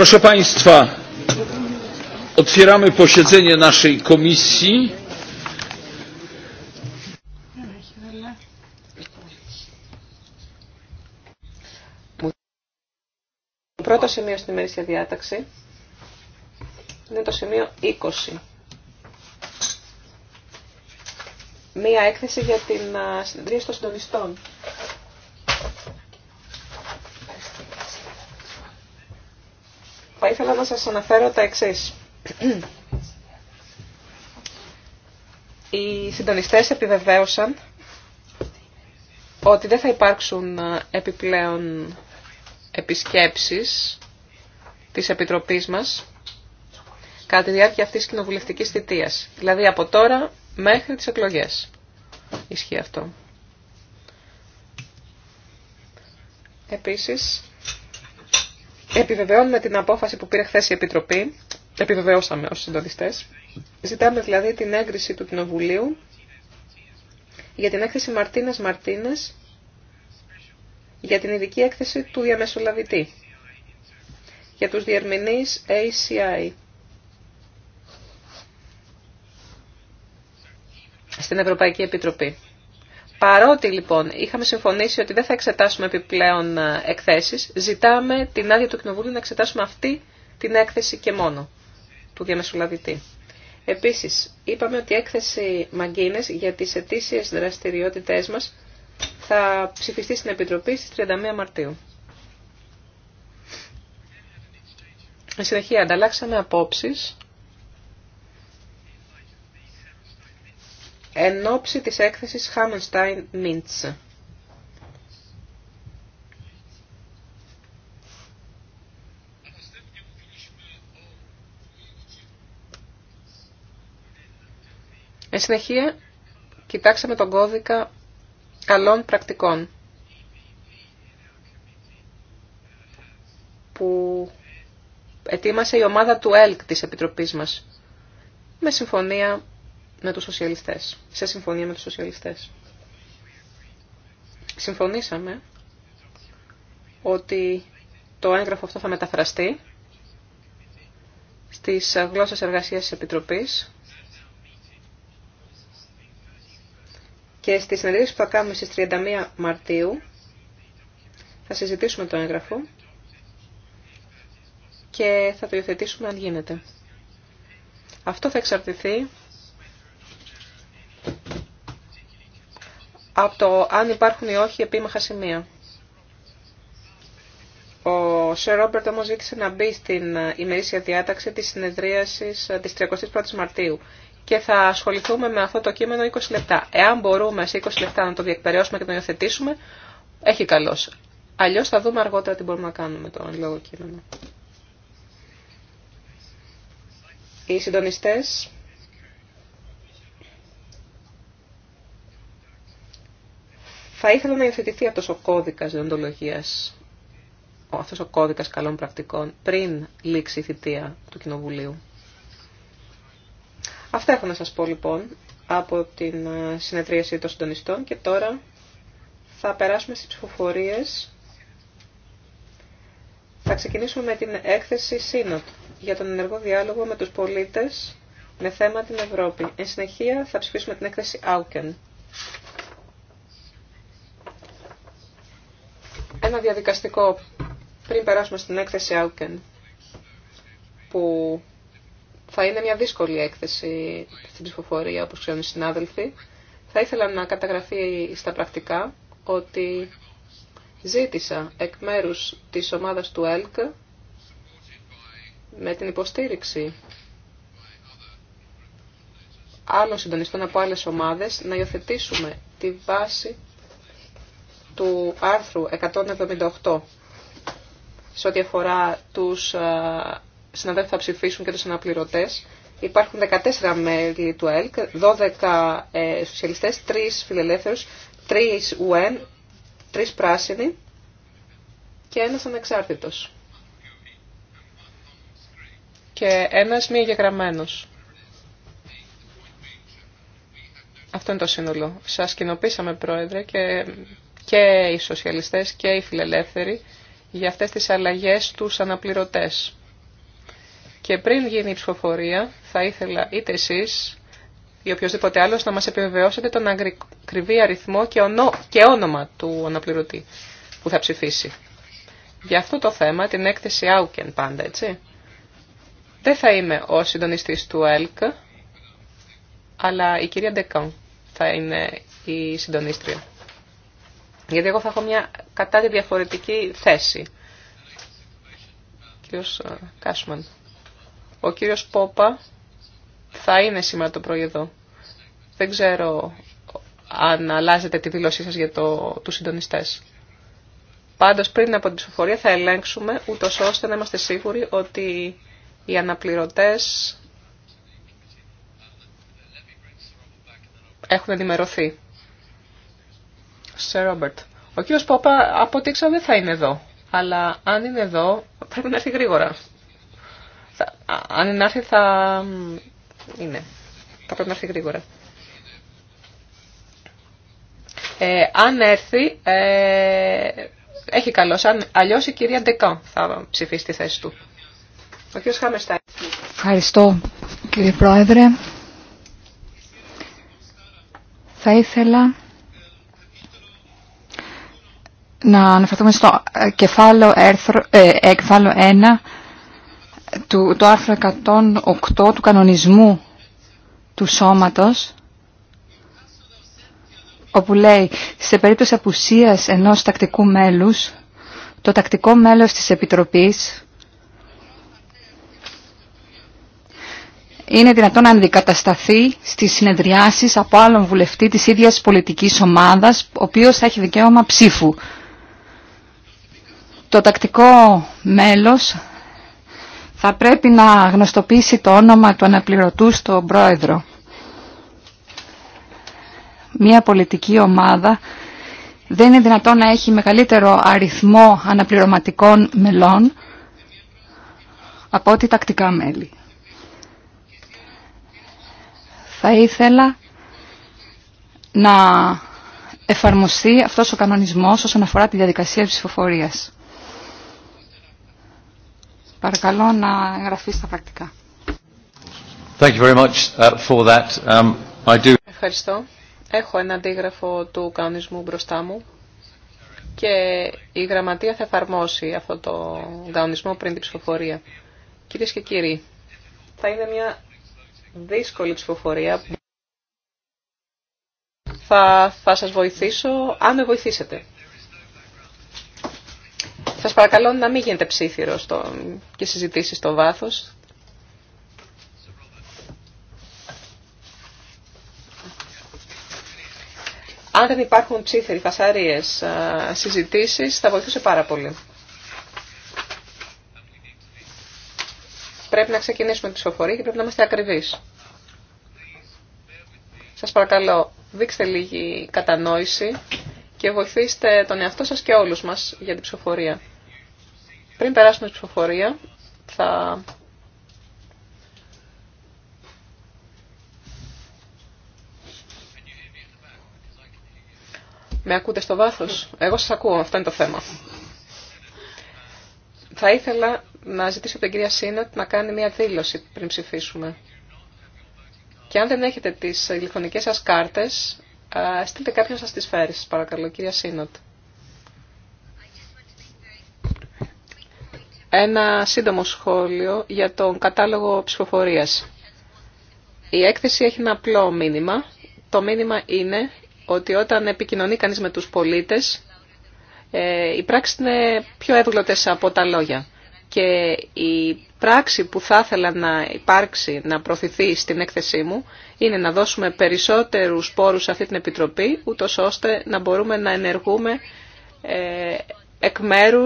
Proszę Państwa, otwieramy posiedzenie naszej komisji. Πρώτο σημείο στην ημερήσια διάταξη είναι το σημείο 20. Μία έκθεση για την συνεδρία των συντονιστών. Θα ήθελα να σας αναφέρω τα εξής. Οι συντονιστές επιβεβαίωσαν ότι δεν θα υπάρξουν ε, επιπλέον επισκέψεις της Επιτροπής μας κατά τη διάρκεια αυτής της κοινοβουλευτικής θητείας. Δηλαδή από τώρα μέχρι τις εκλογές. Ισχύει αυτό. Επίσης, Επιβεβαιώνουμε την απόφαση που πήρε χθε η Επιτροπή, επιβεβαιώσαμε ως συντονιστές. Ζητάμε δηλαδή την έγκριση του Κοινοβουλίου για την έκθεση Μαρτίνας Μαρτίνας για την ειδική έκθεση του διαμεσολαβητή για τους διερμηνείς ACI. στην Ευρωπαϊκή Επιτροπή. Παρότι λοιπόν είχαμε συμφωνήσει ότι δεν θα εξετάσουμε επιπλέον ε, εκθέσεις, ζητάμε την άδεια του Κοινοβουλίου να εξετάσουμε αυτή την έκθεση και μόνο του διαμεσολαβητή. Επίσης, είπαμε ότι η έκθεση Μαγκίνες για τις ετήσιες δραστηριότητές μας θα ψηφιστεί στην Επιτροπή στις 31 Μαρτίου. Στην συνεχεία ανταλλάξαμε απόψεις εν ώψη της έκθεσης Χάμενστάιν Μίντσε. Εν συνεχεία, κοιτάξαμε τον κώδικα καλών πρακτικών που ετοίμασε η ομάδα του ΕΛΚ της Επιτροπής μας με συμφωνία με τους σοσιαλιστές, σε συμφωνία με τους σοσιαλιστές. Συμφωνήσαμε ότι το έγγραφο αυτό θα μεταφραστεί στις γλώσσες εργασίας της Επιτροπής και στις συνεδρίες που θα κάνουμε στις 31 Μαρτίου θα συζητήσουμε το έγγραφο και θα το υιοθετήσουμε αν γίνεται. Αυτό θα εξαρτηθεί από το αν υπάρχουν ή όχι επίμαχα σημεία. Ο Σερ Ρόμπερτ όμως ζήτησε να μπει στην ημερήσια διάταξη της συνεδρίασης ε, της 31ης Μαρτίου και θα ασχοληθούμε με αυτό το κείμενο 20 λεπτά. Εάν μπορούμε σε 20 λεπτά να το διεκπαιρεώσουμε και να το υιοθετήσουμε, έχει καλό. Αλλιώς θα δούμε αργότερα τι μπορούμε να κάνουμε το λόγο κείμενο. Οι συντονιστές Θα ήθελα να υιοθετηθεί αυτός ο κώδικας διοντολογίας, αυτός ο κώδικας καλών πρακτικών, πριν λήξει η θητεία του Κοινοβουλίου. Αυτά έχω να σας πω λοιπόν από την ε, συνεδρίαση των συντονιστών και τώρα θα περάσουμε στις ψηφοφορίες. Θα ξεκινήσουμε με την έκθεση Σύνοτ για τον ενεργό διάλογο με τους πολίτες με θέμα την Ευρώπη. Εν συνεχεία θα ψηφίσουμε την έκθεση ΑΟΚΕΝ Ένα διαδικαστικό πριν περάσουμε στην έκθεση Auken που θα είναι μια δύσκολη έκθεση στην ψηφοφορία όπως ξέρουν οι συνάδελφοι. Θα ήθελα να καταγραφεί στα πρακτικά ότι ζήτησα εκ μέρους της ομάδας του ΕΛΚ με την υποστήριξη άλλων συντονιστών από άλλες ομάδες να υιοθετήσουμε τη βάση του άρθρου 178 σε ό,τι αφορά τους ε, συναδέλφους θα ψηφίσουν και τους αναπληρωτές. Υπάρχουν 14 μέλη του ΕΛΚ, 12 ε, σοσιαλιστές, 3 φιλελεύθερους, 3 ΟΕΝ, 3 πράσινοι και ένας ανεξάρτητος. Και ένας μη εγγεγραμμένος. Αυτό είναι το σύνολο. Σας κοινοποίησαμε, Πρόεδρε, και και οι σοσιαλιστές και οι φιλελεύθεροι για αυτές τις αλλαγές τους αναπληρωτές. Και πριν γίνει η ψηφοφορία θα ήθελα είτε εσείς ή οποιοδήποτε άλλος να μας επιβεβαιώσετε τον ακριβή αριθμό και, ονο... και όνομα του αναπληρωτή που θα ψηφίσει. Για αυτό το θέμα, την έκθεση Άουκεν πάντα, έτσι. Δεν θα είμαι ο συντονιστής του ΕΛΚ, αλλά η κυρία Ντεκόν θα είναι η συντονίστρια γιατί εγώ θα έχω μια κατάλληλη διαφορετική θέση. Κύριος ε, Κάσμαν. Ο κύριος Πόπα θα είναι σήμερα το πρωί εδώ. Δεν ξέρω αν αλλάζετε τη δήλωσή σας για το, τους συντονιστές. Πάντως πριν από την ψηφοφορία θα ελέγξουμε ούτω ώστε να είμαστε σίγουροι ότι οι αναπληρωτές έχουν ενημερωθεί. Σε Ρόμπερτ. Ο κύριος Πόπα από δεν θα είναι εδώ. Αλλά αν είναι εδώ πρέπει να έρθει γρήγορα. αν είναι έρθει θα είναι. Θα πρέπει να έρθει γρήγορα. Ε, αν έρθει, ε, έχει καλώς. Αν, αλλιώς η κυρία Ντεκάν θα ψηφίσει τη θέση του. Ο κύριος Χάμερστάιν. Ευχαριστώ κύριε Πρόεδρε. Θα ήθελα να αναφερθούμε στο κεφάλαιο, έρθρο, 1 ε, του, το άρθρο 108 του κανονισμού του σώματος όπου λέει σε περίπτωση απουσίας ενός τακτικού μέλους το τακτικό μέλος της Επιτροπής είναι δυνατόν να αντικατασταθεί στις συνεδριάσεις από άλλον βουλευτή της ίδιας πολιτικής ομάδας, ο οποίος θα έχει δικαίωμα ψήφου το τακτικό μέλος θα πρέπει να γνωστοποιήσει το όνομα του αναπληρωτού στον πρόεδρο. Μία πολιτική ομάδα δεν είναι δυνατόν να έχει μεγαλύτερο αριθμό αναπληρωματικών μελών από ό,τι τακτικά μέλη. Θα ήθελα να εφαρμοστεί αυτός ο κανονισμός όσον αφορά τη διαδικασία ψηφοφορίας. Παρακαλώ να εγγραφεί στα πρακτικά. Thank uh, um, Ευχαριστώ. Έχω ένα αντίγραφο του κανονισμού μπροστά μου και η γραμματεία θα εφαρμόσει αυτό το κανονισμό πριν την ψηφοφορία. Κυρίες και κύριοι, θα είναι μια δύσκολη ψηφοφορία. Θα, θα σας βοηθήσω αν με βοηθήσετε. Σας παρακαλώ να μην γίνετε ψήφιρο στο... και συζητήσει στο βάθος. Αν δεν υπάρχουν ψήφιροι φασαρίες, συζητήσεις, θα βοηθούσε πάρα πολύ. Πρέπει να ξεκινήσουμε τη ψηφοφορία και πρέπει να είμαστε ακριβείς. Σας παρακαλώ, δείξτε λίγη κατανόηση και βοηθήστε τον εαυτό σας και όλους μας για την ψηφοφορία. Πριν περάσουμε στην ψηφοφορία, θα Με ακούτε στο βάθος. Εγώ σας ακούω. Αυτό είναι το θέμα. Θα ήθελα να ζητήσω από την κυρία Σίνατ να κάνει μια δήλωση πριν ψηφίσουμε. Και αν δεν έχετε τις ηλεκτρονικές σας κάρτες, στείλτε κάποιον σας τις φέρει, παρακαλώ, κυρία Σίνατ. Ένα σύντομο σχόλιο για τον κατάλογο ψηφοφορίας. Η έκθεση έχει ένα απλό μήνυμα. Το μήνυμα είναι ότι όταν επικοινωνεί κανείς με τους πολίτες, οι ε, πράξεις είναι πιο εύγλωτες από τα λόγια. Και η πράξη που θα ήθελα να υπάρξει, να προωθηθεί στην έκθεσή μου, είναι να δώσουμε περισσότερους πόρους σε αυτή την Επιτροπή, ούτως ώστε να μπορούμε να ενεργούμε ε, εκ μέρου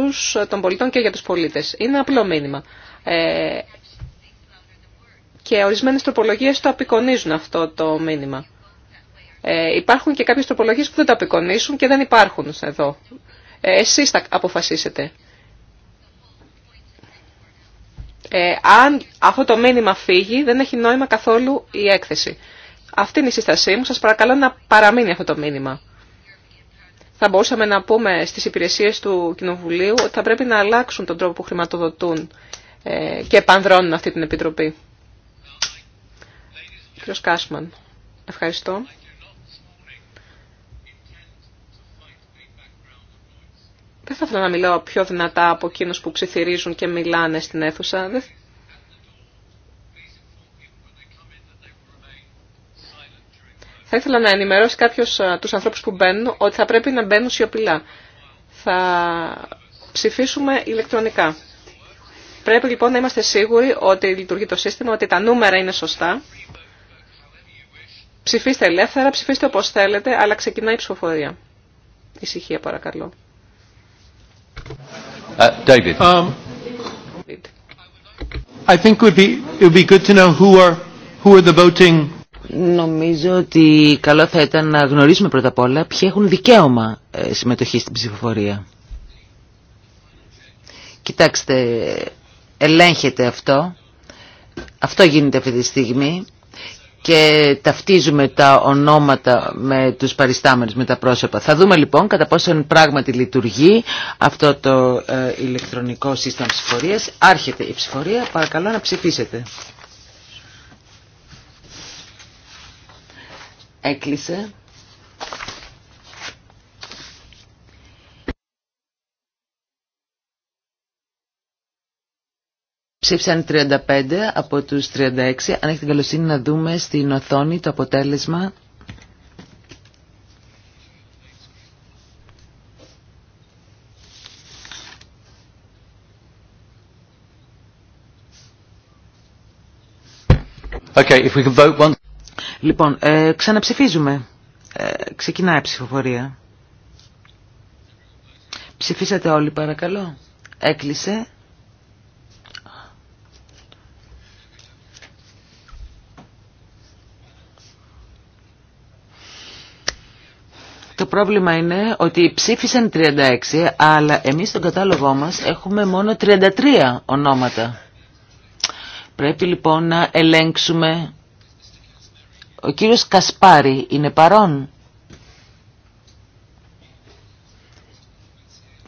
των πολιτών και για τους πολίτες. Είναι απλό μήνυμα. Ε, και ορισμένε τροπολογίες το απεικονίζουν αυτό το μήνυμα. Ε, υπάρχουν και κάποιες τροπολογίες που δεν το απεικονίζουν και δεν υπάρχουν εδώ. Ε, εσείς τα αποφασίσετε. Ε, αν αυτό το μήνυμα φύγει, δεν έχει νόημα καθόλου η έκθεση. Αυτή είναι η σύστασή μου. Σας παρακαλώ να παραμείνει αυτό το μήνυμα θα μπορούσαμε να πούμε στις υπηρεσίες του Κοινοβουλίου ότι θα πρέπει να αλλάξουν τον τρόπο που χρηματοδοτούν ε, και επανδρώνουν αυτή την Επιτροπή. Κύριος Κάσμαν, ευχαριστώ. Δεν θα ήθελα να μιλάω πιο δυνατά από εκείνους που ψιθυρίζουν και μιλάνε στην αίθουσα. Θα ήθελα να ενημερώσει κάποιο του ανθρώπου που μπαίνουν ότι θα πρέπει να μπαίνουν σιωπηλά. Θα ψηφίσουμε ηλεκτρονικά. Πρέπει λοιπόν να είμαστε σίγουροι ότι λειτουργεί το σύστημα, ότι τα νούμερα είναι σωστά. Ψηφίστε ελεύθερα, ψηφίστε όπως θέλετε, αλλά ξεκινάει η ψηφοφορία. Ησυχία παρακαλώ. Uh, David. I think would be, it would be good to know who are, who are the voting Νομίζω ότι καλό θα ήταν να γνωρίσουμε πρώτα απ' όλα ποιοι έχουν δικαίωμα ε, συμμετοχή στην ψηφοφορία. Κοιτάξτε, ελέγχεται αυτό. Αυτό γίνεται αυτή τη στιγμή και ταυτίζουμε τα ονόματα με τους παριστάμενους, με τα πρόσωπα. Θα δούμε λοιπόν κατά πόσο πράγματι λειτουργεί αυτό το ε, ηλεκτρονικό σύστημα ψηφορίας. Άρχεται η ψηφορία, παρακαλώ να ψηφίσετε. Έκλεισε. Ψήφισαν 35 από τους 36. Αν έχετε την καλοσύνη να δούμε στην οθόνη το αποτέλεσμα. Okay, if we can vote once. Λοιπόν, ε, ξαναψηφίζουμε. Ε, ξεκινάει η ψηφοφορία. Ψηφίσατε όλοι παρακαλώ. Έκλεισε. Το πρόβλημα είναι ότι ψήφισαν 36, αλλά εμείς στον κατάλογό μας έχουμε μόνο 33 ονόματα. Πρέπει λοιπόν να ελέγξουμε ο κύριος Κασπάρη είναι παρόν.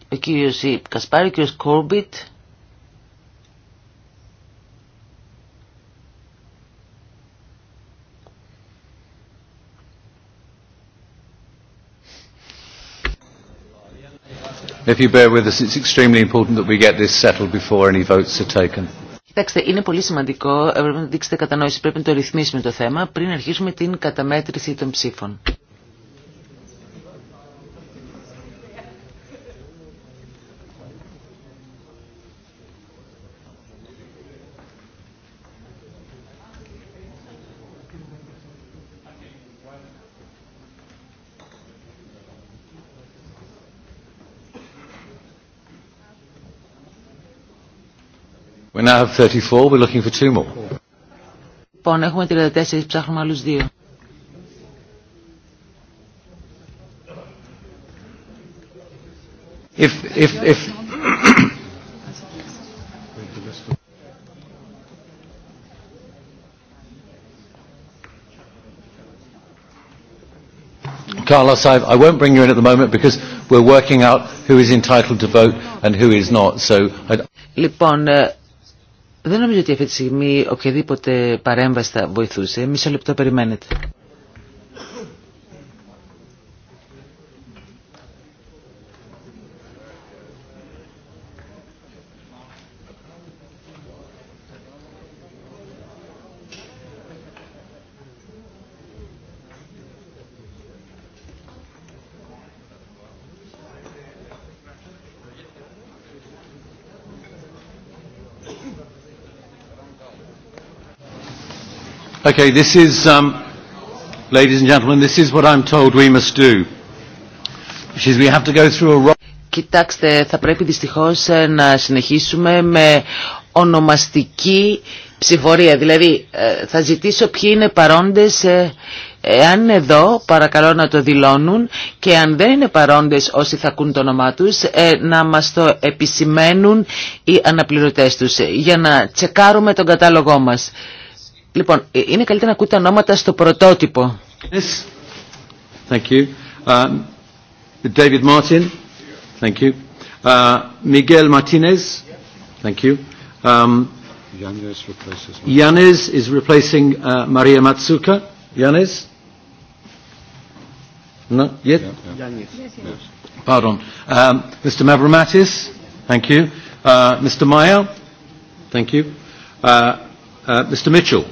Ο κύριος Κασπάρη, ο κύριος Κόρμπιτ. If you bear with us, it's extremely important that we get this settled before any votes are taken. Κοιτάξτε, είναι πολύ σημαντικό, πρέπει να δείξετε κατανόηση, πρέπει να το ρυθμίσουμε το θέμα πριν αρχίσουμε την καταμέτρηση των ψήφων. We now have 34. We're looking for two more. Λοιπόν, έχουμε 34, ψάχνουμε άλλους δύο. If, if, if... Carlos, I, I won't bring you in at the moment because we're working out who is entitled to vote and who is not. So I... Λοιπόν, δεν νομίζω ότι αυτή τη στιγμή οποιαδήποτε παρέμβαση θα βοηθούσε. Μισό λεπτό περιμένετε. Okay, this is, um, ladies and gentlemen, this is what I'm Κοιτάξτε, θα πρέπει δυστυχώς ε, να συνεχίσουμε με ονομαστική ψηφορία. Δηλαδή, ε, θα ζητήσω ποιοι είναι παρόντες, ε, εάν είναι εδώ, παρακαλώ να το δηλώνουν και αν δεν είναι παρόντες όσοι θα ακούν το όνομά τους, να μας το επισημαίνουν οι αναπληρωτές τους για να τσεκάρουμε τον κατάλογό μας. Λοιπόν, είναι καλύτερα να ακούτε ονόματα στο πρωτότυπο. Yes. Thank you. Um, David Martin. Thank you. Uh, Miguel Martinez. Thank you. Um, replaces is replacing uh, Maria Matsuka. Yáñez? No, yet? yes. Pardon. Um, Mr. Mavromatis? Thank you. Uh, Mr. Meyer? Thank you. Uh, uh, Mr. Mitchell?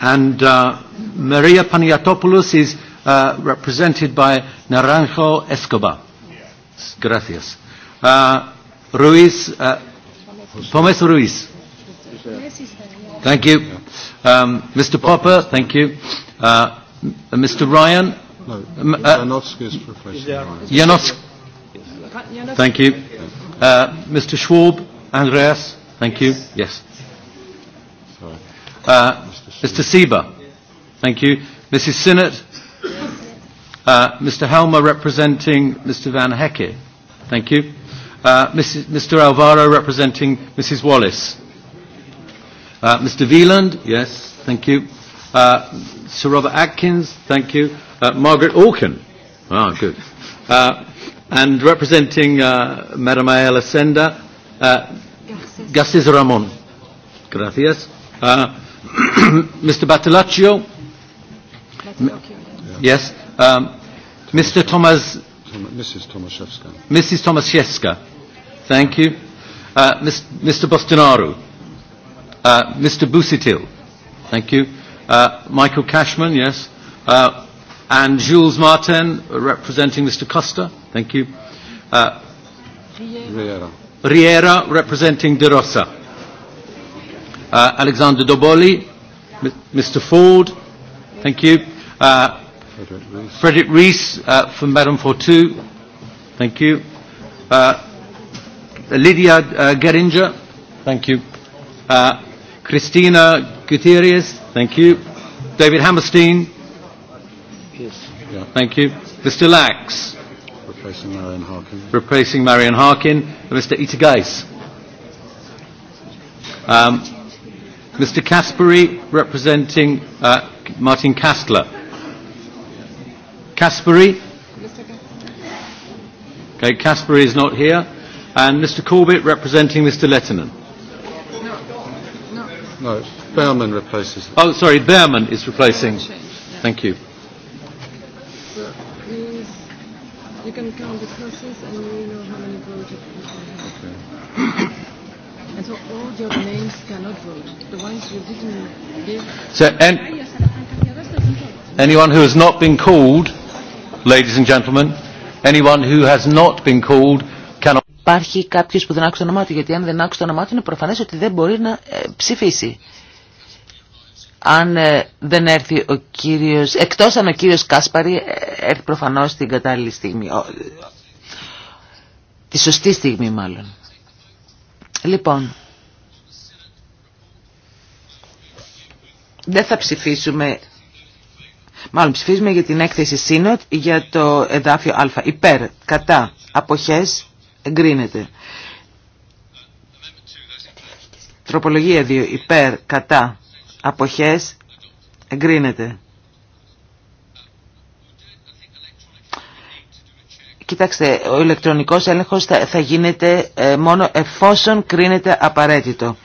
And Maria Paniatopoulos is represented by Naranjo Escobar. Gracias. Uh Ruiz, Pomes Ruiz. Thank you. Mr. Popper, thank you. Mr. Ryan. No. Professor Thank you. Mr. Schwab, Andreas, thank you. Yes. Uh, Mr. Sieber. Thank you. Mrs. Sinnott. Uh, Mr. Helmer representing Mr. Van Hecke. Thank you. Uh, Mrs. Mr. Alvaro representing Mrs. Wallace. Uh, Mr. Veland. Yes. Thank you. Uh, Sir Robert Atkins. Thank you. Margaret Orkin. Ah, good. Uh, and representing uh, Madame Ayala Senda, uh, Ramon. Gracias. Uh, Mr. Battilaccio? Yes. Mr. Thomas. Mrs. Tomaszewska. Mrs. Tomaszewska. Thank you. Mr. Uh, Mr. Busitil. Thank you. Michael Cashman, yes. And Jules Martin, representing Mr. Costa. Thank you. Riera. Riera, representing De Rosa. Alexander Doboli, Mr. Ford, thank you. Frederick Rees from Madame Fortu, thank you. Lydia Geringer, thank you. Christina Gutierrez, thank you. David Hammerstein, yes, thank you. Mr. Lax, replacing Marion Harkin. Replacing Marion Harkin, Mr. Itagais. Um, Mr. Caspary representing Martin Kastler. Caspary? Okay, Caspary is not here. And Mr. Corbett representing Mr. Lettinen. No, no. replaces. Oh, sorry, Behrman is replacing. Thank you. You can count the and we know how many Okay. So and anyone who has not been called, ladies and gentlemen, anyone who has not been called cannot. Υπάρχει κάποιο που δεν άκουσε το όνομά του, γιατί αν δεν άκουσε το όνομά του είναι προφανέ ότι δεν μπορεί να ε, ψηφίσει. Αν ε, δεν έρθει ο κύριο, εκτό αν ο κύριο Κάσπαρη ε, έρθει προφανώ την κατάλληλη στιγμή. ο, ε, Τη σωστή στιγμή μάλλον. Λοιπόν, δεν θα ψηφίσουμε, μάλλον ψηφίζουμε για την έκθεση Σύνοτ για το εδάφιο Α. Υπέρ, κατά, αποχές, εγκρίνεται. Τροπολογία 2. Υπέρ, κατά, αποχές, εγκρίνεται. Κοιτάξτε, ο ηλεκτρονικός έλεγχος θα, γίνεται ε, μόνο εφόσον κρίνεται απαραίτητο.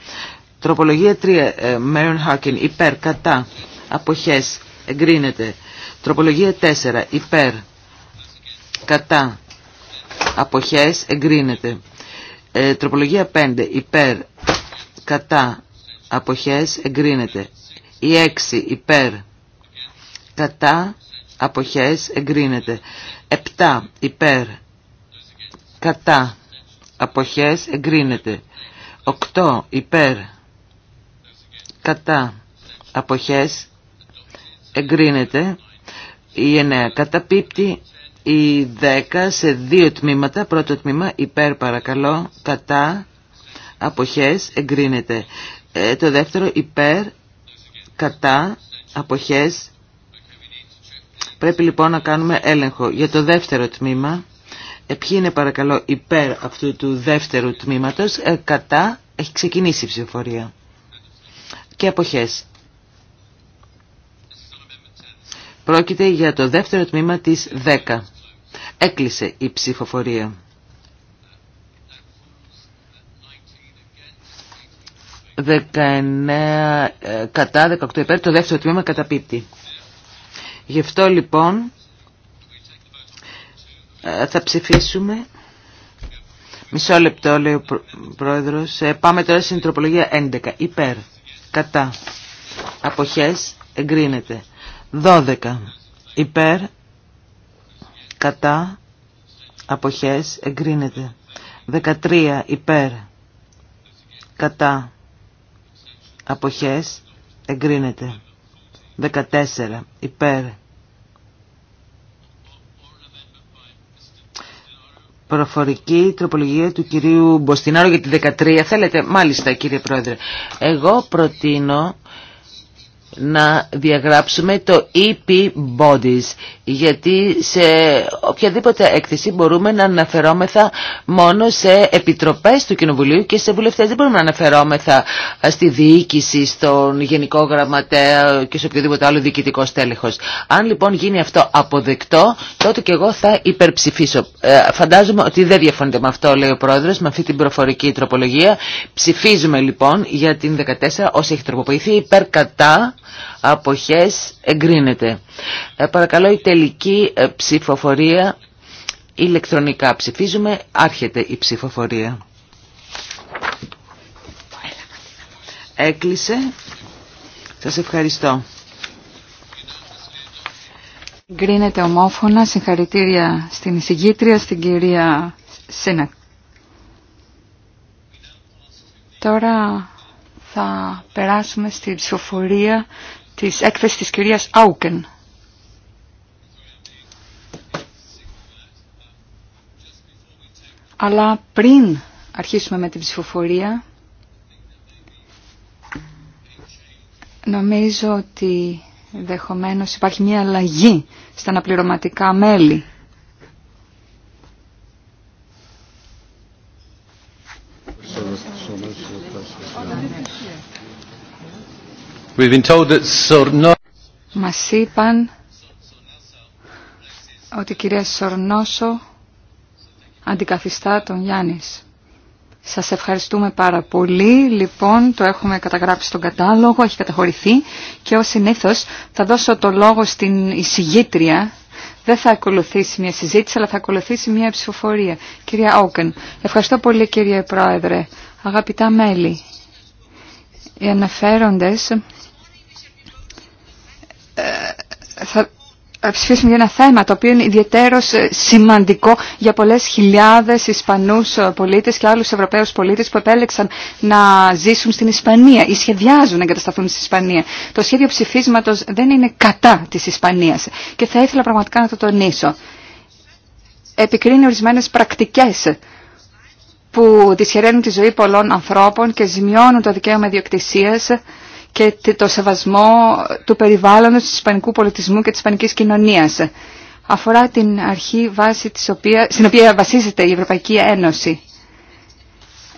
Τροπολογία 3, ε, Χάκιν υπέρ, κατά, αποχές, εγκρίνεται. Τροπολογία 4, υπέρ, κατά, αποχές, εγκρίνεται. Ε, τροπολογία 5, υπέρ, κατά, αποχές, εγκρίνεται. Η 6, υπέρ, κατά, αποχές, εγκρίνεται. 7 υπέρ κατά αποχές εγκρίνεται 8 υπέρ κατά αποχές εγκρίνεται η 9 καταπίπτει η 10 σε δύο τμήματα πρώτο τμήμα υπέρ παρακαλώ κατά αποχές εγκρίνεται ε, το δεύτερο υπέρ κατά αποχές Πρέπει λοιπόν να κάνουμε έλεγχο για το δεύτερο τμήμα. Ε, ποιοι είναι παρακαλώ υπέρ αυτού του δεύτερου τμήματος. Ε, κατά έχει ξεκινήσει η ψηφοφορία. Και αποχές. Πρόκειται για το δεύτερο τμήμα της 10. Έκλεισε η ψηφοφορία. 19 ε, κατά 18 υπέρ, το δεύτερο τμήμα καταπίπτει. Γι' αυτό λοιπόν ε, θα ψηφίσουμε. Μισό λεπτό λέει ο πρόεδρος. Ε, πάμε τώρα στην τροπολογία 11. Υπέρ. Κατά. Αποχές. Εγκρίνεται. 12. Υπέρ. Κατά. Αποχές. Εγκρίνεται. 13. Υπέρ. Κατά. Αποχές. Εγκρίνεται. 14 υπέρ. Προφορική τροπολογία του κυρίου Μποστινάρου για τη 13. Θέλετε, μάλιστα κύριε Πρόεδρε. Εγώ προτείνω να διαγράψουμε το EP Bodies γιατί σε οποιαδήποτε έκθεση μπορούμε να αναφερόμεθα μόνο σε επιτροπές του Κοινοβουλίου και σε βουλευτές δεν μπορούμε να αναφερόμεθα στη διοίκηση, στον Γενικό Γραμματέα και σε οποιοδήποτε άλλο διοικητικό στέλεχος. Αν λοιπόν γίνει αυτό αποδεκτό τότε και εγώ θα υπερψηφίσω. Ε, φαντάζομαι ότι δεν διαφωνείτε με αυτό λέει ο Πρόεδρος με αυτή την προφορική τροπολογία. Ψηφίζουμε λοιπόν για την 14 όσοι έχει τροποποιηθεί υπερκατά αποχές εγκρίνεται. Ε, παρακαλώ η τελική ε, ψηφοφορία ηλεκτρονικά. Ψηφίζουμε, άρχεται η ψηφοφορία. Έκλεισε. Σας ευχαριστώ. Γκρίνεται ομόφωνα. Συγχαρητήρια στην εισηγήτρια, στην κυρία Σίνα. Τώρα θα περάσουμε στη ψηφοφορία της έκθεσης της κυρίας Άουκεν. Αλλά πριν αρχίσουμε με την ψηφοφορία, νομίζω ότι δεχομένως υπάρχει μια αλλαγή στα αναπληρωματικά μέλη. Μα είπαν ότι η κυρία Σορνόσο αντικαθιστά τον Γιάννης. Σας ευχαριστούμε πάρα πολύ. Λοιπόν, το έχουμε καταγράψει στον κατάλογο, έχει καταχωρηθεί και ως συνήθως θα δώσω το λόγο στην εισηγήτρια. Δεν θα ακολουθήσει μια συζήτηση, αλλά θα ακολουθήσει μια ψηφοφορία. Κυρία Όκεν, ευχαριστώ πολύ κύριε Πρόεδρε. Αγαπητά μέλη, οι αναφέροντες ε, θα ψηφίσουμε για ένα θέμα το οποίο είναι ιδιαίτερος ε, σημαντικό για πολλές χιλιάδες Ισπανούς ε, πολίτες και άλλους Ευρωπαίους πολίτες που επέλεξαν να ζήσουν στην Ισπανία ή σχεδιάζουν να εγκατασταθούν στην Ισπανία. Το σχέδιο ψηφίσματος δεν είναι κατά της Ισπανίας και θα ήθελα πραγματικά να το τονίσω. Επικρίνει ορισμένες πρακτικές που δυσχεραίνουν τη ζωή πολλών ανθρώπων και ζημιώνουν το δικαίωμα ιδιοκτησίας και το σεβασμό του περιβάλλοντος του ισπανικού πολιτισμού και της ισπανικής κοινωνίας. Αφορά την αρχή βάση της οποία, στην οποία βασίζεται η Ευρωπαϊκή Ένωση.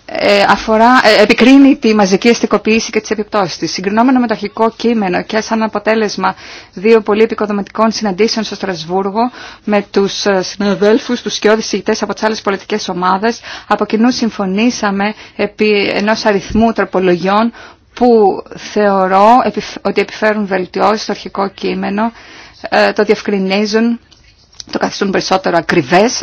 Ε, αφορά, ε, επικρίνει τη μαζική αστικοποίηση και τις επιπτώσεις της. Συγκρινόμενο με το αρχικό κείμενο και σαν αποτέλεσμα δύο πολύ επικοδοματικών συναντήσεων στο Στρασβούργο με τους ε, συναδέλφους, τους σκιώδης ηγητές από τις άλλες πολιτικές ομάδες, από κοινού συμφωνήσαμε επί ενός αριθμού τροπολογιών που θεωρώ ότι επιφέρουν βελτιώσεις στο αρχικό κείμενο, ε, το διευκρινίζουν, το καθιστούν περισσότερο ακριβές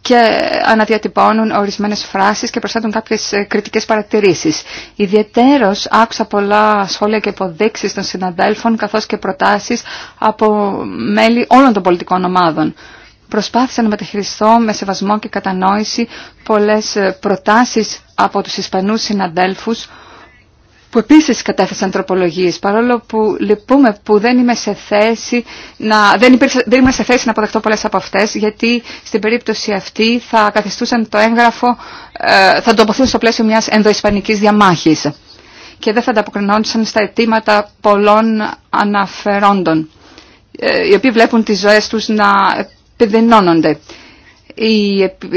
και αναδιατυπώνουν ορισμένες φράσεις και προσθέτουν κάποιες ε, κριτικές παρατηρήσεις. Ιδιαιτέρως άκουσα πολλά σχόλια και υποδείξεις των συναδέλφων καθώς και προτάσεις από μέλη όλων των πολιτικών ομάδων. Προσπάθησα να μεταχειριστώ με σεβασμό και κατανόηση πολλές ε, προτάσεις από τους Ισπανούς συναδέλφους που επίσης κατέθεσαν τροπολογίες, παρόλο που λυπούμε που δεν, είμαι σε θέση να, δεν, δεν σε θέση να αποδεχτώ πολλές από αυτές, γιατί στην περίπτωση αυτή θα καθιστούσαν το έγγραφο, ε, θα τοποθούν στο πλαίσιο μιας ενδοϊσπανικής διαμάχης και δεν θα ανταποκρινόντουσαν στα αιτήματα πολλών αναφερόντων, ε, οι οποίοι βλέπουν τις ζωές τους να επιδεινώνονται. Η,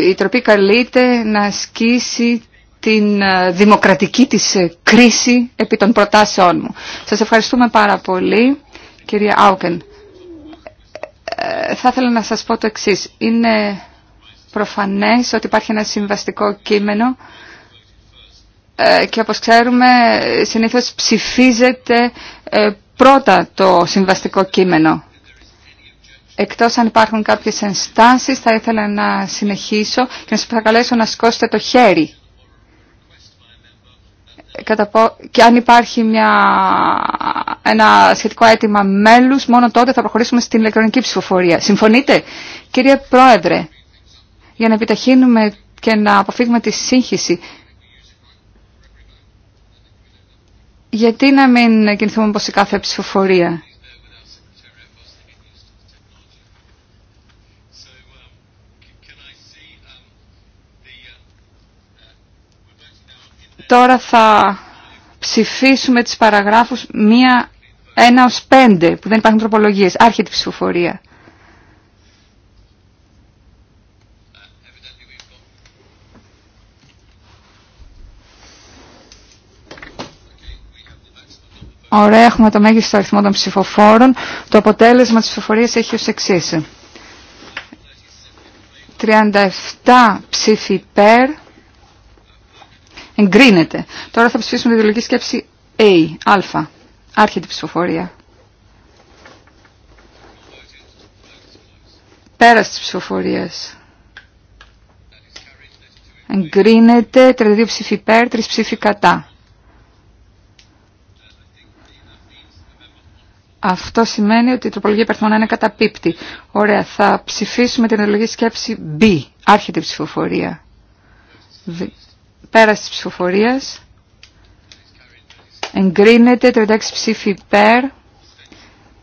η τροπή καλείται να ασκήσει την ε, δημοκρατική της ε, κρίση επί των προτάσεών μου. Σας ευχαριστούμε πάρα πολύ, κυρία Άουκεν. Ε, θα ήθελα να σας πω το εξής. Είναι προφανές ότι υπάρχει ένα συμβαστικό κείμενο και όπως ξέρουμε συνήθως ψηφίζεται πρώτα το συμβαστικό κείμενο. Εκτός αν υπάρχουν κάποιες ενστάσεις θα ήθελα να συνεχίσω και να σας παρακαλέσω να σκόσετε το χέρι και αν υπάρχει μια, ένα σχετικό αίτημα μέλους, μόνο τότε θα προχωρήσουμε στην ηλεκτρονική ψηφοφορία. Συμφωνείτε, κύριε Πρόεδρε, για να επιταχύνουμε και να αποφύγουμε τη σύγχυση. Γιατί να μην κινηθούμε όπως σε κάθε ψηφοφορία. Τώρα θα ψηφίσουμε τις παραγράφους 1 ως 5 που δεν υπάρχουν τροπολογίες. Άρχεται η ψηφοφορία. Ωραία, έχουμε το μέγιστο αριθμό των ψηφοφόρων. Το αποτέλεσμα της ψηφοφορίας έχει ως εξής. 37 ψήφοι υπέρ, Εγκρίνεται. Τώρα θα ψηφίσουμε τη λογική σκέψη A, α. Άρχεται η ψηφοφορία. Πέρας της ψηφοφορίας. Εγκρίνεται 32 ψήφοι υπέρ, 3 ψήφοι κατά. Αυτό σημαίνει ότι η τροπολογία υπερθμονά είναι καταπίπτη. Ωραία, θα ψηφίσουμε την ενολογική σκέψη B. Άρχεται η ψηφοφορία. Πέρας της ψηφοφορίας. Εγκρίνεται 36 ψήφοι υπέρ.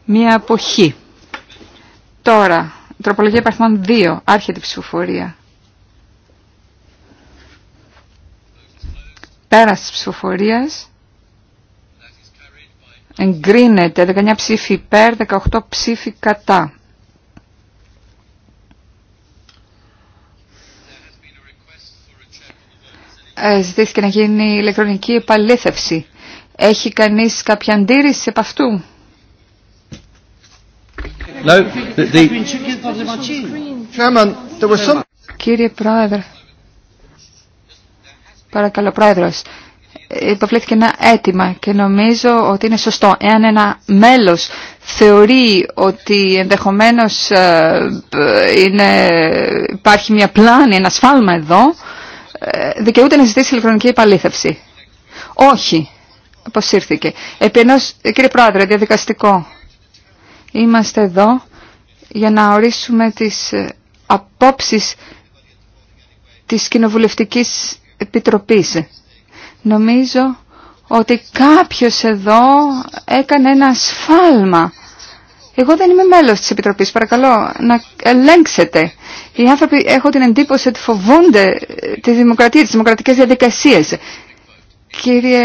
Μία αποχή. Τώρα, τροπολογία υπαρθμών 2. Άρχεται η ψηφοφορία. Πέρας της ψηφοφορίας. Εγκρίνεται 19 ψήφοι υπέρ, 18 ψήφοι κατά. Ε, ζητήθηκε να γίνει ηλεκτρονική επαλήθευση. Έχει κανείς κάποια αντίρρηση από αυτού. Κύριε Πρόεδρε, παρακαλώ Πρόεδρος, υποβλήθηκε ένα αίτημα και νομίζω ότι είναι σωστό. Εάν ένα μέλος θεωρεί ότι ενδεχομένως ε, ε, είναι, υπάρχει μια πλάνη, ένα σφάλμα εδώ, δικαιούται να ζητήσει ηλεκτρονική επαλήθευση. Όχι. Αποσύρθηκε. Επί ενός, κύριε Πρόεδρε, διαδικαστικό. Είμαστε εδώ για να ορίσουμε τις ε, απόψεις της Κοινοβουλευτικής Επιτροπής. Νομίζω ότι κάποιος εδώ έκανε ένα σφάλμα εγώ δεν είμαι μέλος της Επιτροπής, παρακαλώ να ελέγξετε. Οι άνθρωποι έχω την εντύπωση ότι φοβούνται τη δημοκρατία, τις δημοκρατικές διαδικασίες. Κύριε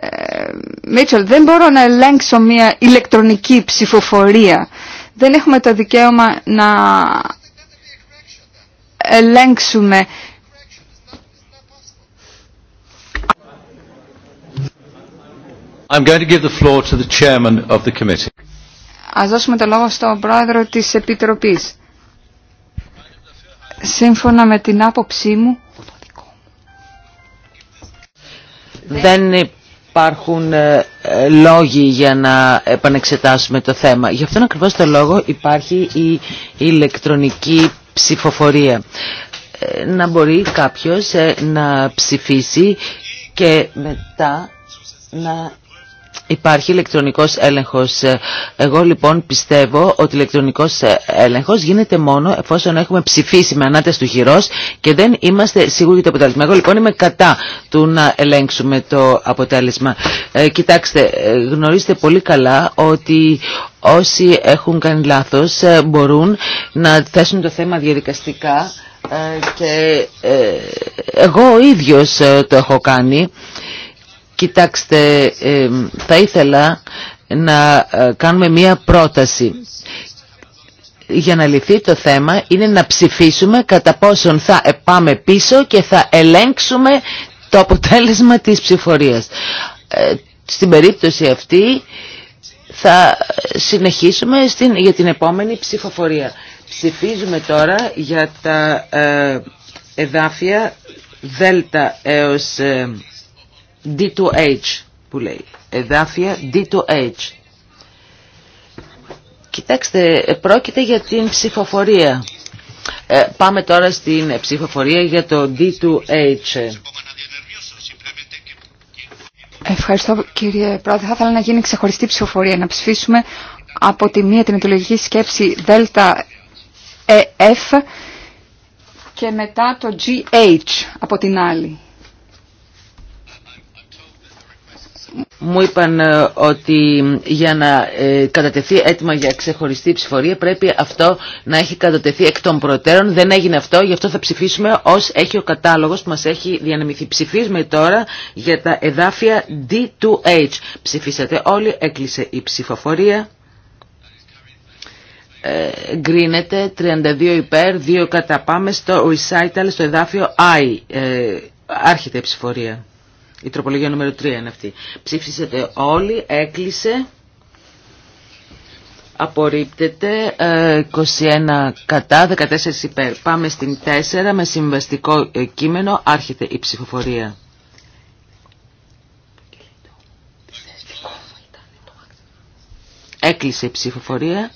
ε, Μίτσελ, δεν μπορώ να ελέγξω μια ηλεκτρονική ψηφοφορία. Δεν έχουμε το δικαίωμα να ελέγξουμε I'm going to give the floor to the chairman of the committee. Ας δώσουμε το λόγο στον πρόεδρο της Επιτροπής. Σύμφωνα με την άποψή μου, δεν υπάρχουν ε, ε, λόγοι για να επανεξετάσουμε το θέμα. Γι' αυτόν ακριβώς το λόγο υπάρχει η ηλεκτρονική ψηφοφορία. Ε, να μπορεί κάποιος να ψηφίσει και μετά να Υπάρχει ηλεκτρονικός έλεγχος. Ε, εγώ λοιπόν πιστεύω ότι ηλεκτρονικός ε, έλεγχος γίνεται μόνο εφόσον έχουμε ψηφίσει με ανάτες του χειρός και δεν είμαστε σίγουροι για το αποτέλεσμα. Εγώ λοιπόν είμαι κατά του να ελέγξουμε το αποτέλεσμα. Ε, κοιτάξτε, γνωρίζετε πολύ καλά ότι όσοι έχουν κάνει λάθος μπορούν να θέσουν το θέμα διαδικαστικά και εγώ ο ίδιος το έχω κάνει. Κοιτάξτε, ε, θα ήθελα να ε, κάνουμε μία πρόταση για να λυθεί το θέμα είναι να ψηφίσουμε κατά πόσον θα πάμε πίσω και θα ελέγξουμε το αποτέλεσμα της ψηφορίας. Ε, στην περίπτωση αυτή θα συνεχίσουμε στην, για την επόμενη ψηφοφορία. Ψηφίζουμε τώρα για τα εδάφια δέλτα έως... D2H που λέει. Εδάφια D2H. Κοιτάξτε, πρόκειται για την ψηφοφορία. Ε, πάμε τώρα στην ψηφοφορία για το D2H. Ευχαριστώ κύριε Πρόεδρε. Θα ήθελα να γίνει ξεχωριστή ψηφοφορία, να ψηφίσουμε από τη μία την αιτιολογική σκέψη ΔΕΛΤΑΕΦ ε και μετά το GH από την άλλη. Μου είπαν ε, ότι για να ε, κατατεθεί έτοιμα για ξεχωριστή ψηφορία πρέπει αυτό να έχει κατατεθεί εκ των προτέρων. Δεν έγινε αυτό, γι' αυτό θα ψηφίσουμε ως έχει ο κατάλογος που μας έχει διανεμηθεί. Ψηφίσουμε τώρα για τα εδάφια D2H. Ψηφίσατε όλοι, έκλεισε η ψηφοφορία. Ε, γκρίνεται 32 υπέρ, 2 h ψηφισατε ολοι εκλεισε η ψηφοφορια Πάμε στο recital, στο εδάφιο I. Ε, άρχεται η ψηφορία. Η τροπολογία νούμερο 3 είναι αυτή. Ψήφισετε όλοι, έκλεισε. Απορρίπτεται 21 ε, κατά, 14 υπέρ. Πάμε στην 4 με συμβαστικό ε, κείμενο. Άρχεται η ψηφοφορία. Έκλεισε η ψηφοφορία.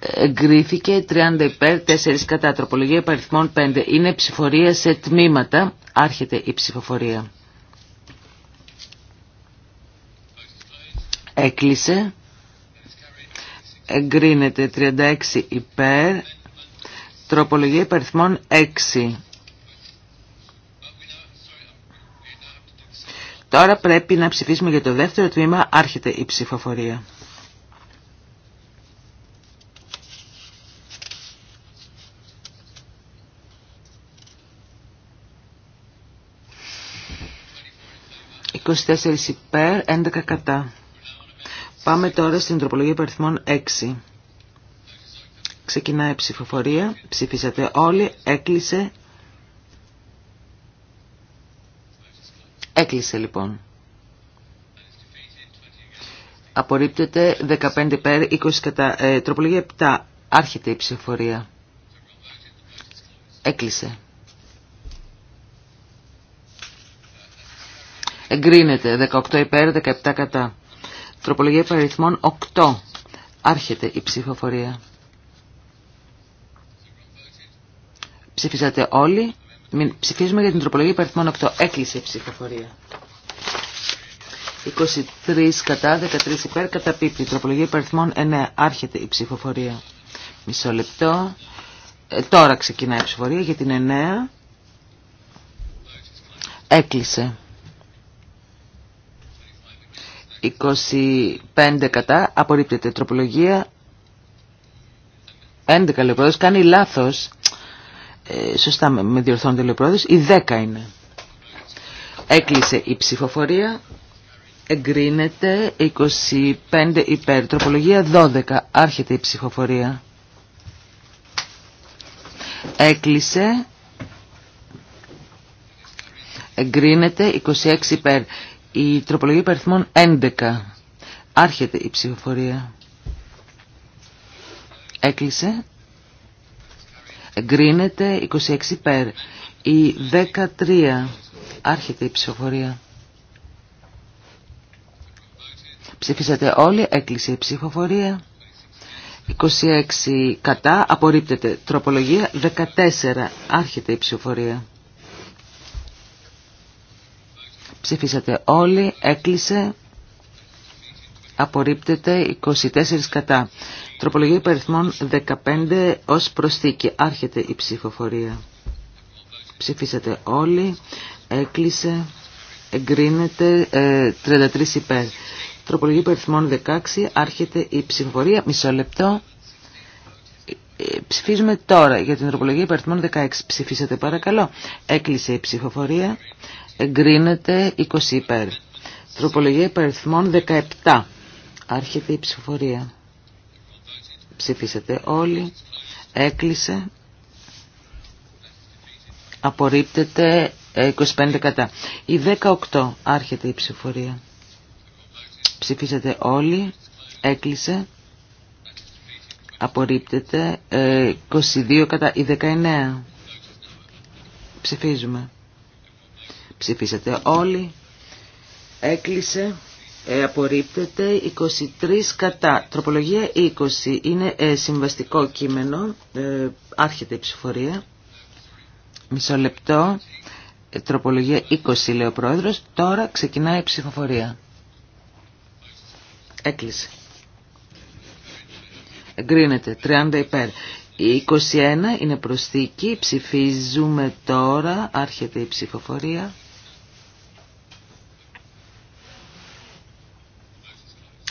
Εγκρίθηκε 30 υπέρ, 4 κατά. Τροπολογία υπαριθμών 5. Είναι ψηφορία σε τμήματα. Άρχεται η ψηφοφορία. Έκλεισε. Εγκρίνεται 36 υπέρ. Τροπολογία υπαριθμών 6. Τώρα πρέπει να ψηφίσουμε για το δεύτερο τμήμα. Άρχεται η ψηφοφορία. «24 υπέρ, 11 κατά». Πάμε τώρα στην τροπολογία υπαριθμών 6. Ξεκινάει η ψηφοφορία. Ψηφίσατε όλοι. Έκλεισε. Έκλεισε λοιπόν. Απορρίπτεται 15 υπέρ, 20 κατά. Ε, τροπολογία 7. Άρχεται η ψηφοφορία. Έκλεισε. Εγκρίνεται 18 υπέρ, 17 κατά. Τροπολογία υπαριθμών 8. Άρχεται η ψηφοφορία. Ψηφίσατε όλοι. ψηφίζουμε για την τροπολογία υπαριθμών 8. Έκλεισε η ψηφοφορία. 23 κατά, 13 υπέρ, καταπίπτει. Τροπολογία υπαριθμών 9. Άρχεται η ψηφοφορία. Μισό λεπτό. Ε, τώρα ξεκινάει η ψηφοφορία για την 9. Έκλεισε. 25 κατά, απορρίπτεται τροπολογία 11 λεπρόδες, κάνει λάθος ε, σωστά με διορθώνονται λοιπόν. η 10 είναι έκλεισε η ψηφοφορία εγκρίνεται 25 υπέρ τροπολογία 12 άρχεται η ψηφοφορία έκλεισε εγκρίνεται 26 υπέρ η τροπολογία υπαριθμών 11. Άρχεται η ψηφοφορία. Έκλεισε. Εγκρίνεται 26 περ Η 13. Άρχεται η ψηφοφορία. Ψηφίσατε όλοι. Έκλεισε η ψηφοφορία. 26 κατά. Απορρίπτεται. Τροπολογία 14. Άρχεται η ψηφοφορία. Ψηφίσατε όλοι, έκλεισε, απορρίπτεται 24 κατά. Τροπολογία υπεριθμών 15 ως προσθήκη. Άρχεται η ψηφοφορία. Ψηφίσατε όλοι, έκλεισε, εγκρίνεται 33 ε, υπέρ. Τροπολογία υπεριθμών 16, άρχεται η ψηφοφορία. Μισό λεπτό. Ε, ψηφίζουμε τώρα για την τροπολογία υπεριθμών 16. Ψηφίσατε παρακαλώ. Έκλεισε η ψηφοφορία εγκρίνεται 20 υπέρ. Τροπολογία υπεριθμών 17. Άρχεται η ψηφοφορία. Ψηφίσατε όλοι. Έκλεισε. Απορρίπτεται 25 ε, κατά. Η 18. Άρχεται η ψηφοφορία. Ψηφίσατε όλοι. Έκλεισε. Απορρίπτεται 22 ε, κατά. Η 19. Ψηφίζουμε. Ψηφίσατε όλοι. Έκλεισε. Ε, απορρίπτεται 23 κατά. Τροπολογία 20. Είναι ε, συμβαστικό κείμενο. Ε, άρχεται η ψηφορία. Μισό λεπτό. Ε, τροπολογία 20 λέει ο πρόεδρος. Τώρα ξεκινάει η ψηφοφορία. Έκλεισε. Εγκρίνεται. 30 υπέρ. 21 είναι προσθήκη. Ψηφίζουμε τώρα. Άρχεται η ψηφοφορία.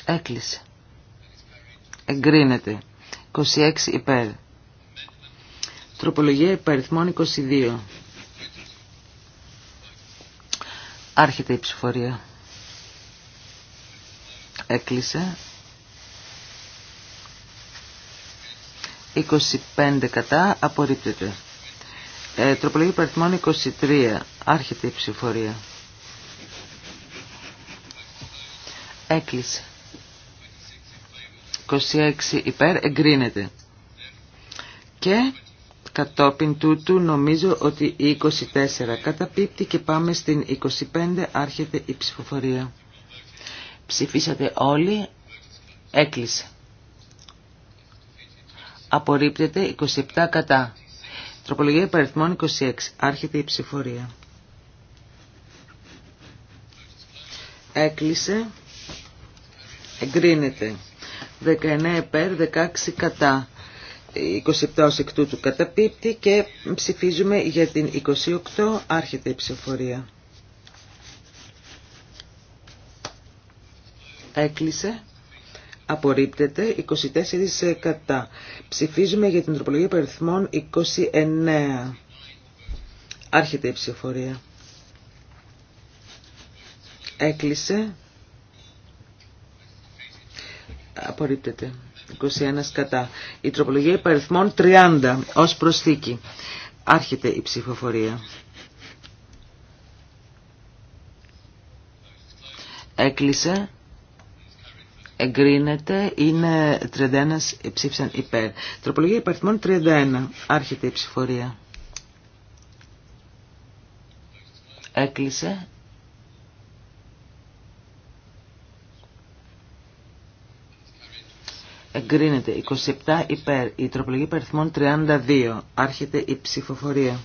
Έκλεισε. Εγκρίνεται. 26 υπέρ. Τροπολογία υπεριθμών 22. Άρχεται η ψηφορία. Έκλεισε. 25 κατά. Απορρίπτεται. Ε, τροπολογία υπεριθμών 23. Άρχεται η ψηφορία. Έκλεισε. 26 υπέρ εγκρίνεται. Και κατόπιν τούτου νομίζω ότι η 24 καταπίπτει και πάμε στην 25 άρχεται η ψηφοφορία. Ψηφίσατε όλοι, έκλεισε. Απορρίπτεται 27 κατά. Τροπολογία υπαριθμών 26. Άρχεται η ψηφορία. Έκλεισε. Εγκρίνεται. 19 επέρ 16 κατά. 27 ως εκ τούτου καταπίπτει και ψηφίζουμε για την 28 άρχεται η ψηφοφορία. Έκλεισε. Απορρίπτεται. 24 ε, κατά. Ψηφίζουμε για την τροπολογία περιθμών 29. Άρχεται η ψηφοφορία. Έκλεισε απορρίπτεται. 21 κατά. Η τροπολογία υπαριθμών 30 ως προσθήκη. Άρχεται η ψηφοφορία. Έκλεισε. Εγκρίνεται. Είναι 31 ψήφισαν υπέρ. Τροπολογία υπαριθμών 31. Άρχεται η ψηφοφορία. Έκλεισε. εγκρίνεται 27 υπέρ, η τροπολογία αριθμών 32, άρχεται η ψηφοφορία.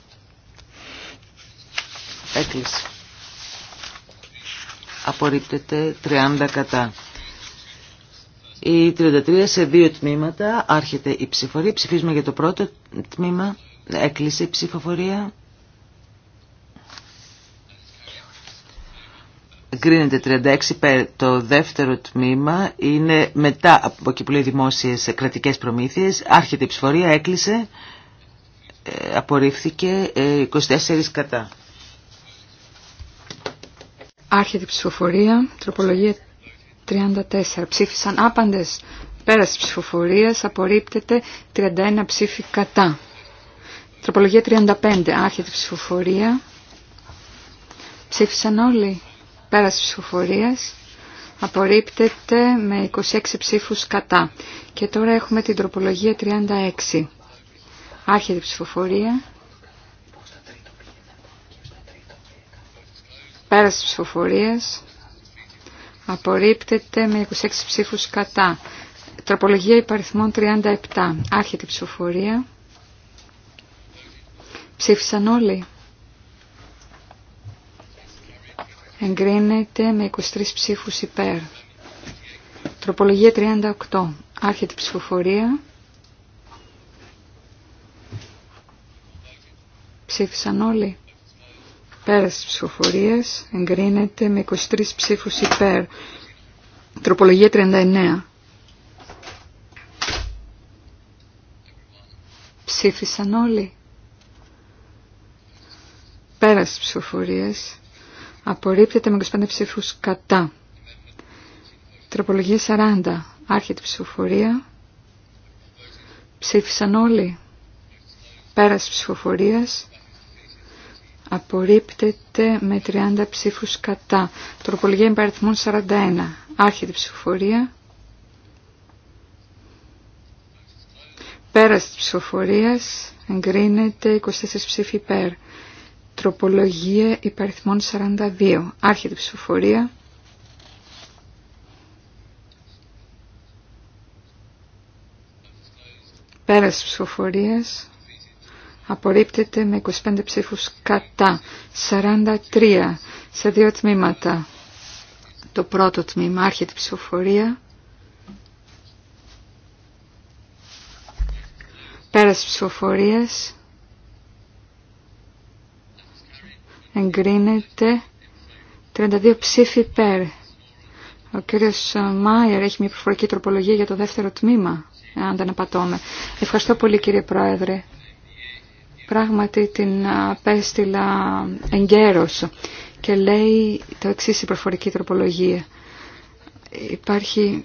Έκλεισε. Απορρίπτεται 30 κατά. Η 33 σε δύο τμήματα άρχεται η ψηφοφορία. Ψηφίζουμε για το πρώτο τμήμα. Έκλεισε η ψηφοφορία. Κρίνεται 36, το δεύτερο τμήμα είναι μετά από εκεί που λέει δημόσιες κρατικές προμήθειες, άρχεται η ψηφορία, έκλεισε, ε, απορρίφθηκε 24 ε, κατά. Άρχεται η ψηφοφορία, τροπολογία 34. Ψήφισαν άπαντες πέρας της ψηφοφορίας, απορρίπτεται 31 ψήφι κατά. Τροπολογία 35. Άρχεται η ψηφοφορία. Ψήφισαν όλοι. Πέρας ψηφοφορίας απορρίπτεται με 26 ψήφους κατά. Και τώρα έχουμε την τροπολογία 36. Άρχεται η ψηφοφορία. Πέρας τη ψηφοφορίας απορρίπτεται με 26 ψήφους κατά. Τροπολογία υπαριθμών 37. Άρχεται η ψηφοφορία. Ψήφισαν όλοι. Εγκρίνεται με 23 ψήφους υπέρ. Τροπολογία 38. Άρχεται η ψηφοφορία. Ψήφισαν όλοι. Πέρας τις ψηφοφορίας εγκρίνεται με 23 ψήφους υπέρ. Τροπολογία 39. Ψήφισαν όλοι. Πέρας τις ψηφοφορίας Απορρίπτεται με 25 ψήφους κατά. Τροπολογία 40. Άρχεται η ψηφοφορία. Ψήφισαν όλοι. Πέρας ψηφοφορίας. Απορρίπτεται με 30 ψήφους κατά. Τροπολογία υπαριθμών 41. Άρχεται η ψηφοφορία. Πέρας της ψηφοφορίας εγκρίνεται 24 ψήφοι υπέρ. Τροπολογία υπαριθμών 42. Άρχεται η ψηφοφορία. Πέρας ψηφοφορίας απορρίπτεται με 25 ψήφους κατά 43 σε δύο τμήματα. Το πρώτο τμήμα άρχεται η ψηφοφορία. Πέρας ψηφοφορίας εγκρίνεται 32 ψήφοι υπέρ. Ο κύριος Μάιερ έχει μια προφορική τροπολογία για το δεύτερο τμήμα, αν δεν απατώμε. Ευχαριστώ πολύ κύριε Πρόεδρε. Πράγματι την απέστειλα εγκαίρως και λέει το εξή η προφορική τροπολογία. Υπάρχει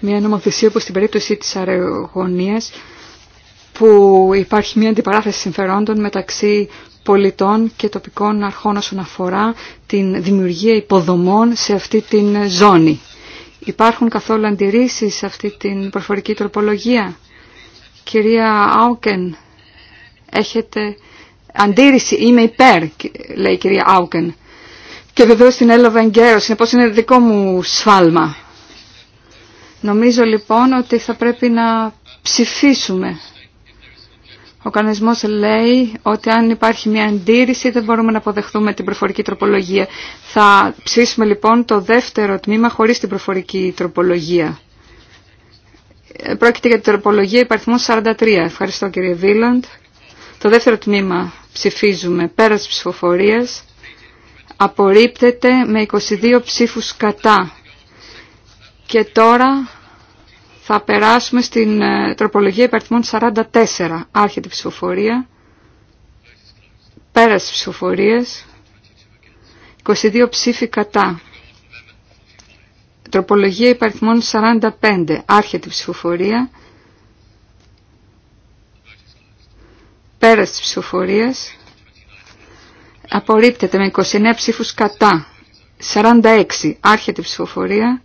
μια νομοθεσία όπως στην περίπτωση της αρεγωνίας που υπάρχει μια αντιπαράθεση συμφερόντων μεταξύ πολιτών και τοπικών αρχών όσον αφορά την δημιουργία υποδομών σε αυτή την ζώνη. Υπάρχουν καθόλου αντιρρήσεις σε αυτή την προφορική τροπολογία. Κυρία Άουκεν, έχετε αντίρρηση, είμαι υπέρ, λέει η κυρία Άουκεν. Και βεβαίω την έλαβα εγκαίρω, συνεπώ είναι δικό μου σφάλμα. Νομίζω λοιπόν ότι θα πρέπει να ψηφίσουμε ο κανονισμός λέει ότι αν υπάρχει μια αντίρρηση δεν μπορούμε να αποδεχθούμε την προφορική τροπολογία. Θα ψήσουμε λοιπόν το δεύτερο τμήμα χωρίς την προφορική τροπολογία. Ε, πρόκειται για την τροπολογία υπαριθμών 43. Ευχαριστώ κύριε Βίλαντ. Το δεύτερο τμήμα ψηφίζουμε πέρα της ψηφοφορίας. Απορρίπτεται με 22 ψήφους κατά. Και τώρα θα περάσουμε στην ε, τροπολογία υπαριθμών 44. Άρχεται η ψηφοφορία. Πέρασε ψηφοφορίες. 22 ψήφοι κατά. Τροπολογία υπαριθμών 45. Άρχεται η ψηφοφορία. Πέρασε της ψηφοφορίας. Απορρίπτεται με 29 ψήφους κατά. 46. Άρχεται η ψηφοφορία.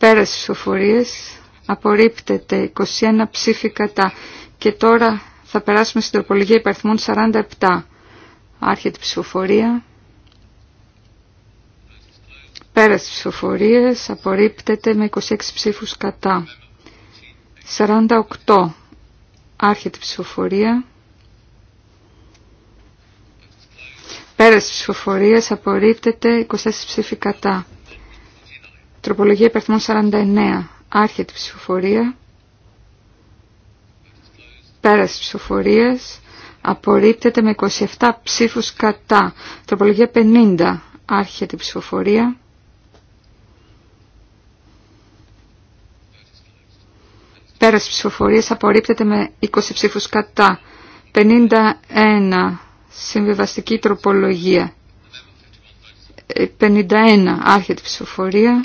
Πέρας στις ψηφοφορίες απορρίπτεται 21 ψήφι κατά. Και τώρα θα περάσουμε στην τροπολογία υπαριθμών 47. Άρχεται η ψηφοφορία. Πέρας στις ψηφοφορίες απορρίπτεται με 26 ψήφους κατά. 48. Άρχεται η ψηφοφορία. Πέρας ψυχοφορίες ψηφοφορίες, απορρίπτεται 24 ψήφοι κατά. Τροπολογία υπερθμών 49. Άρχεται η ψηφοφορία. Πέραση ψηφοφορία. Απορρίπτεται με 27 ψήφους κατά. Τροπολογία 50. Άρχεται η ψηφοφορία. Πέραση ψηφοφορία Απορρίπτεται με 20 ψήφους κατά. 51. Συμβιβαστική τροπολογία. 51. Ε, Άρχεται η ψηφοφορία.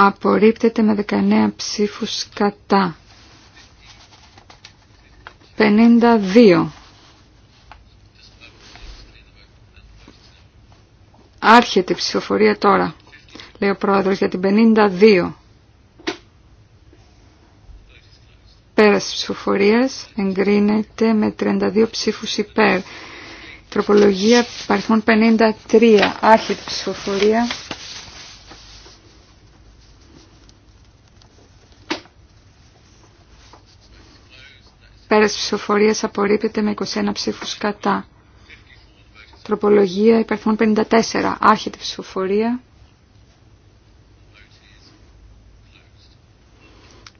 απορρίπτεται με 19 ψήφους κατά. 52. Άρχεται η ψηφοφορία τώρα, λέει ο πρόεδρος, για την 52. Πέραση ψηφοφορίας εγκρίνεται με 32 ψήφους υπέρ. Τροπολογία παριθμών 53. Άρχεται η ψηφοφορία. Πέρας ψηφοφορίας απορρίπτεται με 21 ψήφους κατά. Τροπολογία υπερθμών 54. Άρχεται ψηφοφορία.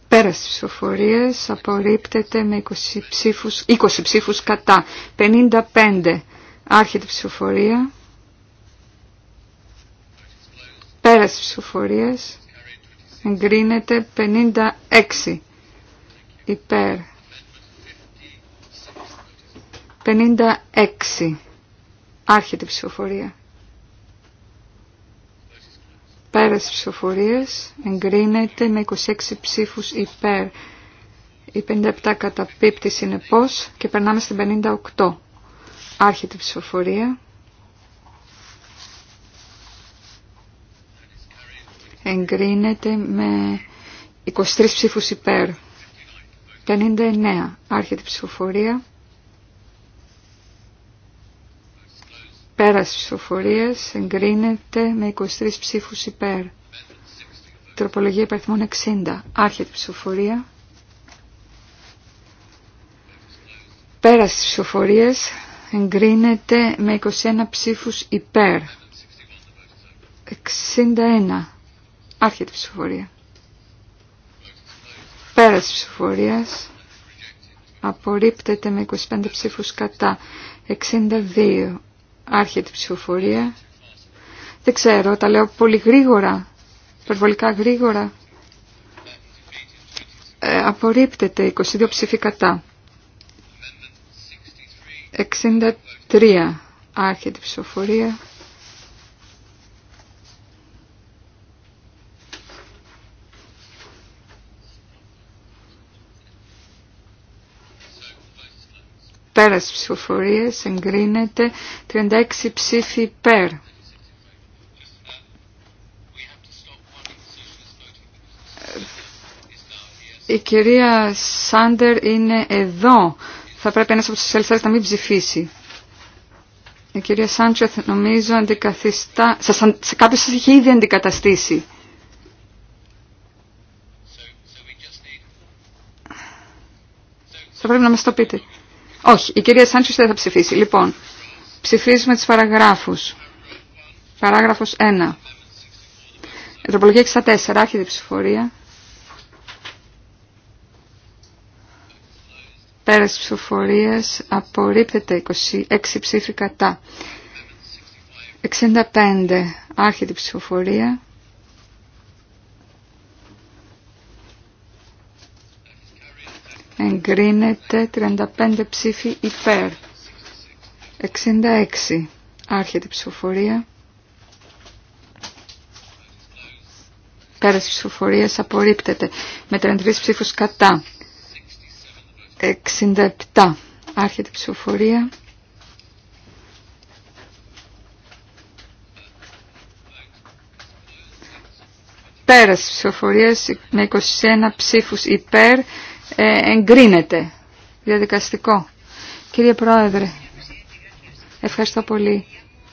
Πέρας ψηφοφορίας απορρίπτεται με 20 ψήφους, 20 ψήφους κατά. 55. Άρχεται ψηφοφορία. Πέρας ψηφοφορίας εγκρίνεται 56 υπέρ 56. Άρχεται η ψηφοφορία. Πέρασε ψηφοφορίες. Εγκρίνεται με 26 ψήφους υπέρ. Η 57 καταπίπτει συνεπώς και περνάμε στην 58. Άρχεται η ψηφοφορία. Εγκρίνεται με 23 ψήφους υπέρ. 59. Άρχεται η ψηφοφορία. Πέρας ψηφοφορίας εγκρίνεται με 23 ψήφους υπέρ. Τροπολογία υπαριθμών 60. Άρχεται ψηφοφορία. Πέρας ψηφοφορίας εγκρίνεται με 21 ψήφους υπέρ. 61. Άρχεται ψηφοφορία. Πέρας ψηφοφορίας απορρίπτεται με 25 ψήφους κατά. 62. Άρχεται η ψηφοφορία. Δεν ξέρω, τα λέω πολύ γρήγορα, υπερβολικά γρήγορα. Ε, απορρίπτεται 22 ψήφοι κατά. 63 άρχεται η ψηφοφορία. στις ψηφοφορίες εγκρίνεται 36 ψήφοι υπέρ. Η κυρία Σάντερ είναι εδώ. Θα πρέπει ένας από τους σοσιαλιστές να μην ψηφίσει. Η κυρία Σάντσεθ νομίζω αντικαθιστά... Σε κάποιος σας είχε ήδη αντικαταστήσει. Θα πρέπει να μας το πείτε. Όχι, η κυρία Σάντσο δεν θα ψηφίσει. Λοιπόν, ψηφίζουμε τις παραγράφους. Παράγραφος 1. Τροπολογία 64, άρχεται ψηφοφορία. ψηφορία. Πέρας ψηφοφορίας απορρίπτεται 26 ψήφοι κατά. 65, άρχεται ψηφοφορία. εγκρίνεται 35 ψήφοι υπέρ. 66. Άρχεται η ψηφοφορία. Πέρας ψηφοφορίας απορρίπτεται με 33 ψήφους κατά. 67. Άρχεται η ψηφοφορία. Πέραση ψηφοφορίας με 21 ψήφους υπέρ ε, εγκρίνεται. Διαδικαστικό. Κύριε Πρόεδρε, ευχαριστώ πολύ.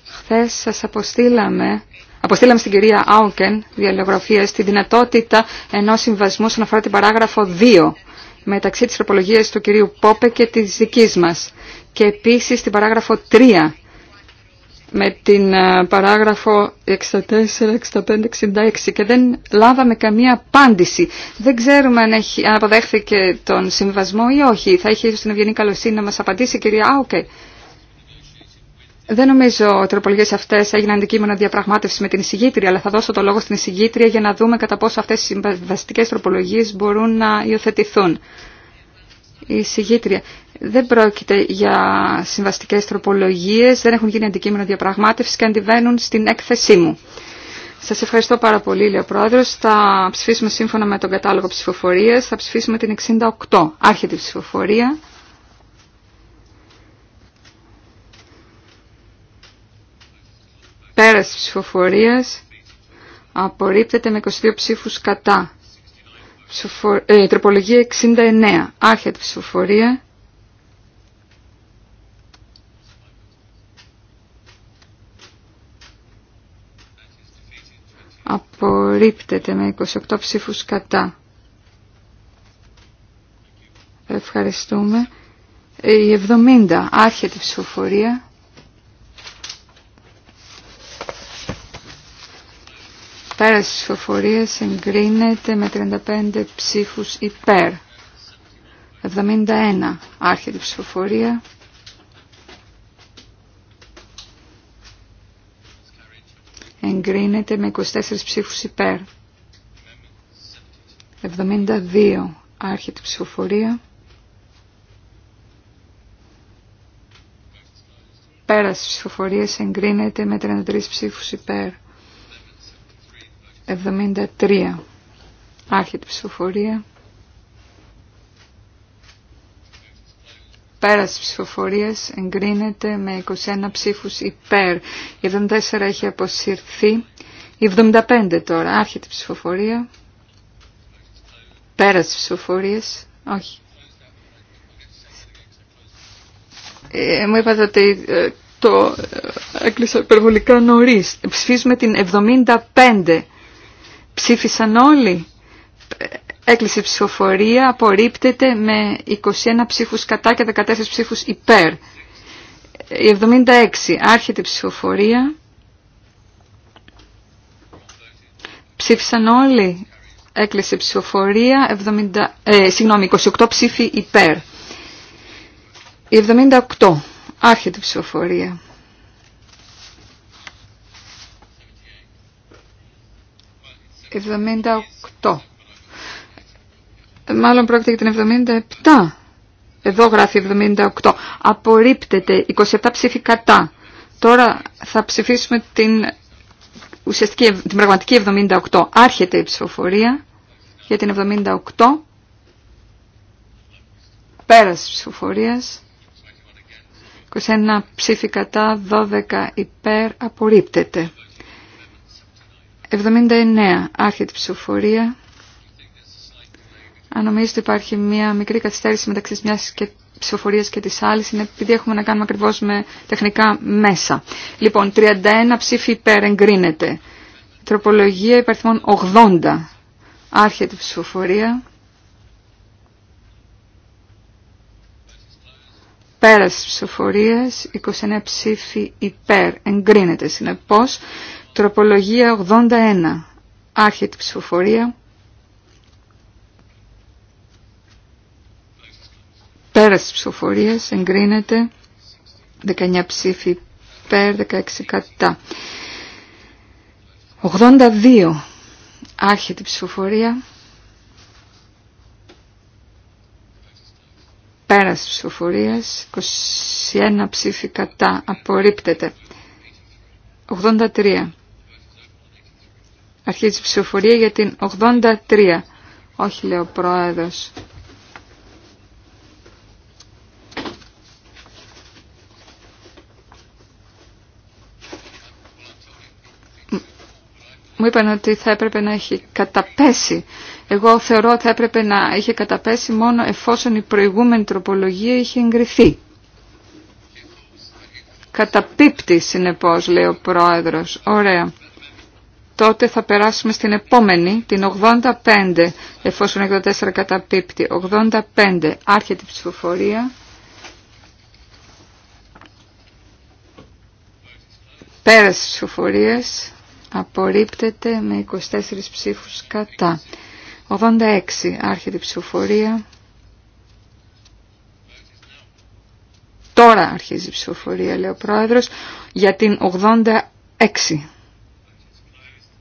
Χθε σας αποστήλαμε Αποστήλαμε στην κυρία Άουκεν, διαλογραφία, τη δυνατότητα ενό συμβασμού στον αφορά την παράγραφο 2 μεταξύ της τροπολογίας του κυρίου Πόπε και της δικής μας και επίσης την παράγραφο 3 με την ε, παράγραφο 64, 65, 66 και δεν λάβαμε καμία απάντηση. Δεν ξέρουμε αν, έχει, αν αποδέχθηκε τον συμβασμό ή όχι. Θα είχε ίσως την ευγενή καλοσύνη να μας απαντήσει η κυρία Άουκε. Δεν νομίζω ότι οι τροπολογίε αυτέ έγιναν αντικείμενο διαπραγμάτευση με την εισηγήτρια, αλλά θα δώσω το λόγο στην εισηγήτρια για να δούμε κατά πόσο αυτέ οι συμβαστικέ τροπολογίε μπορούν να υιοθετηθούν η συγγήτρια. Δεν πρόκειται για συμβαστικέ τροπολογίες, δεν έχουν γίνει αντικείμενο διαπραγμάτευσης και αντιβαίνουν στην έκθεσή μου. Σας ευχαριστώ πάρα πολύ, λέει ο Θα ψηφίσουμε σύμφωνα με τον κατάλογο ψηφοφορία. Θα ψηφίσουμε την 68. Άρχεται η ψηφοφορία. της ψηφοφορία. Απορρίπτεται με 22 ψήφους κατά. Ε, τροπολογία 69. Άρχεται ψηφοφορία. Απορρίπτεται με 28 ψήφους κατά. Ευχαριστούμε. Ε, η 70. Άρχεται ψηφοφορία. Πέραση στις εγκρίνεται με 35 ψήφους υπέρ. 71 άρχεται η ψηφοφορία. Εγκρίνεται με 24 ψήφους υπέρ. 72 άρχεται η ψηφοφορία. Πέραση στις εγκρίνεται με 33 ψήφους υπέρ. 73. Άρχεται ψηφοφορία. Πέρας ψηφοφορία εγκρίνεται με 21 ψήφου υπέρ. Η 74 έχει αποσυρθεί. Η 75 τώρα. Άρχεται ψηφοφορία. Πέρας ψηφοφορίας. Όχι. Ε, μου είπατε ότι ε, το ε, έκλεισα υπερβολικά νωρίς. Ψηφίζουμε την 75. Ψήφισαν όλοι. Έκλεισε ψηφοφορία, απορρίπτεται με 21 ψήφους κατά και 14 ψήφους υπέρ. Η 76 άρχεται η ψηφοφορία. Ψήφισαν όλοι. Έκλεισε ψηφοφορία. 70, ε, συγγνώμη, 28 ψήφοι υπέρ. Η 78 άρχεται η ψηφοφορία. 78. Μάλλον πρόκειται για την 77. Εδώ γράφει 78. Απορρίπτεται 27 ψήφοι κατά. Τώρα θα ψηφίσουμε την, ουσιαστική, την πραγματική 78. Άρχεται η ψηφοφορία για την 78. Πέρας ψηφοφορίας. 21 ψήφοι κατά, 12 υπέρ, απορρίπτεται. 79. Άρχεται η ψηφοφορία. Αν νομίζετε ότι υπάρχει μια μικρή καθυστέρηση μεταξύ της μιας και ψηφοφορίας και της άλλης, είναι επειδή έχουμε να κάνουμε ακριβώς με τεχνικά μέσα. Λοιπόν, 31 ψήφοι υπέρ εγκρίνεται. Τροπολογία υπαριθμών 80. Άρχεται η ψηφοφορία. Πέρας ψηφοφορία, 29 ψήφοι υπέρ εγκρίνεται. Συνεπώς, Τροπολογία 81. Άρχεται ψηφοφορία. Πέρας της ψηφοφορίας εγκρίνεται 19 ψήφοι πέρ 16 κατά. 82. Αρχη ψηφοφορία. Πέρας της ψηφοφορίας 21 ψήφοι κατά. Απορρίπτεται. 83. Αρχίζει η ψηφοφορία για την 83. Όχι, λέει ο πρόεδρος. Μου είπαν ότι θα έπρεπε να έχει καταπέσει. Εγώ θεωρώ ότι θα έπρεπε να είχε καταπέσει μόνο εφόσον η προηγούμενη τροπολογία είχε εγκριθεί. Καταπίπτει συνεπώς λέει ο πρόεδρος. Ωραία τότε θα περάσουμε στην επόμενη, την 85, εφόσον 84 καταπίπτει. 85, άρχεται η ψηφοφορία. Πέρασε τις ψηφοφορίες, απορρίπτεται με 24 ψήφους κατά. 86, άρχεται η ψηφοφορία. Τώρα αρχίζει η ψηφοφορία, λέει ο Πρόεδρος, για την 86.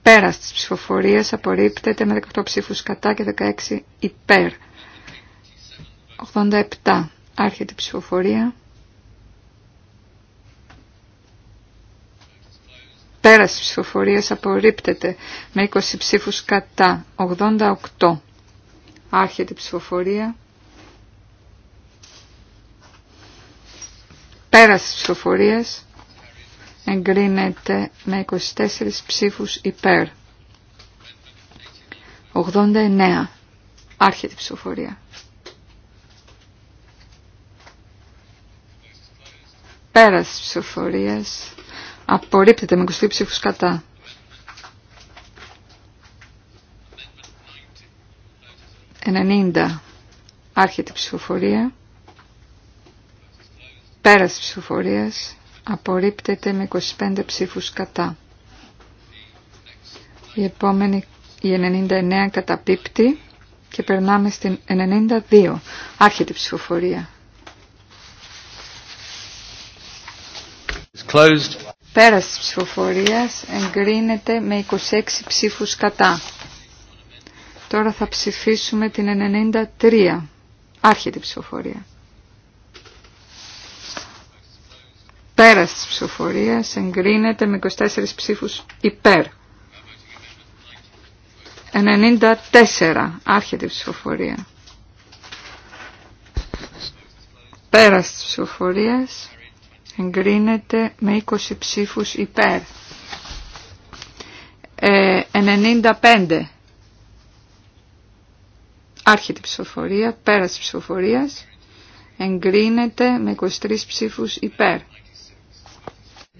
Πέρας της ψηφοφορίας απορρίπτεται με 18 ψήφους κατά και 16 υπέρ. 87. Άρχεται η ψηφοφορία. Πέρας της απορρίπτεται με 20 ψήφους κατά. 88. Άρχεται η ψηφοφορία. Πέρας της εγκρίνεται με 24 ψήφους υπέρ. 89. Άρχεται η ψηφοφορία. Πέρας της ψηφοφορίας απορρίπτεται με 20 ψήφους κατά. 90. Άρχεται η ψηφοφορία. Πέρας της ψηφοφορίας απορρίπτεται με 25 ψήφους κατά. Η επόμενη, η 99 καταπίπτει και περνάμε στην 92. Άρχεται η ψηφοφορία. Πέραση της ψηφοφορίας εγκρίνεται με 26 ψήφους κατά. Τώρα θα ψηφίσουμε την 93. Άρχεται η ψηφοφορία. Πέρας της ψηφοφορίας εγκρίνεται με 24 ψήφους υπέρ. 94. Άρχεται η ψηφοφορία. Πέρας της ψηφοφορίας εγκρίνεται με 20 ψήφους υπέρ. Ε, 95. Άρχεται η ψηφοφορία. Πέρας της ψηφοφορίας εγκρίνεται με 23 ψήφους υπέρ.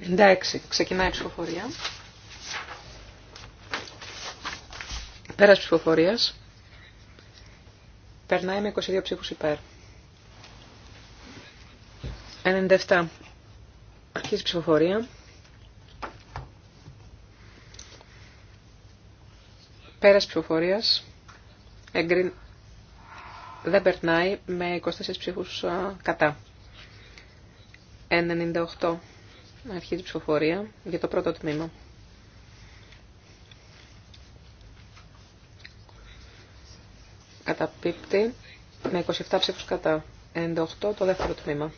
Εντάξει, ξεκινάει η ψηφοφορία. Πέρας ψηφοφορίας. Περνάει με 22 ψήφους υπέρ. 97. Αρχίζει η ψηφοφορία. Πέρας ψηφοφορίας. Δεν περνάει με 24 ψήφους κατά. 98. Αρχίζει η ψηφοφορία για το πρώτο τμήμα. Καταπίπτει με 27 ψήφους κατά. 98 το δεύτερο τμήμα.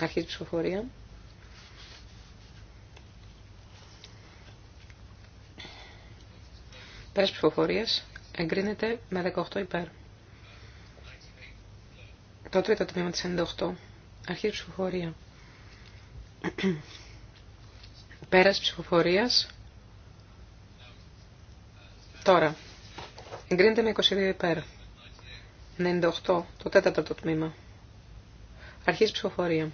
Αρχή η ψηφοφορία. Πέρας ψηφοφορίας εγκρίνεται με 18 υπέρ. Το τρίτο τμήμα της 98. Αρχίζει η ψηφοφορία. Πέρας ψηφοφορίας. Τώρα. Εγκρίνεται με 22 υπέρ. 98. Το τέταρτο τμήμα. Αρχής ψηφοφορία.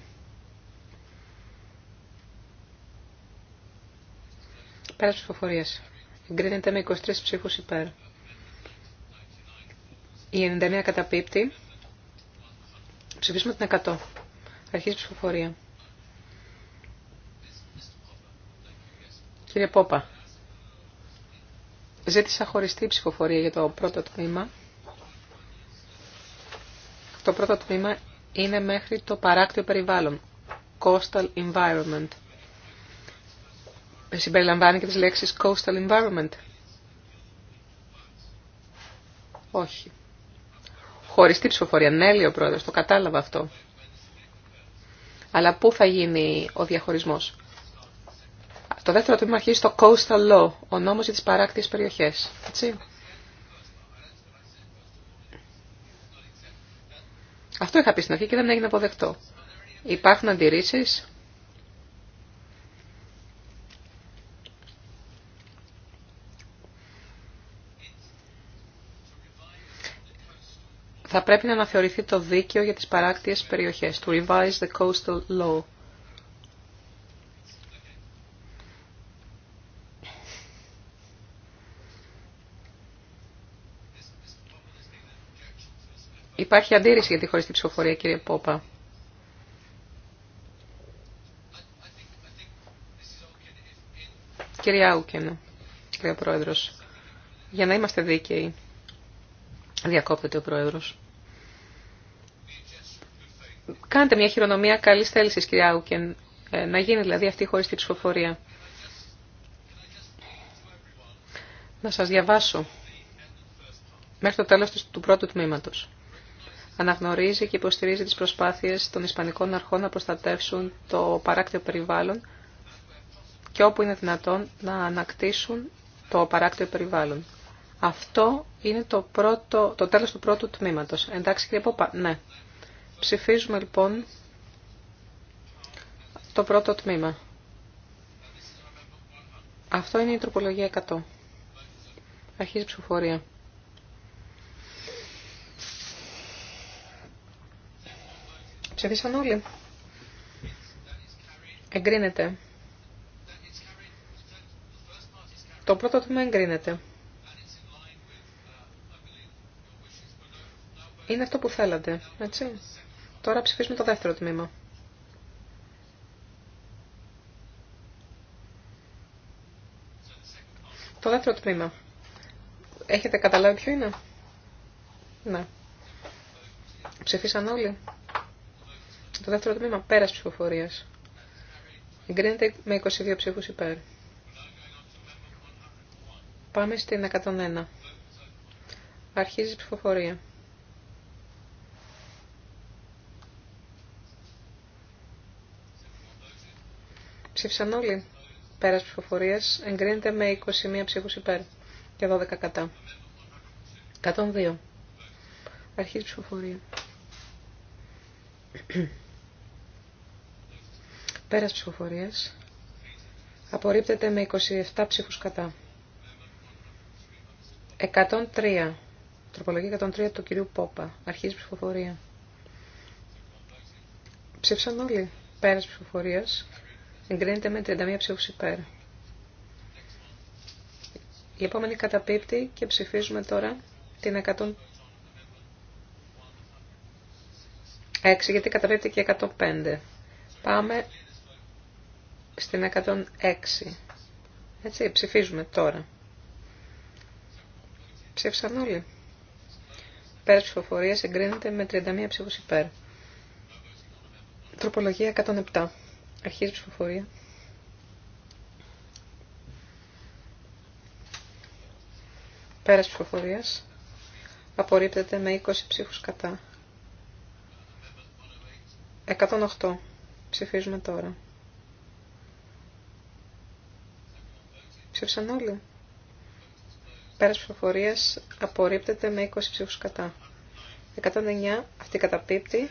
Πέρας ψηφοφορίας. Εγκρίνεται με 23 ψήφους υπέρ. Η 99 καταπίπτει. Ψηφίσουμε την 100. Αρχής ψηφοφορία. Κύριε Πόπα, ζήτησα χωριστή ψηφοφορία για το πρώτο τμήμα. Το πρώτο τμήμα είναι μέχρι το παράκτιο περιβάλλον, coastal environment. Συμπεριλαμβάνει και τις λέξεις coastal environment. Όχι. Χωριστή ψηφοφορία. Ναι, λέει ο πρόεδρος, το κατάλαβα αυτό. Αλλά πού θα γίνει ο διαχωρισμός. Το δεύτερο τμήμα αρχίζει στο Coastal Law, ο νόμος για τις παράκτιες περιοχές. Έτσι. Αυτό είχα πει στην αρχή και δεν έγινε αποδεκτό. Υπάρχουν αντιρρήσεις. Θα πρέπει να αναθεωρηθεί το δίκαιο για τις παράκτιες περιοχές, to revise the coastal law. Υπάρχει αντίρρηση για τη χωριστή ψηφοφορία, κύριε Πόπα. Κύριε Άουκεν, κύριε Πρόεδρος, για να είμαστε δίκαιοι, διακόπτεται ο Πρόεδρος. Κάντε μια χειρονομία καλή θέληση, κύριε Άουκεν, ε, να γίνει δηλαδή αυτή η χωριστή ψηφοφορία. Να σας διαβάσω μέχρι το τέλος του πρώτου τμήματος αναγνωρίζει και υποστηρίζει τις προσπάθειες των Ισπανικών αρχών να προστατεύσουν το παράκτιο περιβάλλον και όπου είναι δυνατόν να ανακτήσουν το παράκτιο περιβάλλον. Αυτό είναι το, πρώτο, το τέλος του πρώτου τμήματος. Εντάξει κύριε Ποπα, ναι. Ψηφίζουμε λοιπόν το πρώτο τμήμα. Αυτό είναι η τροπολογία 100. Αρχίζει ψηφοφορία. Ψηφίσαν όλοι. Εγκρίνεται. Το πρώτο τμήμα εγκρίνεται. Είναι αυτό που θέλατε, έτσι. Τώρα ψηφίζουμε το δεύτερο τμήμα. Το δεύτερο τμήμα. Έχετε καταλάβει ποιο είναι. Ναι. Ψηφίσαν όλοι. Το δεύτερο τμήμα πέρας ψηφοφορίας. Εγκρίνεται με 22 ψήφους υπέρ. Πάμε στην 101. Αρχίζει η ψηφοφορία. Ψήφισαν όλοι. Πέρας ψηφοφορίας εγκρίνεται με 21 ψήφους υπέρ και 12 κατά. 102. Αρχίζει η ψηφοφορία. Πέρας ψηφοφορίας. Απορρίπτεται με 27 ψήφους κατά. 103. Τροπολογία 103 του κυρίου Πόπα. Αρχίζει ψηφοφορία. Ψήφισαν όλοι. Πέρας ψηφοφορίας. Εγκρίνεται με 31 ψήφους υπέρ. Η επόμενη καταπίπτει και ψηφίζουμε τώρα την 106 γιατί καταπίπτει και 105. Πάμε στην 106. Έτσι, ψηφίζουμε τώρα. Ψήφισαν όλοι. Πέρα ψηφοφορία εγκρίνεται με 31 ψήφου υπέρ. Τροπολογία 107. Αρχίζει ψηφοφορία. Πέρα ψηφοφορία απορρίπτεται με 20 ψήφους κατά. 108. Ψηφίζουμε τώρα. Ψήφισαν όλοι. Πέρας ψηφοφορία απορρίπτεται με 20 ψήφου κατά. 109 αυτή καταπίπτει.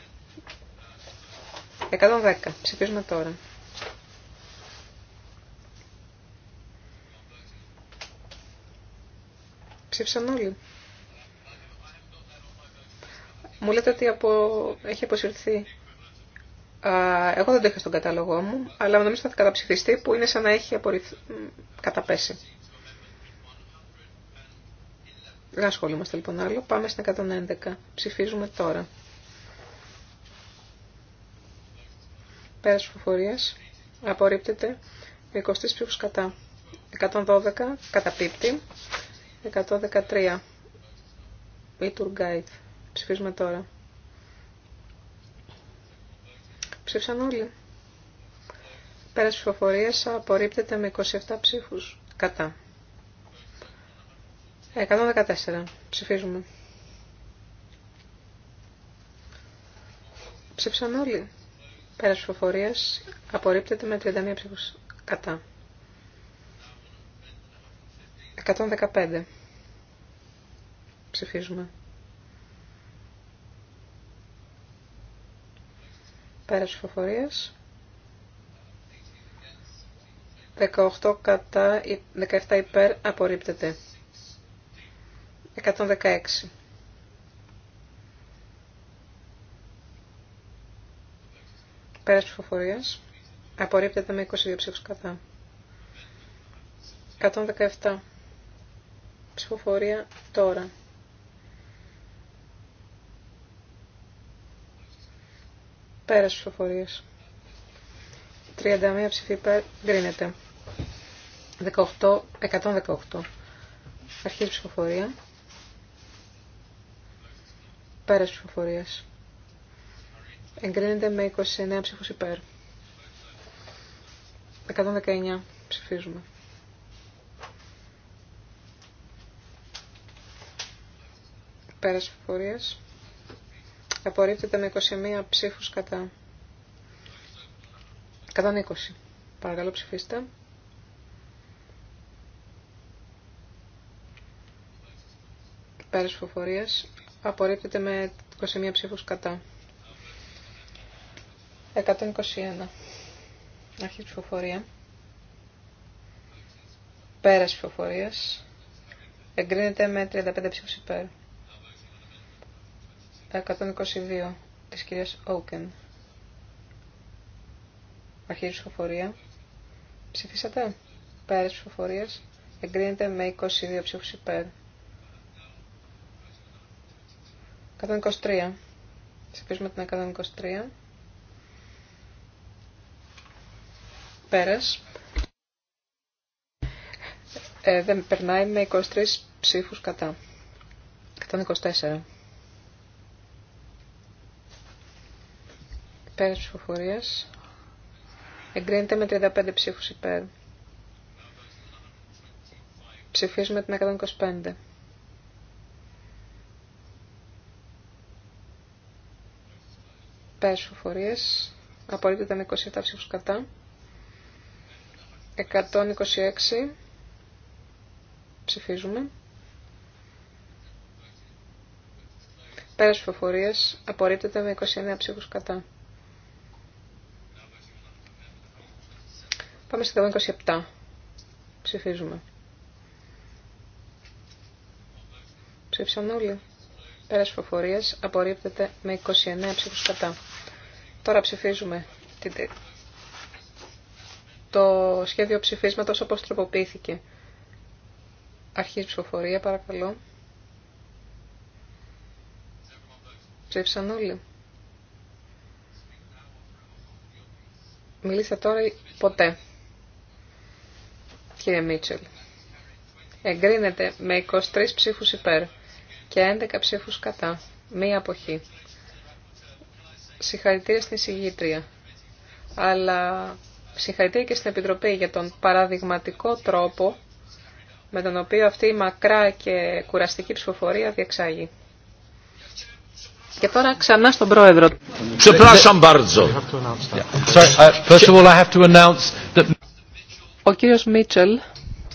110 ψηφίζουμε τώρα. Ψήφισαν όλοι. Μου λέτε ότι απο... έχει αποσυρθεί εγώ δεν το είχα στον κατάλογό μου, αλλά νομίζω θα καταψηφιστεί που είναι σαν να έχει καταπέσει. Δεν ασχολούμαστε λοιπόν άλλο. Πάμε στην 111. Ψηφίζουμε τώρα. Πέρας φοφορίας. Απορρίπτεται. 20 ψήφους κατά. 112 καταπίπτει. 113 ή Ψηφίζουμε τώρα. Ψήφισαν όλοι. Πέρα ψηφοφορίας απορρίπτεται με 27 ψήφους. Κατά. 114. Ψηφίζουμε. Ψήφισαν όλοι. Πέρα ψηφοφορίας απορρίπτεται με 31 ψήφους. Κατά. 115. Ψηφίζουμε. Πέρας ψηφοφορίας. 18 κατά, 17 υπέρ απορρίπτεται. 116. Πέρας ψηφοφορίας. Απορρίπτεται με 22 ψήφους κατά. 117. Ψηφοφορία τώρα. Πέρας ψηφοφορίες. 31 ψηφοί υπέρ. Γκρίνεται. 18, 118. Αρχή ψηφοφορία. Πέρας ψηφοφορίας. Εγκρίνεται με 29 ψήφους υπέρ. 119 ψηφίζουμε. Πέρας ψηφοφορίας. Απορρίπτεται με 21 ψήφους κατά. 20 Παρακαλώ ψηφίστε. Πέρας φοφορίας. Απορρίπτεται με 21 ψήφους κατά. 121. Αρχή ψηφοφορία. Πέρας ψηφοφορίας. Εγκρίνεται με 35 ψήφους υπέρ. 122 της κυρίας Όκεν. Αρχή ψηφοφορία. Ψηφίσατε. της ψηφοφορίας. Εγκρίνεται με 22 ψήφους υπέρ. 123. Ψηφίζουμε την 123. Πέρας. Ε, δεν περνάει με 23 ψήφους κατά. 124. της ψηφοφορίας. Εγκρίνεται με 35 ψήφους υπέρ. Ψηφίζουμε την 125. Πέρα ψηφοφορίας. Απορρίπτεται 27 ψήφους κατά. 126. Ψηφίζουμε. Πέρα ψηφοφορίας. Απορρίπτεται με 29 ψήφους κατά. Πάμε στο 127. Ψηφίζουμε. Ψήφισαν όλοι. Πέρας φοφορίας απορρίπτεται με 29 ψήφους κατά. Τώρα ψηφίζουμε το σχέδιο ψηφίσματος όπω τροποποιήθηκε. Αρχή ψηφοφορία παρακαλώ. Ψήφισαν όλοι. Μιλήσα τώρα ποτέ κύριε Μίτσελ. Εγκρίνεται με 23 ψήφους υπέρ και 11 ψήφους κατά. Μία αποχή. Συγχαρητήρια στην συγγήτρια. Αλλά συγχαρητήρια και στην Επιτροπή για τον παραδειγματικό τρόπο με τον οποίο αυτή η μακρά και κουραστική ψηφοφορία διεξάγει. Και τώρα ξανά στον πρόεδρο. Ο κύριος Μίτσελ,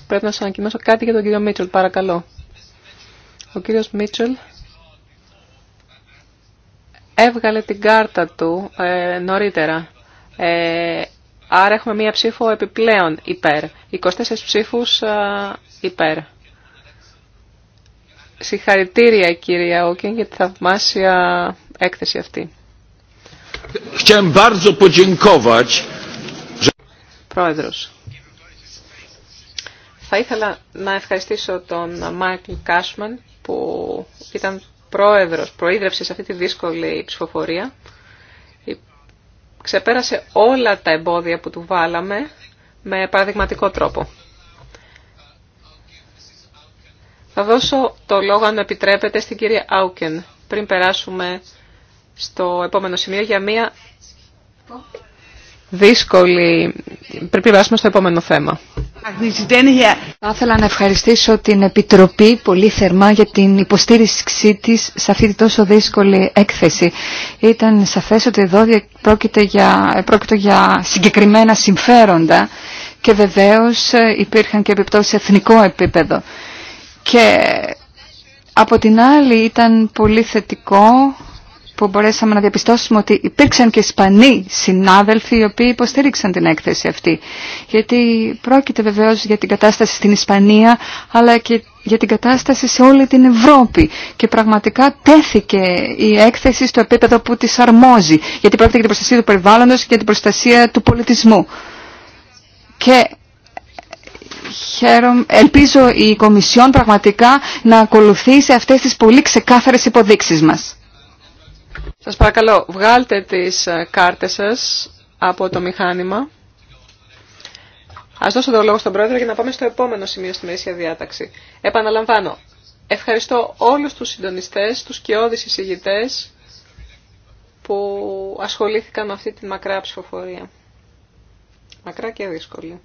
πρέπει να σας ανακοινώσω κάτι για τον κύριο Μίτσελ, παρακαλώ. Ο κύριος Μίτσελ έβγαλε την κάρτα του ε, νωρίτερα. Ε, άρα έχουμε μία ψήφο επιπλέον υπέρ. 24 ψήφους υπέρ. Συγχαρητήρια κυρία Όκεν για τη θαυμάσια έκθεση αυτή. Πρόεδρος, θα ήθελα να ευχαριστήσω τον Μάικλ Κάσμαν που ήταν πρόεδρος, προείδρευσε σε αυτή τη δύσκολη ψηφοφορία. Ξεπέρασε όλα τα εμπόδια που του βάλαμε με παραδειγματικό τρόπο. Θα δώσω το λόγο, αν επιτρέπετε, στην κυρία Άουκεν, πριν περάσουμε στο επόμενο σημείο για μία δύσκολη. Πρέπει να περάσουμε στο επόμενο θέμα. Θα ήθελα να ευχαριστήσω την Επιτροπή πολύ θερμά για την υποστήριξή της σε αυτή τη τόσο δύσκολη έκθεση. Ήταν σαφές ότι εδώ πρόκειται για, για συγκεκριμένα συμφέροντα και βεβαίως ε, υπήρχαν και επιπτώσεις σε εθνικό επίπεδο. Και από την άλλη ήταν πολύ θετικό που μπορέσαμε να διαπιστώσουμε ότι υπήρξαν και Ισπανοί συνάδελφοι οι οποίοι υποστήριξαν την έκθεση αυτή. Γιατί πρόκειται βεβαίω για την κατάσταση στην Ισπανία αλλά και για την κατάσταση σε όλη την Ευρώπη και πραγματικά τέθηκε η έκθεση στο επίπεδο που τη αρμόζει γιατί πρόκειται για την προστασία του περιβάλλοντο και για την προστασία του πολιτισμού. Και Ελπίζω η Κομισιόν πραγματικά να ακολουθήσει αυτές τις πολύ ξεκάθαρες υποδείξεις μας. Σας παρακαλώ, βγάλτε τις ε, κάρτες σας από το μηχάνημα. Ας δώσω το λόγο στον Πρόεδρο για να πάμε στο επόμενο σημείο στη μερίσια διάταξη. Επαναλαμβάνω, ευχαριστώ όλους τους συντονιστές, τους κοιόδης εισηγητές που ασχολήθηκαν με αυτή τη μακρά ψηφοφορία. Μακρά και δύσκολη.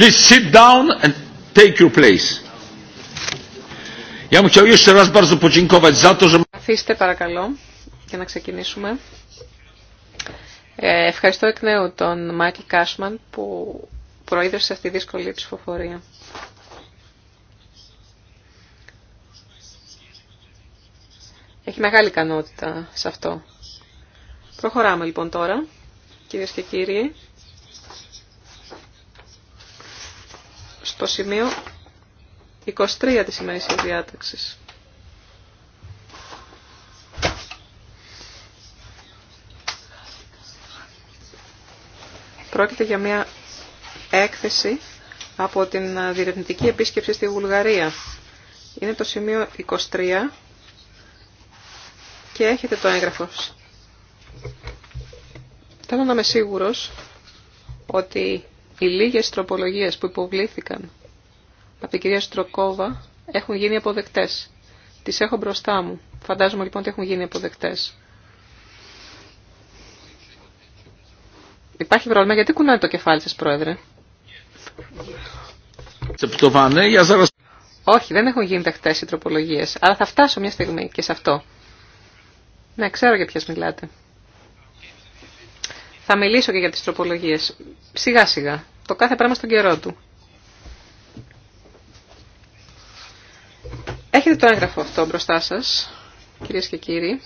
Please sit down and take your place. Καθίστε παρακαλώ και να ξεκινήσουμε. Ε, ευχαριστώ εκ νέου τον Μάικλ Κάσμαν που προείδρευσε αυτή τη δύσκολη ψηφοφορία. Έχει μεγάλη ικανότητα σε αυτό. Προχωράμε λοιπόν τώρα, κυρίε και κύριοι. Το σημείο 23 της ημερήσιας διάταξης. Πρόκειται για μια έκθεση από την διερευνητική επίσκεψη στη Βουλγαρία. Είναι το σημείο 23 και έχετε το έγγραφο. Θέλω να είμαι σίγουρος ότι οι λίγες τροπολογίες που υποβλήθηκαν από την κυρία Στροκόβα έχουν γίνει αποδεκτές. Τις έχω μπροστά μου. Φαντάζομαι λοιπόν ότι έχουν γίνει αποδεκτές. Υπάρχει πρόβλημα. Γιατί κουνάει το κεφάλι σας, Πρόεδρε. Όχι, δεν έχουν γίνει δεκτές οι τροπολογίες. Αλλά θα φτάσω μια στιγμή και σε αυτό. Ναι, ξέρω για ποιες μιλάτε. Θα μιλήσω και για τις τροπολογίες. Σιγά σιγά. Το κάθε πράγμα στον καιρό του. Έχετε το έγγραφο αυτό μπροστά σας, κυρίες και κύριοι.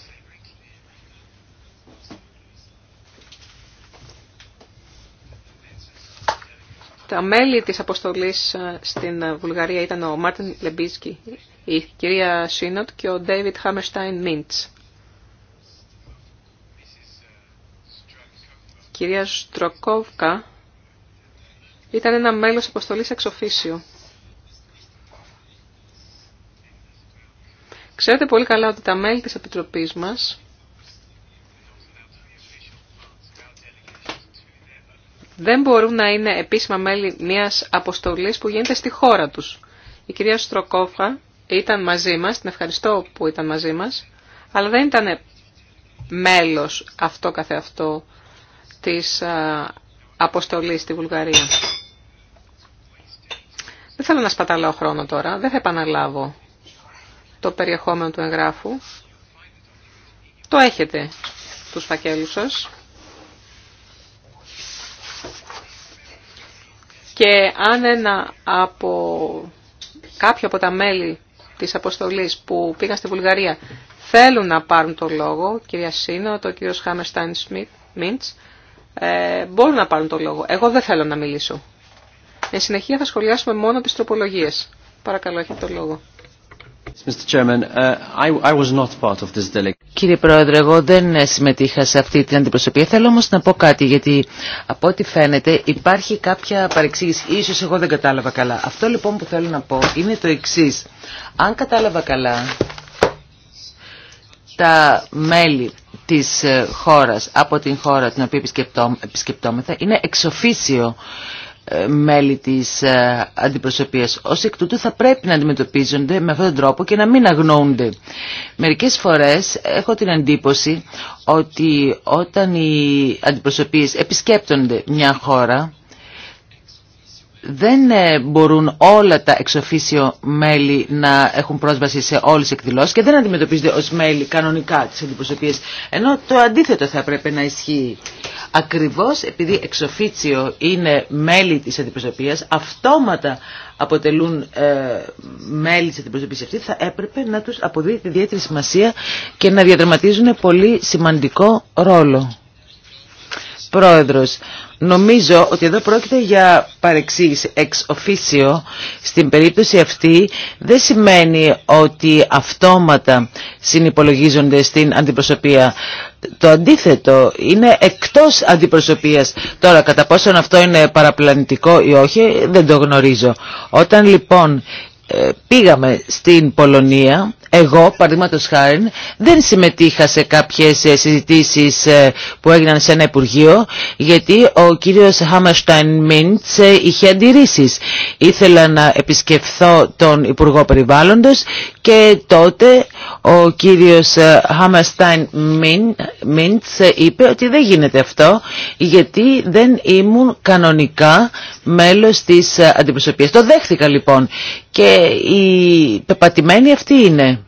Τα μέλη της αποστολής ε, στην Βουλγαρία ήταν ο Μάρτιν Λεμπίσκι, η κυρία Σίνοτ και ο Ντέιβιτ Χάμερστάιν Μίντς. κυρία Στροκόβκα ήταν ένα μέλος αποστολής εξοφίσιο. Ξέρετε πολύ καλά ότι τα μέλη της Επιτροπής μας δεν μπορούν να είναι επίσημα μέλη μιας αποστολής που γίνεται στη χώρα τους. Η κυρία Στροκόφα ήταν μαζί μας, την ευχαριστώ που ήταν μαζί μας, αλλά δεν ήταν μέλος αυτό καθεαυτό της ε, αποστολής στη Βουλγαρία. Δεν θέλω να σπαταλάω χρόνο τώρα, δεν θα επαναλάβω το περιεχόμενο του εγγράφου. Το έχετε τους φακέλους σας. Και αν ένα από κάποιο από τα μέλη της αποστολής που πήγαν στη Βουλγαρία θέλουν να πάρουν το λόγο, κυρία Σίνο, το κύριος Χάμερστάιν Μίντς, ε, μπορούν να πάρουν το λόγο. Εγώ δεν θέλω να μιλήσω. Εν συνεχεία θα σχολιάσουμε μόνο τις τροπολογίες. Παρακαλώ, έχετε το λόγο. Uh, Κύριε Πρόεδρε, εγώ δεν ε, συμμετείχα σε αυτή την αντιπροσωπεία. Θέλω όμως να πω κάτι, γιατί από ό,τι φαίνεται υπάρχει κάποια παρεξήγηση. Ίσως εγώ δεν κατάλαβα καλά. Αυτό λοιπόν που θέλω να πω είναι το εξής. Αν κατάλαβα καλά, τα μέλη της ε, χώρας, από την χώρα την οποία επισκεπτόμεθα, είναι εξοφίσιο ε, μέλη της ε, αντιπροσωπείας. Ως εκ τούτου θα πρέπει να αντιμετωπίζονται με αυτόν τον τρόπο και να μην αγνοούνται. Μερικές φορές έχω την εντύπωση ότι όταν οι αντιπροσωπείες επισκέπτονται μια χώρα δεν ε, μπορούν όλα τα εξοφίσιο μέλη να έχουν πρόσβαση σε όλες τις εκδηλώσεις και δεν αντιμετωπίζονται ως μέλη κανονικά της αντιπροσωπίες, Ενώ το αντίθετο θα πρέπει να ισχύει. Ακριβώς επειδή εξοφίσιο είναι μέλη της αντιπροσωπείας, αυτόματα αποτελούν ε, μέλη της αντιπροσωπείας αυτή, θα έπρεπε να τους αποδίδει ιδιαίτερη σημασία και να διαδραματίζουν πολύ σημαντικό ρόλο πρόεδρος. Νομίζω ότι εδώ πρόκειται για παρεξήγηση εξ officio. Στην περίπτωση αυτή δεν σημαίνει ότι αυτόματα συνυπολογίζονται στην αντιπροσωπεία. Το αντίθετο είναι εκτός αντιπροσωπείας. Τώρα κατά πόσον αυτό είναι παραπλανητικό ή όχι δεν το γνωρίζω. Όταν λοιπόν ε, πήγαμε στην Πολωνία, εγώ παραδείγματο χάρη δεν συμμετείχα σε κάποιες ε, συζητήσεις ε, που έγιναν σε ένα Υπουργείο γιατί ο κύριος Χάμερσταϊν Μίντς είχε αντιρρήσεις. Ήθελα να επισκεφθώ τον Υπουργό Περιβάλλοντος και τότε ο κύριος Χαμαστάιν ε, Μίντς ε, είπε ότι δεν γίνεται αυτό γιατί δεν ήμουν κανονικά μέλος της ε, αντιπροσωπείας. Το δέχθηκα λοιπόν και η πεπατημένη αυτή είναι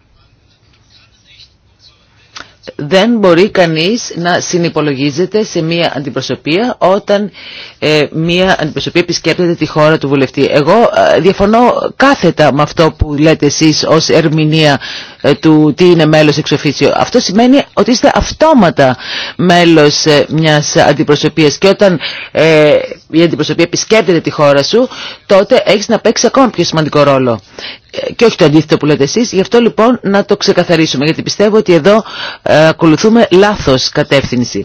δεν μπορεί κανείς να συνυπολογίζεται σε μία αντιπροσωπεία όταν ε, μία αντιπροσωπεία επισκέπτεται τη χώρα του βουλευτή. Εγώ ε, διαφωνώ κάθετα με αυτό που λέτε εσείς ως ερμηνεία ε, του τι είναι μέλος εξοφίσιο. Αυτό σημαίνει ότι είστε αυτόματα μέλος μιας αντιπροσωπείας και όταν η αντιπροσωπεία επισκέπτεται τη χώρα σου τότε έχεις να παίξει ακόμα πιο σημαντικό ρόλο και όχι το αντίθετο που λέτε εσείς. Γι' αυτό λοιπόν να το ξεκαθαρίσουμε, γιατί πιστεύω ότι εδώ ε, ακολουθούμε λάθος κατεύθυνση.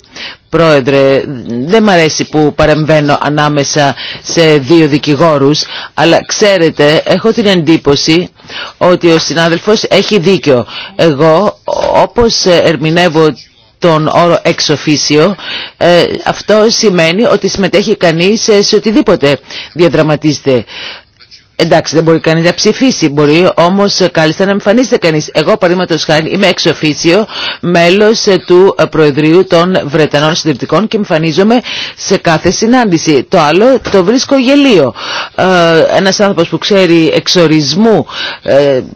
Πρόεδρε, δεν μ' αρέσει που παρεμβαίνω ανάμεσα σε δύο δικηγόρους, αλλά ξέρετε, έχω την εντύπωση ότι ο συνάδελφος έχει δίκιο. Εγώ, όπως ε, ερμηνεύω τον όρο εξοφίσιο, αυτό σημαίνει ότι συμμετέχει κανείς ε, σε οτιδήποτε διαδραματίζεται. Εντάξει, δεν μπορεί κανεί να ψηφίσει, μπορεί όμω ε, κάλλιστα να εμφανίζεται κανεί. Εγώ, παραδείγματο χάρη, είμαι εξοφίσιο, μέλο ε, του ε, Προεδρείου των Βρετανών Συντηρητικών και εμφανίζομαι σε κάθε συνάντηση. Το άλλο το βρίσκω γελίο. Ε, Ένα άνθρωπο που ξέρει εξορισμού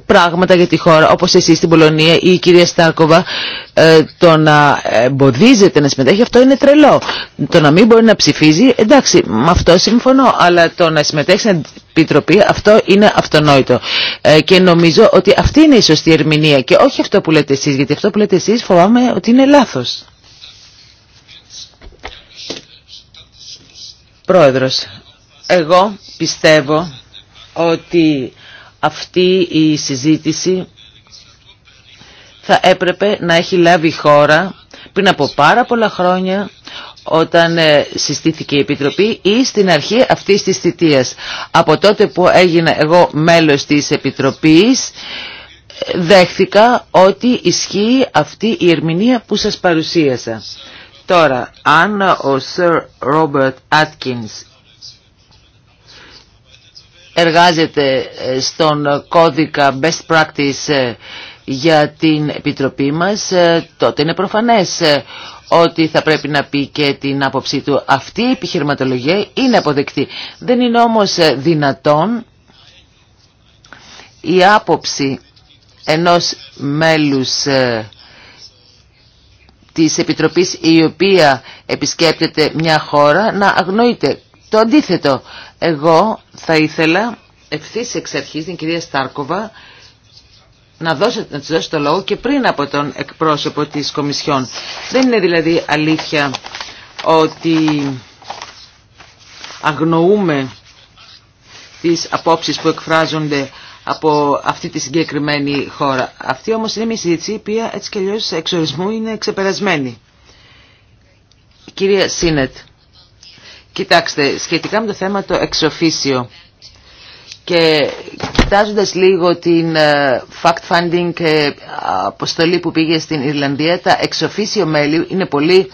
πράγματα για τη χώρα, όπω εσεί στην Πολωνία ή η κυρία Στάκοβα, ε, το να εμποδίζεται να συμμετέχει, αυτό είναι τρελό. Το να μην μπορεί να ψηφίζει, εντάξει, με αυτό συμφωνώ, αλλά το να συμμετέχει στην επιτροπή, αυτό είναι αυτονόητο. Ε, και νομίζω ότι αυτή είναι η σωστή ερμηνεία και όχι αυτό που λέτε εσείς, γιατί αυτό που λέτε εσείς φοβάμαι ότι είναι λάθος. Πρόεδρος, εγώ πιστεύω ότι αυτή η συζήτηση θα έπρεπε να έχει λάβει χώρα πριν από πάρα πολλά χρόνια όταν ε, συστήθηκε η Επιτροπή ή στην αρχή αυτής της θητείας. Από τότε που έγινα εγώ μέλος της Επιτροπής δέχθηκα ότι ισχύει αυτή η ερμηνεία που σας παρουσίασα. Τώρα, αν ο Sir Robert Atkins εργάζεται ε, στον κώδικα best practice ε, για την Επιτροπή μας, ε, τότε είναι προφανές ε, ότι θα πρέπει να πει και την άποψή του. Αυτή η επιχειρηματολογία είναι αποδεκτή. Δεν είναι όμως ε, δυνατόν η άποψη ενός μέλους της Επιτροπής η οποία επισκέπτεται μια χώρα να αγνοείται. Το αντίθετο, εγώ θα ήθελα ευθύς εξ αρχής την κυρία Στάρκοβα να, δώσετε, να τους δώσετε το λόγο και πριν από τον εκπρόσωπο της Κομισιόν. Δεν είναι δηλαδή αλήθεια ότι αγνοούμε τις απόψεις που εκφράζονται από αυτή τη συγκεκριμένη χώρα. Αυτή όμως είναι μια συζήτηση η οποία έτσι και αλλιώς εξορισμού είναι ξεπερασμένη. Κυρία Σίνετ, κοιτάξτε, σχετικά με το θέμα το εξοφίσιο, και κοιτάζοντας λίγο την ε, fact-finding ε, αποστολή που πήγε στην Ιρλανδία, τα εξοφίσιο μέλη είναι πολύ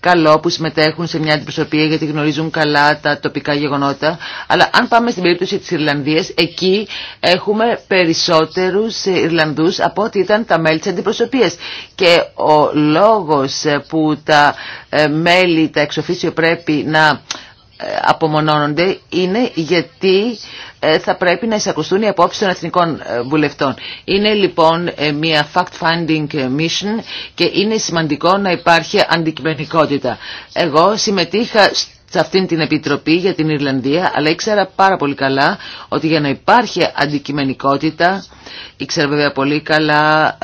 καλό που συμμετέχουν σε μια αντιπροσωπεία γιατί γνωρίζουν καλά τα τοπικά γεγονότα. Αλλά αν πάμε στην περίπτωση της Ιρλανδίας, εκεί έχουμε περισσότερους ε, Ιρλανδούς από ό,τι ήταν τα μέλη της αντιπροσωπείας. Και ο λόγος που τα μέλη, τα εξοφίσιο πρέπει να απομονώνονται είναι γιατί ε, θα πρέπει να εισακουστούν οι απόψεις των εθνικών ε, βουλευτών. Είναι λοιπόν ε, μια fact-finding mission και είναι σημαντικό να υπάρχει αντικειμενικότητα. Εγώ συμμετείχα σε αυτήν την επιτροπή για την Ιρλανδία, αλλά ήξερα πάρα πολύ καλά ότι για να υπάρχει αντικειμενικότητα, ήξερα βέβαια πολύ καλά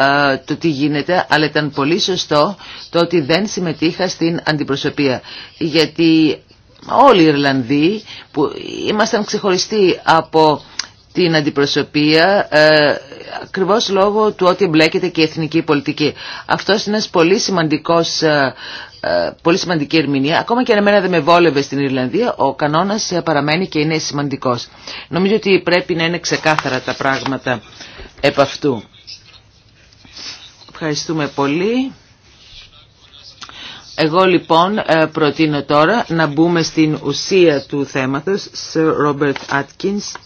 το τι γίνεται, αλλά ήταν πολύ σωστό το ότι δεν συμμετείχα στην αντιπροσωπεία. Γιατί όλοι οι Ιρλανδοί που ήμασταν ξεχωριστοί από την αντιπροσωπεία ε, ακριβώ λόγω του ότι εμπλέκεται και η εθνική πολιτική. Αυτό είναι ένας πολύ σημαντικός ε, ε, πολύ σημαντική ερμηνεία. Ακόμα και αν εμένα δεν με βόλευε στην Ιρλανδία, ο κανόνας ε, παραμένει και είναι σημαντικός. Νομίζω ότι πρέπει να είναι ξεκάθαρα τα πράγματα επ' αυτού. Ευχαριστούμε πολύ. Εγώ λοιπόν ε, προτείνω τώρα να μπούμε στην ουσία του θέματος, Sir Robert Atkins.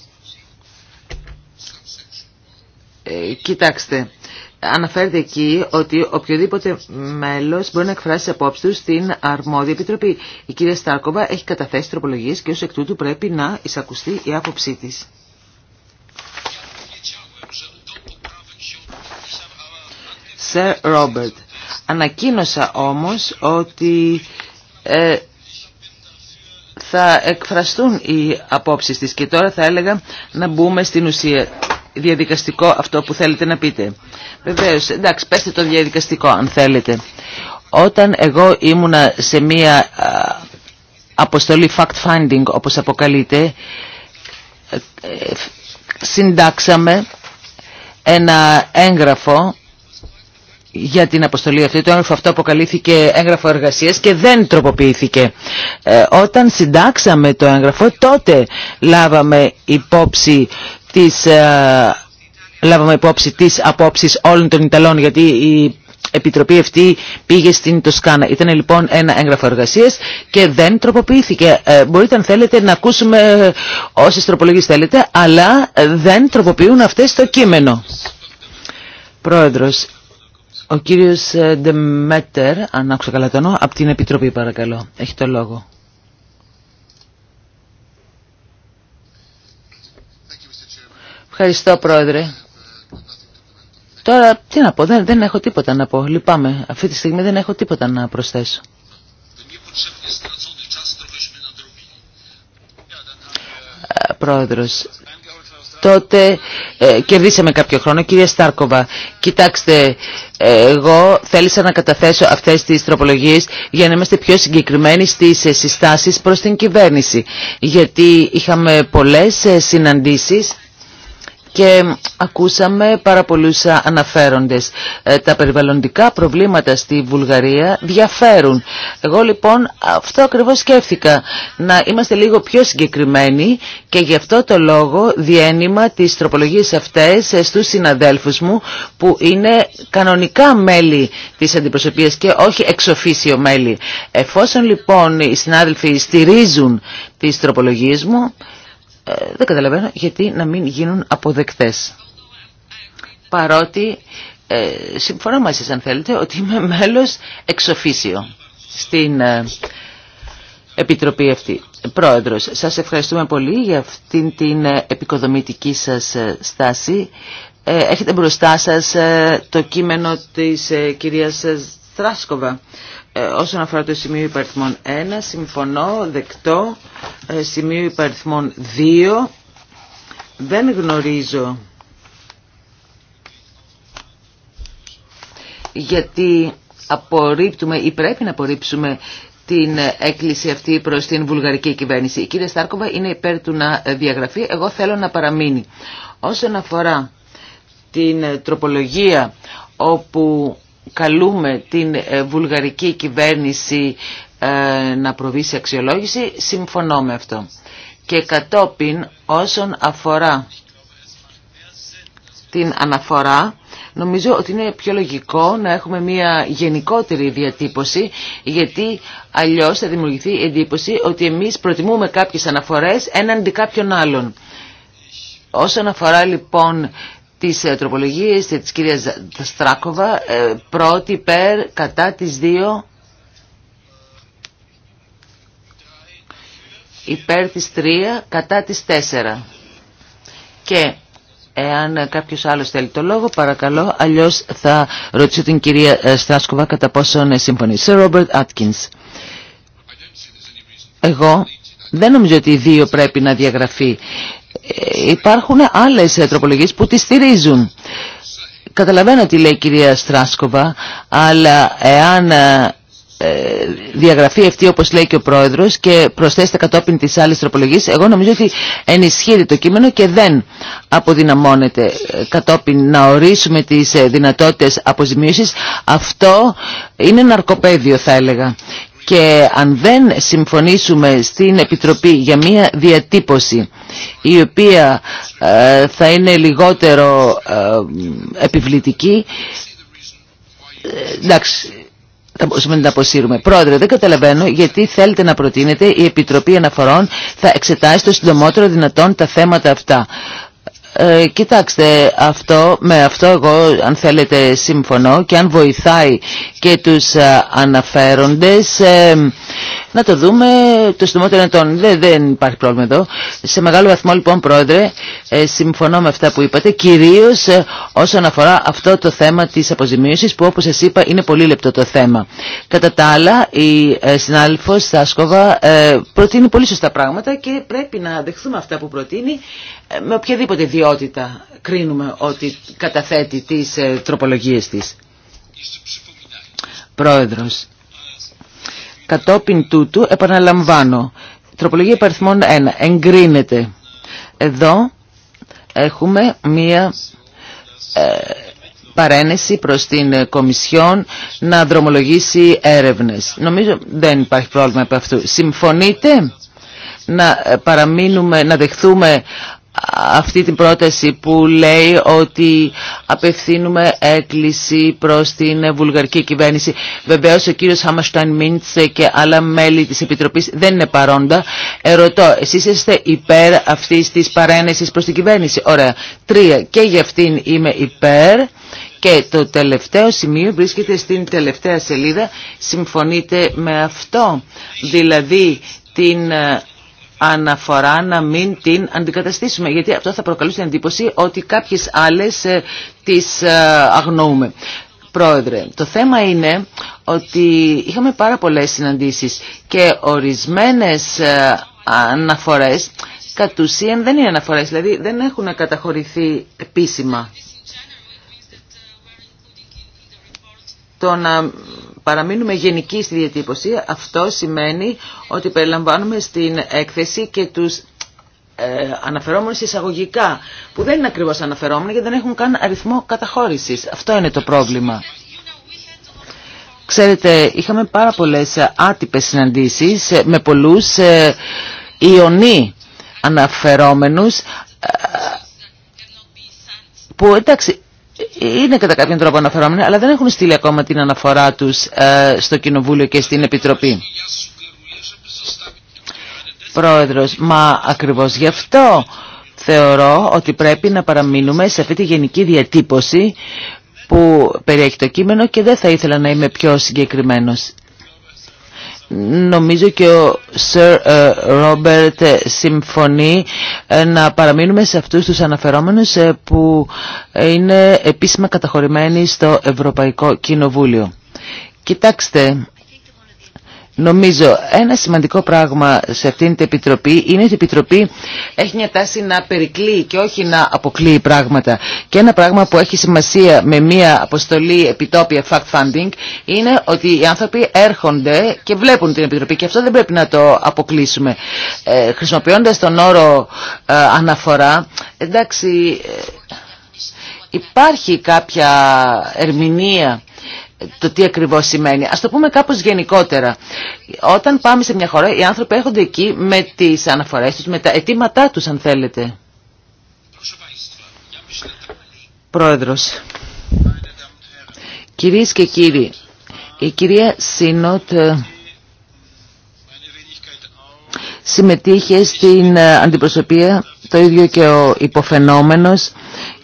Ε, κοιτάξτε, αναφέρεται εκεί ότι οποιοδήποτε μέλος μπορεί να εκφράσει απόψη του στην αρμόδια επιτροπή. Η κυρία Στάρκοβα έχει καταθέσει τροπολογίες και ως εκ τούτου πρέπει να εισακουστεί η άποψή της. Sir Robert, Ανακοίνωσα όμως ότι ε, θα εκφραστούν οι απόψεις της και τώρα θα έλεγα να μπούμε στην ουσία διαδικαστικό αυτό που θέλετε να πείτε. Βεβαίως, εντάξει, πέστε το διαδικαστικό αν θέλετε. Όταν εγώ ήμουνα σε μία αποστολή fact-finding όπως αποκαλείται, ε, ε, συντάξαμε ένα έγγραφο για την αποστολή αυτή. Το έγγραφο αυτό αποκαλύφθηκε έγγραφο εργασίας και δεν τροποποιήθηκε. Ε, όταν συντάξαμε το έγγραφο τότε λάβαμε υπόψη της ε, λάβαμε υπόψη της απόψης όλων των Ιταλών γιατί η Επιτροπή αυτή πήγε στην Τοσκάνα. Ήταν λοιπόν ένα έγγραφο εργασία και δεν τροποποιήθηκε. Ε, μπορείτε αν θέλετε να ακούσουμε όσε τροπολογίε θέλετε, αλλά δεν τροποποιούν αυτέ το κείμενο. Πρόεδρος, ο κύριος ε, Ντεμέτερ, αν άκουσα καλά το από την Επιτροπή παρακαλώ. Έχει το λόγο. Ευχαριστώ πρόεδρε. Τώρα τι να πω, δεν, δεν έχω τίποτα να πω. Λυπάμαι. Αυτή τη στιγμή δεν έχω τίποτα να προσθέσω. Ε, πρόεδρος, τότε ε, κερδίσαμε κάποιο χρόνο. Κυρία Στάρκοβα, κοιτάξτε, ε, εγώ θέλησα να καταθέσω αυτές τις τροπολογίες για να είμαστε πιο συγκεκριμένοι στις ε, συστάσεις προς την κυβέρνηση. Γιατί είχαμε πολλές συναντήσεις και ακούσαμε πάρα πολλού αναφέροντες. Ε, τα περιβαλλοντικά προβλήματα στη Βουλγαρία διαφέρουν. Εγώ λοιπόν αυτό ακριβώς σκέφτηκα, να είμαστε λίγο πιο συγκεκριμένοι και γι' αυτό το λόγο διένυμα τις τροπολογίες αυτές στους συναδέλφους μου που είναι κανονικά μέλη της αντιπροσωπείας και όχι εξοφίσιο μέλη. Εφόσον λοιπόν οι συνάδελφοι στηρίζουν τις τροπολογίες μου, ε, δεν καταλαβαίνω γιατί να μην γίνουν αποδεκτές. Παρότι ε, συμφωνώ μαζί σας αν θέλετε ότι είμαι μέλος εξοφίσιο στην ε, Επιτροπή αυτή. Πρόεδρος, σας ευχαριστούμε πολύ για αυτήν την ε, επικοδομητική σας στάση. έχετε μπροστά σας το κείμενο της κυρίας Στράσκοβα ε, όσον αφορά το σημείο υπαριθμών 1, συμφωνώ, δεκτό, ε, σημείο υπαριθμών 2, δεν γνωρίζω γιατί απορρίπτουμε ή πρέπει να απορρίψουμε την έκκληση αυτή προς την βουλγαρική κυβέρνηση. Η κυρία Στάρκοβα είναι υπέρ του να διαγραφεί, εγώ θέλω να παραμείνει. Όσον αφορά την τροπολογία όπου καλούμε την ε, βουλγαρική κυβέρνηση ε, να προβεί σε αξιολόγηση, συμφωνώ με αυτό. Και κατόπιν όσον αφορά την αναφορά, νομίζω ότι είναι πιο λογικό να έχουμε μια γενικότερη διατύπωση, γιατί αλλιώς θα δημιουργηθεί η εντύπωση ότι εμείς προτιμούμε κάποιες αναφορές έναντι κάποιων άλλων. Όσον αφορά λοιπόν τι ε, τροπολογίε ε, της κυρίας Στράκοβα, ε, πρώτη πέρ κατά τις δύο, υπέρ της τρία κατά της τέσσερα. Και εάν κάποιος άλλος θέλει το λόγο, παρακαλώ, αλλιώς θα ρωτήσω την κυρία Στράσκοβα κατά πόσον συμφωνεί. Sir Robert Atkins. Εγώ δεν νομίζω ότι οι δύο πρέπει να διαγραφεί υπάρχουν άλλες τροπολογίες που τη στηρίζουν. Καταλαβαίνω τι λέει η κυρία Στράσκοβα, αλλά εάν ε, διαγραφεί αυτή όπως λέει και ο πρόεδρος και προσθέσετε κατόπιν της άλλης τροπολογίες εγώ νομίζω ότι ενισχύεται το κείμενο και δεν αποδυναμώνεται ε, κατόπιν να ορίσουμε τις ε, δυνατότητες αποζημίωσης αυτό είναι ναρκοπαίδιο θα έλεγα και αν δεν συμφωνήσουμε στην Επιτροπή για μία διατύπωση η οποία ε, θα είναι λιγότερο ε, επιβλητική, ε, εντάξει, θα μπορούσαμε να τα αποσύρουμε. Πρόεδρε, δεν καταλαβαίνω γιατί θέλετε να προτείνετε η Επιτροπή Αναφορών θα εξετάσει το συντομότερο δυνατόν τα θέματα αυτά. Ε, κοιτάξτε, αυτό, με αυτό εγώ αν θέλετε συμφωνώ και αν βοηθάει και τους ε, αναφέροντες ε, να το δούμε το συντομότερο των τον Δεν, υπάρχει πρόβλημα εδώ. Σε μεγάλο βαθμό λοιπόν πρόεδρε ε, συμφωνώ με αυτά που είπατε κυρίως ε, όσον αφορά αυτό το θέμα της αποζημίωσης που όπως σας είπα είναι πολύ λεπτό το θέμα. Κατά τα άλλα η ε, συνάδελφος Σάσκοβα προτείνει πολύ σωστά πράγματα και πρέπει να δεχθούμε αυτά που προτείνει με οποιαδήποτε ιδιότητα κρίνουμε ότι καταθέτει τις τροπολογίες της. Πρόεδρος, Κατόπιν τούτου επαναλαμβάνω. Τροπολογία υπαριθμών 1. Εγκρίνεται. Εδώ έχουμε μία ε, παρένεση προς την Κομισιόν να δρομολογήσει έρευνες. Νομίζω δεν υπάρχει πρόβλημα από αυτού. Συμφωνείτε να παραμείνουμε, να δεχθούμε αυτή την πρόταση που λέει ότι απευθύνουμε έκκληση προς την βουλγαρική κυβέρνηση. Βεβαίως ο κύριος Χάμαστάν Μίντσε και άλλα μέλη της Επιτροπής δεν είναι παρόντα. Ερωτώ, εσείς είστε υπέρ αυτής της παρένεσης προς την κυβέρνηση. Ωραία. Τρία. Και για αυτήν είμαι υπέρ. Και το τελευταίο σημείο βρίσκεται στην τελευταία σελίδα. Συμφωνείτε με αυτό. Δηλαδή την ε, αναφορά να μην την αντικαταστήσουμε γιατί αυτό θα προκαλούσε την εντύπωση ότι κάποιες άλλες ε, τις ε, αγνοούμε. Πρόεδρε, το θέμα είναι ότι είχαμε πάρα πολλές συναντήσεις και ορισμένες ε, αναφορές κατ' ουσίαν δεν είναι αναφορές, δηλαδή δεν έχουν καταχωρηθεί επίσημα. Το να παραμείνουμε γενικοί στη διατύπωση, αυτό σημαίνει ότι περιλαμβάνουμε στην έκθεση και τους ε, αναφερόμενους εισαγωγικά, που δεν είναι ακριβώς αναφερόμενοι γιατί δεν έχουν καν αριθμό καταχώρησης. Αυτό είναι το πρόβλημα. Ξέρετε, είχαμε πάρα πολλές άτυπες συναντήσεις με πολλούς ε, ιονοί αναφερόμενους, ε, που εντάξει είναι κατά κάποιον τρόπο αναφερόμενοι, αλλά δεν έχουν στείλει ακόμα την αναφορά τους ε, στο Κοινοβούλιο και στην Επιτροπή. Πρόεδρος, μα ακριβώς γι' αυτό θεωρώ ότι πρέπει να παραμείνουμε σε αυτή τη γενική διατύπωση που περιέχει το κείμενο και δεν θα ήθελα να είμαι πιο συγκεκριμένος νομίζω και ο Sir ε, Robert ε, συμφωνεί ε, να παραμείνουμε σε αυτούς τους αναφερόμενους που είναι επίσημα καταχωρημένοι στο Ευρωπαϊκό Κοινοβούλιο. Κοιτάξτε, Νομίζω ένα σημαντικό πράγμα σε αυτήν την Επιτροπή είναι ότι η Επιτροπή έχει μια τάση να περικλεί και όχι να αποκλείει πράγματα. Και ένα πράγμα που έχει σημασία με μια αποστολή επιτόπια fact-funding είναι ότι οι άνθρωποι έρχονται και βλέπουν την Επιτροπή και αυτό δεν πρέπει να το αποκλείσουμε. Ε, χρησιμοποιώντας τον όρο ε, αναφορά, εντάξει... Ε, υπάρχει κάποια ερμηνεία το τι ακριβώς σημαίνει. Ας το πούμε κάπως γενικότερα. Όταν πάμε σε μια χώρα, οι άνθρωποι έρχονται εκεί με τις αναφορές τους, με τα αιτήματά τους, αν θέλετε. Πρόεδρος. Κυρίες και κύριοι, η κυρία Σίνοτ ε, συμμετείχε στην ε, αντιπροσωπεία, το ίδιο και ο υποφαινόμενος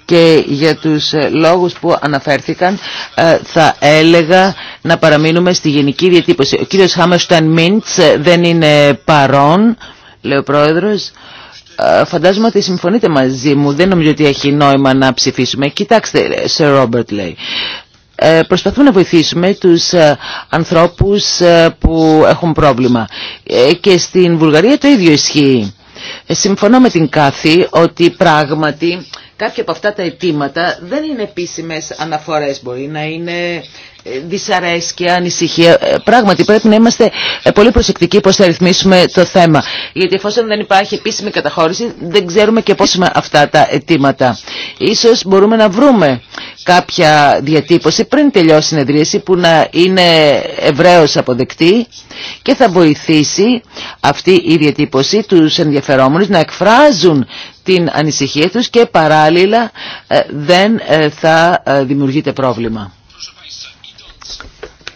και για τους ε, λόγους που αναφέρθηκαν ε, θα έλεγα να παραμείνουμε στη γενική διατύπωση. Ο κύριος Χάμεσταν Μίντς ε, δεν είναι παρόν, λέει ο πρόεδρος. Φαντάζομαι ότι συμφωνείτε μαζί μου, δεν νομίζω ότι έχει νόημα να ψηφίσουμε. Κοιτάξτε, σε Robert λέει, προσπαθούμε να βοηθήσουμε τους ανθρώπους που έχουν πρόβλημα. Και στην Βουλγαρία το ίδιο ισχύει. Συμφωνώ με την Κάθη ότι πράγματι Κάποια από αυτά τα αιτήματα δεν είναι επίσημες αναφορές, μπορεί να είναι ε, δυσαρέσκεια, ανησυχία. Ε, πράγματι πρέπει να είμαστε ε, πολύ προσεκτικοί πώς θα ρυθμίσουμε το θέμα. Γιατί εφόσον δεν υπάρχει επίσημη καταχώρηση δεν ξέρουμε και πώς είναι αυτά τα αιτήματα. Ίσως μπορούμε να βρούμε κάποια διατύπωση πριν τελειώσει η συνεδρίαση που να είναι ευρέως αποδεκτή και θα βοηθήσει αυτή η διατύπωση τους ενδιαφερόμενους να εκφράζουν την ανησυχία τους και παράλληλα ε, δεν ε, θα ε, δημιουργείται πρόβλημα.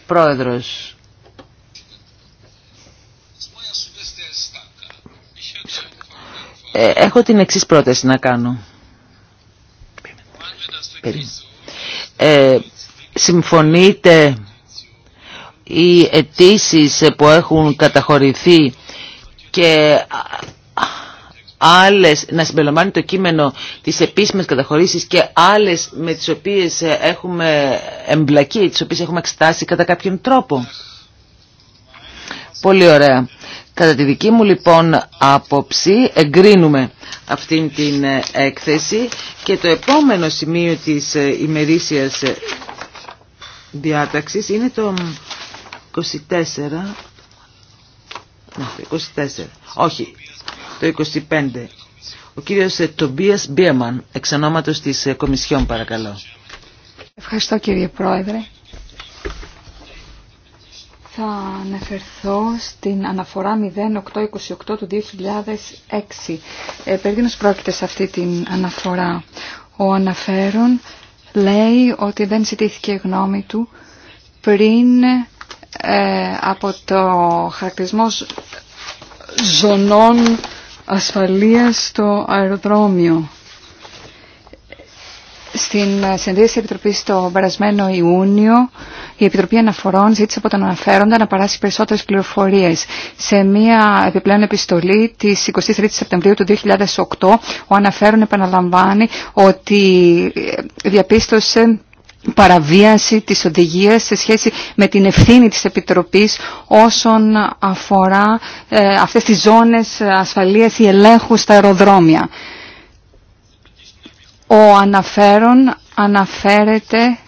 Πρόεδρος. Έχω την εξής πρόταση να κάνω. Ε, συμφωνείτε οι αιτήσει που έχουν καταχωρηθεί και άλλες, να συμπεριλαμβάνει το κείμενο τις επίσημες καταχωρήσεις και άλλες με τις οποίες έχουμε εμπλακεί, τις οποίες έχουμε εξετάσει κατά κάποιον τρόπο. Πολύ ωραία. Κατά τη δική μου λοιπόν άποψη εγκρίνουμε αυτήν την ε, έκθεση και το επόμενο σημείο της ε, ημερήσιας ε, διάταξης είναι το 24 24. Όχι, το 25. Ο κύριος ε, Τομπίας Μπίεμαν, εξ ονόματος της ε, Κομισιόν, παρακαλώ. Ευχαριστώ κύριε Πρόεδρε. Θα αναφερθώ στην αναφορά 0828 του 2006. Ε, πρόκειται σε αυτή την αναφορά. Ο αναφέρον λέει ότι δεν ζητήθηκε γνώμη του πριν ε, από το χαρακτηρισμό ζωνών ασφαλείας στο αεροδρόμιο. Στην ε, συνδύαση επιτροπή Επιτροπής το περασμένο Ιούνιο, η Επιτροπή Αναφορών ζήτησε από τον αναφέροντα να παράσει περισσότερες πληροφορίες. Σε μία επιπλέον επιστολή της 23 Σεπτεμβρίου του 2008, ο αναφέρον επαναλαμβάνει ότι ε, διαπίστωσε παραβίαση της οδηγίας σε σχέση με την ευθύνη της Επιτροπής όσον αφορά ε, αυτές τις ζώνες ασφαλείας ή ελέγχου στα αεροδρόμια. Ο αναφέρον αναφέρεται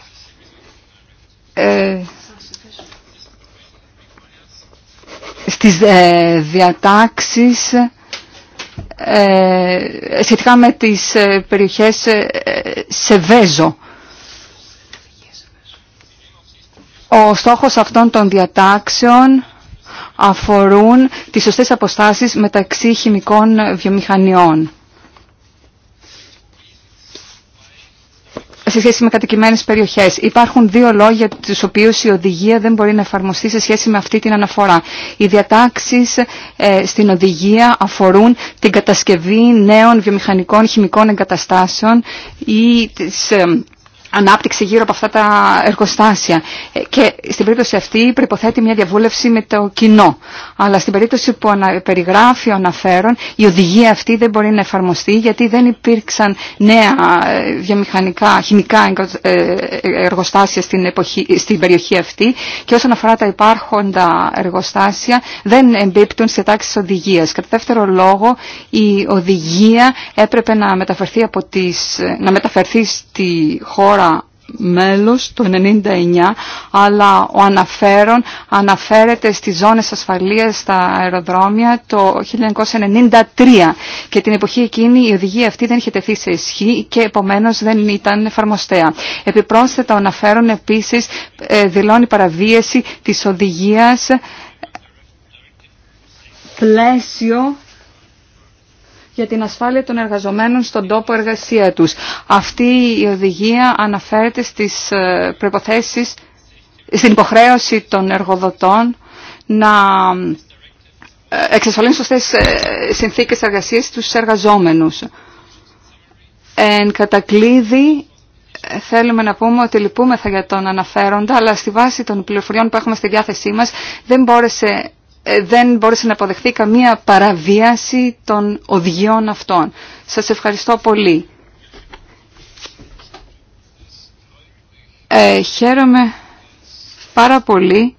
ε, στις ε, διατάξεις ε, σχετικά με τις ε, περιοχές σε Βέζο. Ο στόχος αυτών των διατάξεων αφορούν τις σωστές αποστάσεις μεταξύ χημικών βιομηχανιών. σε σχέση με κατοικημένες περιοχές. Υπάρχουν δύο λόγια τους οποίους η οδηγία δεν μπορεί να εφαρμοστεί σε σχέση με αυτή την αναφορά. Οι διατάξεις ε, στην οδηγία αφορούν την κατασκευή νέων βιομηχανικών χημικών εγκαταστάσεων ή τις, ε, ανάπτυξη γύρω από αυτά τα εργοστάσια. Ε, και στην περίπτωση αυτή προποθέτει μια διαβούλευση με το κοινό. Αλλά στην περίπτωση που περιγράφει ο αναφέρον, η οδηγία αυτή δεν μπορεί να εφαρμοστεί γιατί δεν υπήρξαν νέα ε, βιομηχανικά, χημικά ε, εργοστάσια στην, εποχή, στην περιοχή αυτή και όσον αφορά τα υπάρχοντα εργοστάσια δεν εμπίπτουν σε τάξεις οδηγίας. Κατά δεύτερο λόγο, η οδηγία έπρεπε να μεταφερθεί, από τις, να μεταφερθεί στη χώρα τώρα μέλος το 99 αλλά ο αναφέρον αναφέρεται στις ζώνες ασφαλείας στα αεροδρόμια το 1993 και την εποχή εκείνη η οδηγία αυτή δεν είχε τεθεί σε ισχύ και επομένως δεν ήταν εφαρμοστέα. Επιπρόσθετα ο αναφέρον επίσης ε, δηλώνει παραβίαση της οδηγίας πλαίσιο για την ασφάλεια των εργαζομένων στον τόπο εργασία τους. Αυτή η οδηγία αναφέρεται στις ε, προϋποθέσεις, στην υποχρέωση των εργοδοτών να ε, εξασφαλίσουν σωστές ε, συνθήκες εργασίας στους εργαζόμενους. Εν κατακλείδη, θέλουμε να πούμε ότι λυπούμεθα για τον αναφέροντα, αλλά στη βάση των πληροφοριών που έχουμε στη διάθεσή μας δεν μπόρεσε ε, δεν μπόρεσε να αποδεχθεί καμία παραβίαση των οδηγιών αυτών. Σας ευχαριστώ πολύ. Ε, χαίρομαι πάρα πολύ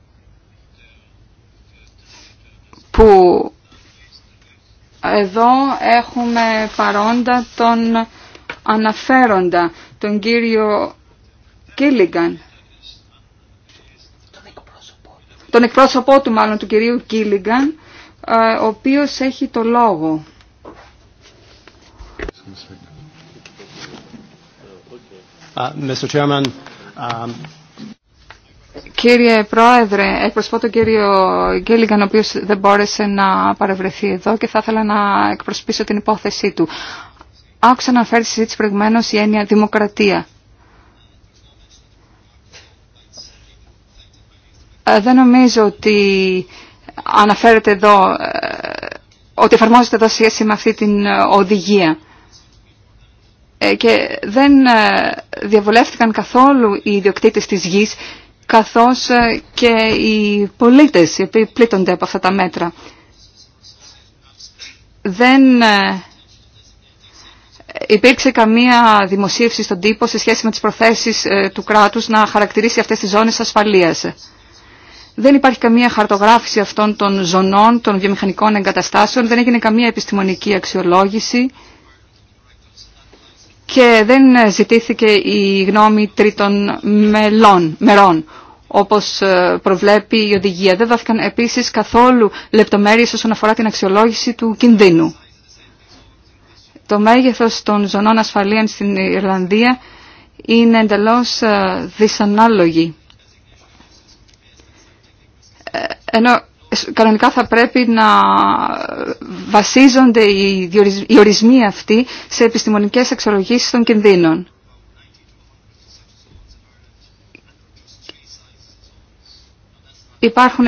που εδώ έχουμε παρόντα τον αναφέροντα, τον κύριο Κίλιγκαν. τον εκπρόσωπό του μάλλον του κυρίου Κίλιγκαν, ε, ο οποίος έχει το λόγο. Uh, Mr. Um, Κύριε Πρόεδρε, εκπροσωπώ τον κύριο Γκέλιγκαν, ο οποίο δεν μπόρεσε να παρευρεθεί εδώ και θα ήθελα να εκπροσωπήσω την υπόθεσή του. Άκουσα να φέρει συζήτηση προηγουμένω η έννοια δημοκρατία. Ε, δεν νομίζω ότι αναφέρεται εδώ, ε, ότι εφαρμόζεται εδώ σχέση με αυτή την ε, οδηγία. Και δεν διαβολεύτηκαν καθόλου οι ιδιοκτήτες της γης, καθώς και οι πολίτες οι οποίοι πλήττονται από αυτά τα μέτρα. Δεν υπήρξε καμία δημοσίευση στον τύπο σε σχέση με τις προθέσεις του κράτους να χαρακτηρίσει αυτές τις ζώνες ασφαλείας. Δεν υπάρχει καμία χαρτογράφηση αυτών των ζωνών, των βιομηχανικών εγκαταστάσεων, δεν έγινε καμία επιστημονική αξιολόγηση και δεν ζητήθηκε η γνώμη τρίτων μελών, μερών, όπως ε, προβλέπει η οδηγία. Δεν δόθηκαν επίσης καθόλου λεπτομέρειες όσον αφορά την αξιολόγηση του κινδύνου. Το μέγεθος των ζωνών ασφαλείας στην Ιρλανδία είναι εντελώς ε, δυσανάλογη ενώ κανονικά θα πρέπει να βασίζονται οι ορισμοί αυτοί σε επιστημονικές αξιολογήσεις των κινδύνων. Υπάρχουν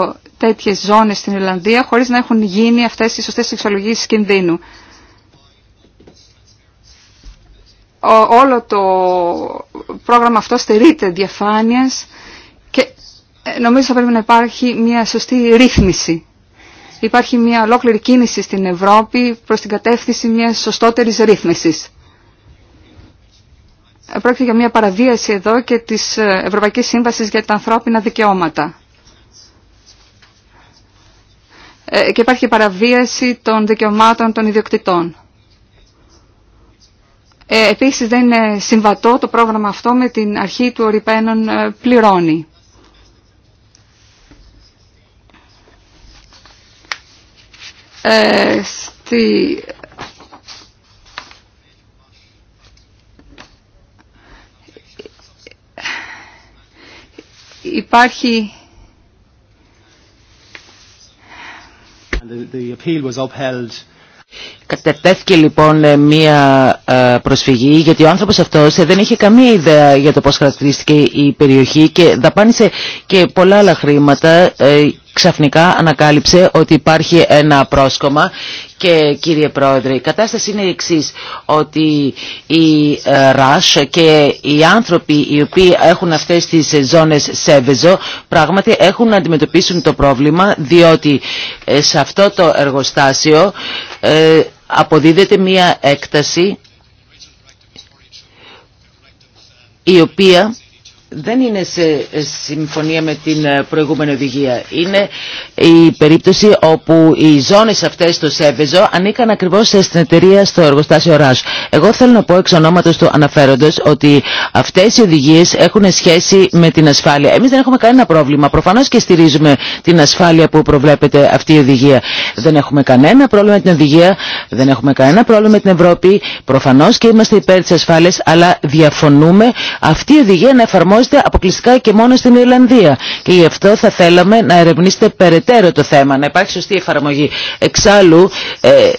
92 τέτοιες ζώνες στην Ιρλανδία χωρίς να έχουν γίνει αυτές οι σωστές αξιολογήσεις κινδύνου. Όλο το πρόγραμμα αυτό στερείται διαφάνειας ε, νομίζω θα πρέπει να υπάρχει μια σωστή ρύθμιση. Υπάρχει μια ολόκληρη κίνηση στην Ευρώπη προς την κατεύθυνση μιας σωστότερης ρύθμισης. Ε, πρόκειται για μια παραβίαση εδώ και της ε, Ευρωπαϊκής Σύμβασης για τα ανθρώπινα δικαιώματα. Και υπάρχει παραβίαση των δικαιωμάτων των ιδιοκτητών. Επίσης δεν είναι συμβατό το πρόγραμμα αυτό με την αρχή του ορυπαίνων πληρώνει. ε, στη, υπάρχει Κατετέθηκε λοιπόν ε, μια ε, προσφυγή γιατί ο άνθρωπος αυτός ε, δεν είχε καμία ιδέα για το πώς χαρακτηρίστηκε η περιοχή και δαπάνησε και πολλά άλλα χρήματα ε, ξαφνικά ανακάλυψε ότι υπάρχει ένα πρόσκομα και κύριε Πρόεδρε η κατάσταση είναι η εξής ότι η ΡΑΣ και οι άνθρωποι οι οποίοι έχουν αυτές τις ζώνες Σέβεζο πράγματι έχουν να αντιμετωπίσουν το πρόβλημα διότι σε αυτό το εργοστάσιο αποδίδεται μία έκταση η οποία δεν είναι σε συμφωνία με την ε, προηγούμενη οδηγία. Είναι η περίπτωση όπου οι ζώνες αυτές στο Σέβεζο ανήκαν ακριβώς στην εταιρεία στο εργοστάσιο ΡΑΣ. Εγώ θέλω να πω εξ ονόματος του αναφέροντος ότι αυτές οι οδηγίες έχουν σχέση με την ασφάλεια. Εμείς δεν έχουμε κανένα πρόβλημα. Προφανώς και στηρίζουμε την ασφάλεια που προβλέπεται αυτή η οδηγία. Δεν έχουμε κανένα πρόβλημα με την οδηγία, δεν έχουμε κανένα πρόβλημα με την Ευρώπη. Προφανώς και είμαστε υπέρ της ασφάλειας, αλλά διαφωνούμε αυτή η οδηγία να εφαρμόζεται εργάζεται αποκλειστικά και μόνο στην Ιρλανδία. Και γι' αυτό θα θέλαμε να ερευνήσετε περαιτέρω το θέμα, να υπάρχει σωστή εφαρμογή. Εξάλλου, ε,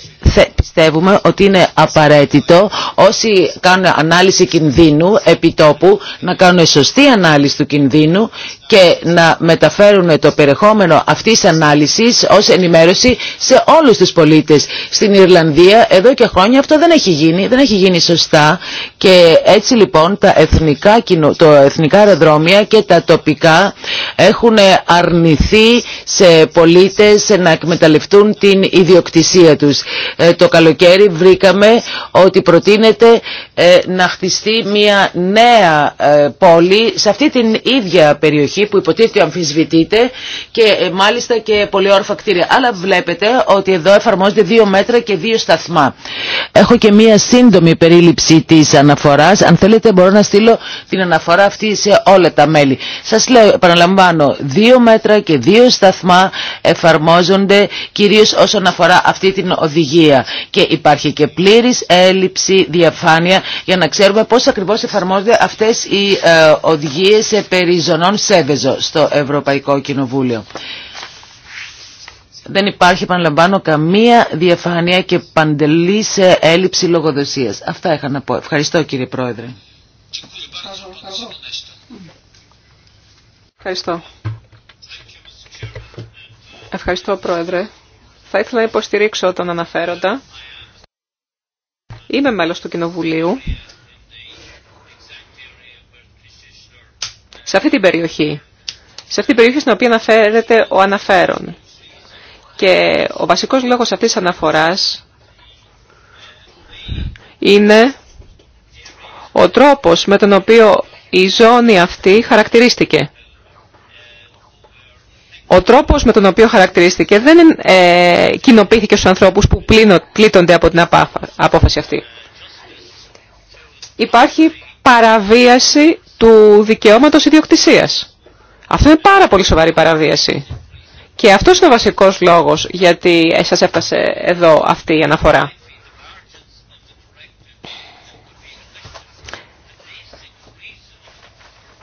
πιστεύουμε ότι είναι απαραίτητο όσοι κάνουν ανάλυση κινδύνου επιτόπου να κάνουν σωστή ανάλυση του κινδύνου και να μεταφέρουν το περιεχόμενο αυτής της ανάλυσης ως ενημέρωση σε όλους τους πολίτες. Στην Ιρλανδία εδώ και χρόνια αυτό δεν έχει γίνει, δεν έχει γίνει σωστά και έτσι λοιπόν τα εθνικά, το εθνικά αεροδρόμια και τα τοπικά έχουν αρνηθεί σε πολίτες να εκμεταλλευτούν την ιδιοκτησία τους. Ε, το καλοκαίρι βρήκαμε ότι προτείνεται ε, να χτιστεί μια νέα ε, πόλη σε αυτή την ίδια περιοχή που υποτίθεται αμφισβητείται και μάλιστα και πολυόρφα κτίρια. Αλλά βλέπετε ότι εδώ εφαρμόζονται δύο μέτρα και δύο σταθμά. Έχω και μία σύντομη περίληψη της αναφοράς. Αν θέλετε μπορώ να στείλω την αναφορά αυτή σε όλα τα μέλη. Σας λέω, επαναλαμβάνω, δύο μέτρα και δύο σταθμά εφαρμόζονται κυρίως όσον αφορά αυτή την οδηγία και υπάρχει και πλήρης έλλειψη διαφάνεια για να ξέρουμε πώς ακριβώς εφαρμόζονται αυτές οι ε, οδηγίες περί ζωνών Σέβεζο στο Ευρωπαϊκό Κοινοβούλιο. Δεν υπάρχει, επαναλαμβάνω, καμία διαφάνεια και σε έλλειψη λογοδοσίας. Αυτά είχα να πω. Ευχαριστώ κύριε Πρόεδρε. Ευχαριστώ. Ευχαριστώ Πρόεδρε. Θα ήθελα να υποστηρίξω τον αναφέροντα. Είμαι μέλος του Κοινοβουλίου. Σε αυτή την περιοχή. Σε αυτή την περιοχή στην οποία αναφέρεται ο αναφέρον. Και ο βασικός λόγος αυτής της αναφοράς είναι ο τρόπος με τον οποίο η ζώνη αυτή χαρακτηρίστηκε ο τρόπος με τον οποίο χαρακτηρίστηκε δεν ε, κοινοποιήθηκε στους ανθρώπους που πλήττονται από την απόφαση αυτή. Υπάρχει παραβίαση του δικαιώματος ιδιοκτησίας. Αυτό είναι πάρα πολύ σοβαρή παραβίαση. Και αυτό είναι ο βασικός λόγος γιατί σας έφτασε εδώ αυτή η αναφορά.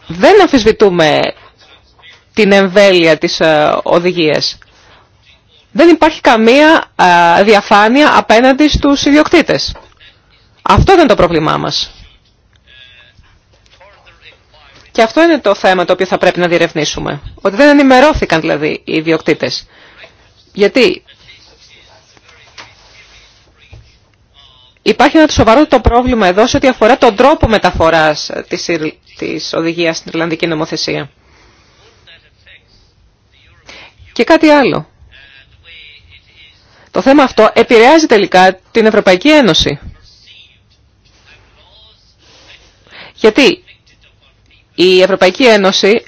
Δεν αμφισβητούμε την εμβέλεια της ε, οδηγίας. Δεν υπάρχει καμία ε, διαφάνεια απέναντι στους ιδιοκτήτες. Αυτό ήταν το πρόβλημά μας. Και αυτό είναι το θέμα το οποίο θα πρέπει να διερευνήσουμε. Ότι δεν ενημερώθηκαν δηλαδή οι ιδιοκτήτες. Γιατί Υπάρχει ένα σοβαρό το πρόβλημα εδώ σε ό,τι αφορά τον τρόπο μεταφοράς της, της οδηγίας στην Ιρλανδική νομοθεσία. Και κάτι άλλο. Το θέμα αυτό επηρεάζει τελικά την Ευρωπαϊκή Ένωση. Γιατί η Ευρωπαϊκή Ένωση ε,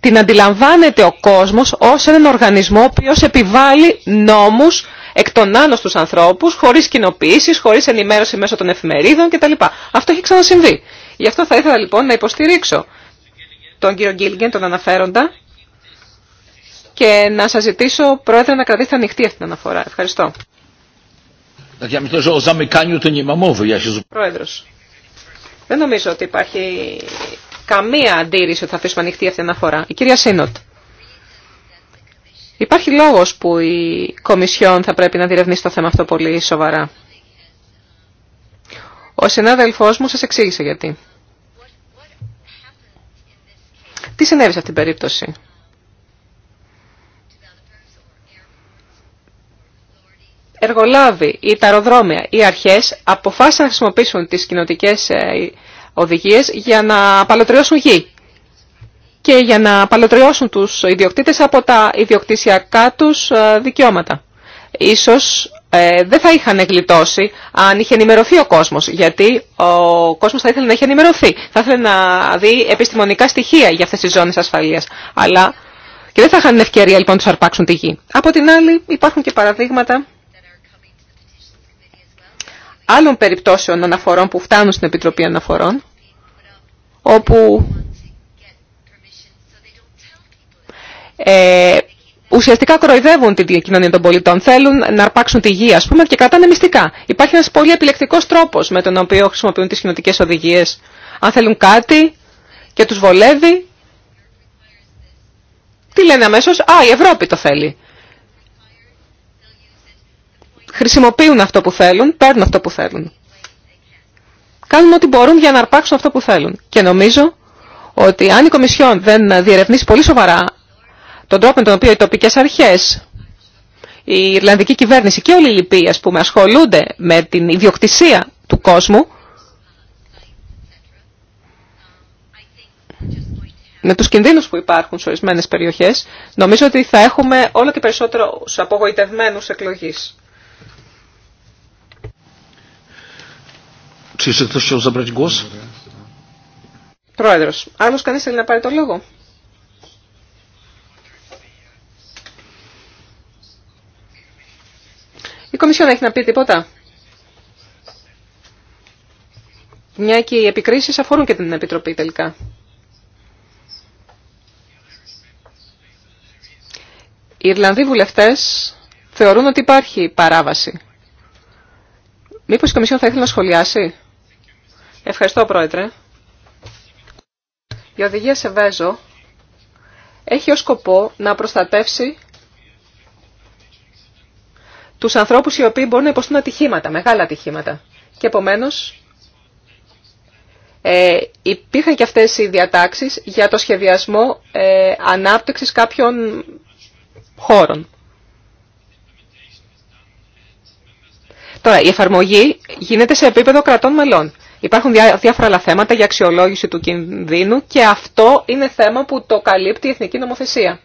την αντιλαμβάνεται ο κόσμος ως έναν οργανισμό ο οποίος επιβάλλει νόμους εκ των άνω στους ανθρώπους, χωρίς κοινοποίησεις, χωρίς ενημέρωση μέσω των εφημερίδων κτλ. Αυτό έχει ξανασυμβεί. Γι' αυτό θα ήθελα λοιπόν να υποστηρίξω τον κύριο Γκίλγκεν, τον αναφέροντα, και να σας ζητήσω, Πρόεδρε, να κρατήσετε ανοιχτή αυτή την αναφορά. Ευχαριστώ. Πρόεδρος, δεν νομίζω ότι υπάρχει καμία αντίρρηση ότι θα αφήσουμε ανοιχτή αυτή την αναφορά. Η κυρία Σίνοτ. Υπάρχει λόγος που η Κομισιόν θα πρέπει να διερευνήσει το θέμα αυτό πολύ σοβαρά. Ο συνάδελφός μου σας εξήγησε γιατί. Τι συνέβη σε αυτήν την περίπτωση. εργολάβοι ή τα αεροδρόμια ή αρχές αποφάσισαν να χρησιμοποιήσουν τις κοινοτικέ ε, οδηγίες για να παλωτριώσουν γη και για να παλωτριώσουν τους ιδιοκτήτες από τα ιδιοκτησιακά τους ε, δικαιώματα. Ίσως ε, δεν θα είχαν γλιτώσει αν είχε ενημερωθεί ο κόσμος, γιατί ο κόσμος θα ήθελε να έχει ενημερωθεί. Θα ήθελε να δει επιστημονικά στοιχεία για αυτές τις ζώνες ασφαλείας. Αλλά και δεν θα είχαν ευκαιρία λοιπόν να τους αρπάξουν τη γη. Από την άλλη υπάρχουν και παραδείγματα άλλων περιπτώσεων αναφορών που φτάνουν στην Επιτροπή Αναφορών, όπου ε, ουσιαστικά κροϊδεύουν την κοινωνία των πολιτών. Θέλουν να αρπάξουν τη γη, α πούμε, και κρατάνε μυστικά. Υπάρχει ένα πολύ επιλεκτικό τρόπο με τον οποίο χρησιμοποιούν τι κοινωτικέ οδηγίε. Αν θέλουν κάτι και του βολεύει, τι λένε αμέσω, Α, η Ευρώπη το θέλει χρησιμοποιούν αυτό που θέλουν, παίρνουν αυτό που θέλουν. Κάνουν ό,τι μπορούν για να αρπάξουν αυτό που θέλουν. Και νομίζω ότι αν η Κομισιόν δεν διερευνήσει πολύ σοβαρά τον τρόπο με τον οποίο οι τοπικέ αρχέ, η Ιρλανδική κυβέρνηση και όλοι οι λοιποί που πούμε, ασχολούνται με την ιδιοκτησία του κόσμου, με τους κινδύνους που υπάρχουν σε ορισμένες περιοχές, νομίζω ότι θα έχουμε όλο και περισσότερο απογοητευμένους εκλογής. Προέδρο. θα σου Πρόεδρος, άλλος θέλει να πάρει το λόγο. Η Κομισιόν έχει να πει τίποτα. Μια και οι επικρίσεις αφορούν και την Επιτροπή τελικά. Οι Ιρλανδοί βουλευτές θεωρούν ότι υπάρχει παράβαση. Μήπως η Κομισιόν θα ήθελε να σχολιάσει. Ευχαριστώ, Πρόεδρε. Η οδηγία σε Βέζο έχει ως σκοπό να προστατεύσει τους ανθρώπους οι οποίοι μπορούν να υποστούν ατυχήματα, μεγάλα ατυχήματα. Και επομένως ε, υπήρχαν και αυτές οι διατάξεις για το σχεδιασμό ε, ανάπτυξης κάποιων χώρων. Τώρα, η εφαρμογή γίνεται σε επίπεδο κρατών μελών. Υπάρχουν διάφορα άλλα θέματα για αξιολόγηση του κινδύνου και αυτό είναι θέμα που το καλύπτει η εθνική νομοθεσία.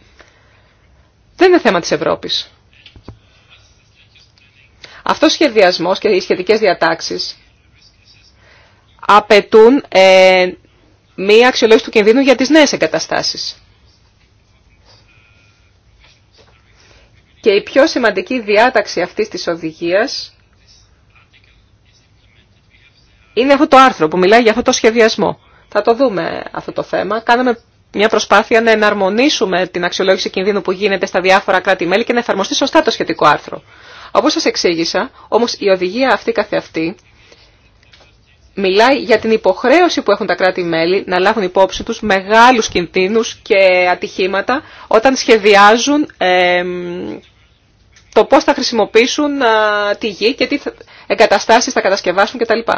Δεν είναι θέμα της Ευρώπης. Αυτός ο σχεδιασμός και οι σχετικές διατάξεις απαιτούν ε, μία αξιολόγηση του κινδύνου για τις νέες εγκαταστάσεις. Και η πιο σημαντική διάταξη αυτής της οδηγίας είναι αυτό το άρθρο που μιλάει για αυτό το σχεδιασμό. Θα το δούμε αυτό το θέμα. Κάναμε μια προσπάθεια να εναρμονίσουμε την αξιολόγηση κινδύνου που γίνεται στα διάφορα κράτη-μέλη και να εφαρμοστεί σωστά το σχετικό άρθρο. Όπως σας εξήγησα, όμως η οδηγία αυτή καθεαυτή μιλάει για την υποχρέωση που έχουν τα κράτη-μέλη να λάβουν υπόψη τους μεγάλους κινδύνους και ατυχήματα όταν σχεδιάζουν ε, το πώς θα χρησιμοποιήσουν ε, τη γη και τι εγκαταστάσει θα κατασκευάσουν κτλ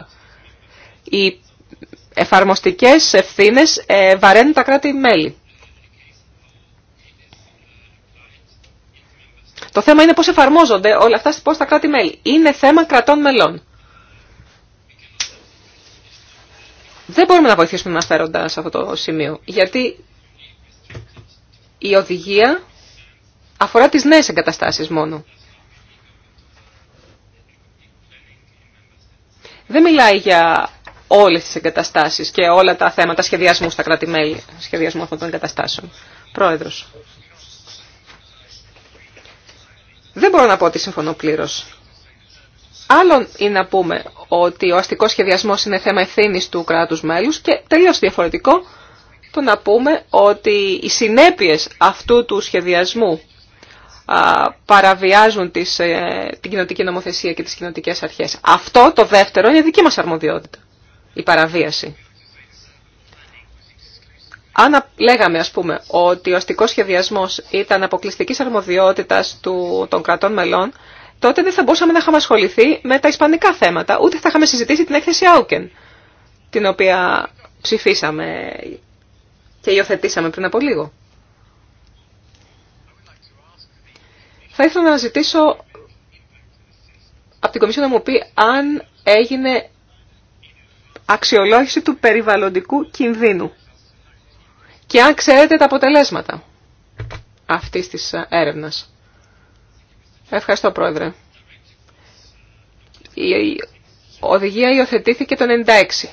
οι εφαρμοστικές ευθύνες ε, βαραίνουν τα κράτη-μέλη. Το θέμα είναι πώς εφαρμόζονται όλα αυτά πώς τα κράτη-μέλη. Είναι θέμα κρατών μελών. Δεν μπορούμε να βοηθήσουμε αναφέροντα σε αυτό το σημείο, γιατί η οδηγία αφορά τις νέες εγκαταστάσεις μόνο. Δεν μιλάει για Ολε τι εγκαταστάσει και όλα τα θέματα σχεδιασμού στα κράτη-μέλη, σχεδιασμού αυτών των εγκαταστάσεων. Πρόεδρο. Δεν μπορώ να πω ότι συμφωνώ πλήρω. Άλλο είναι να πούμε ότι ο αστικό σχεδιασμό είναι θέμα ευθύνη του κράτου μέλου και τελείω διαφορετικό το να πούμε ότι οι συνέπειε αυτού του σχεδιασμού παραβιάζουν τις, ε, την κοινοτική νομοθεσία και τι κοινοτικέ αρχέ. Αυτό το δεύτερο είναι δική μα αρμοδιότητα η παραβίαση. Αν λέγαμε, ας πούμε, ότι ο αστικός σχεδιασμός ήταν αποκλειστικής αρμοδιότητας του, των κρατών μελών, τότε δεν θα μπορούσαμε να είχαμε ασχοληθεί με τα ισπανικά θέματα, ούτε θα είχαμε συζητήσει την έκθεση Άουκεν, την οποία ψηφίσαμε και υιοθετήσαμε πριν από λίγο. Θα ήθελα να ζητήσω από την Κομισιόν να μου πει αν έγινε αξιολόγηση του περιβαλλοντικού κινδύνου. Και αν ξέρετε τα αποτελέσματα αυτής της ε, έρευνας. Ευχαριστώ, Πρόεδρε. Η οδηγία υιοθετήθηκε το 1996.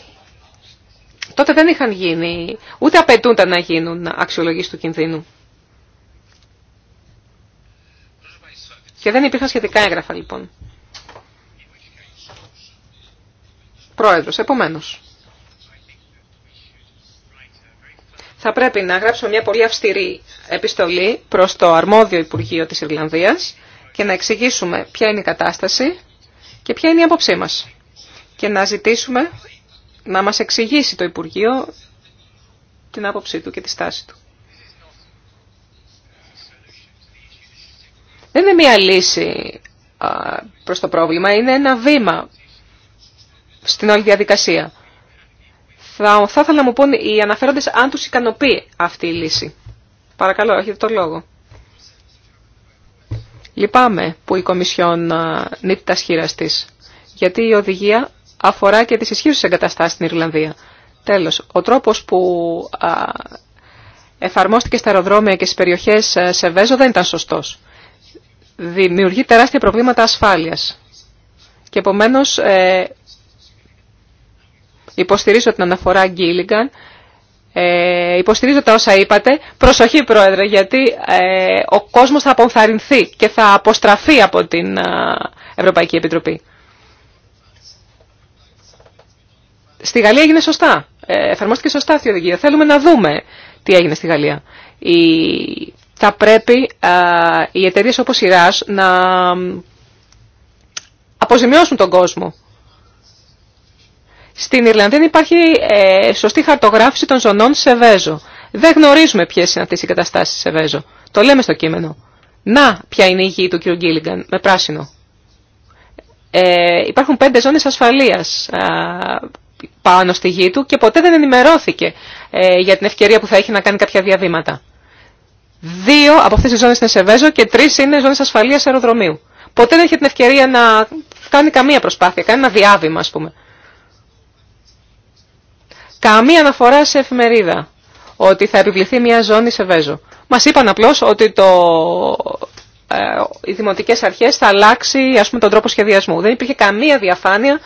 Τότε δεν είχαν γίνει, ούτε απαιτούνταν να γίνουν αξιολογήσεις του κινδύνου. Και δεν υπήρχαν σχετικά έγγραφα, λοιπόν. πρόεδρος. Επομένως, θα πρέπει να γράψουμε μια πολύ αυστηρή επιστολή προς το αρμόδιο Υπουργείο της Ιρλανδίας και να εξηγήσουμε ποια είναι η κατάσταση και ποια είναι η άποψή μας. Και να ζητήσουμε να μας εξηγήσει το Υπουργείο την άποψή του και τη στάση του. Δεν είναι μια λύση προς το πρόβλημα, είναι ένα βήμα στην όλη διαδικασία. Θα, θα ήθελα να μου πούν οι αναφέροντες αν τους ικανοποιεί αυτή η λύση. Παρακαλώ, έχετε το λόγο. Λυπάμαι που η Κομισιόν νύπτει τα σχήρα τη, γιατί η οδηγία αφορά και τις ισχύουσες εγκαταστάσεις στην Ιρλανδία. Τέλος, ο τρόπος που εφαρμόστηκε στα αεροδρόμια και στις περιοχές σε Βέζο δεν ήταν σωστός. Δημιουργεί τεράστια προβλήματα ασφάλειας. Και επομένως ε, Υποστηρίζω την αναφορά Γκίλιγκαν. Ε, υποστηρίζω τα όσα είπατε. Προσοχή, Πρόεδρε, γιατί ε, ο κόσμος θα αποθαρρυνθεί και θα αποστραφεί από την ε, Ευρωπαϊκή Επιτροπή. Στη Γαλλία έγινε σωστά. Ε, εφαρμόστηκε σωστά αυτή η οδηγία. Θέλουμε να δούμε τι έγινε στη Γαλλία. Θα πρέπει ε, οι εταιρείε όπως η ΡΑΣ να αποζημιώσουν τον κόσμο στην Ιρλανδία υπάρχει ε, σωστή χαρτογράφηση των ζωνών σε βέζο. Δεν γνωρίζουμε ποιε είναι αυτέ οι καταστάσει σε βέζο. Το λέμε στο κείμενο. Να, ποια είναι η γη του κ. Γκίλιγκαν, με πράσινο. Ε, υπάρχουν πέντε ζώνες ασφαλείας πάνω στη γη του και ποτέ δεν ενημερώθηκε ε, για την ευκαιρία που θα έχει να κάνει κάποια διαβήματα. Δύο από αυτέ τι ζώνες είναι σε Βέζο και τρει είναι ζώνε ασφαλεία αεροδρομίου. Ποτέ δεν είχε την ευκαιρία να κάνει καμία προσπάθεια, κάνει ένα διάβημα α πούμε καμία αναφορά σε εφημερίδα ότι θα επιβληθεί μια ζώνη σε Βέζο. Μας είπαν απλώς ότι το, ε, οι δημοτικές αρχές θα αλλάξει ας πούμε, τον τρόπο σχεδιασμού. Δεν υπήρχε καμία διαφάνεια.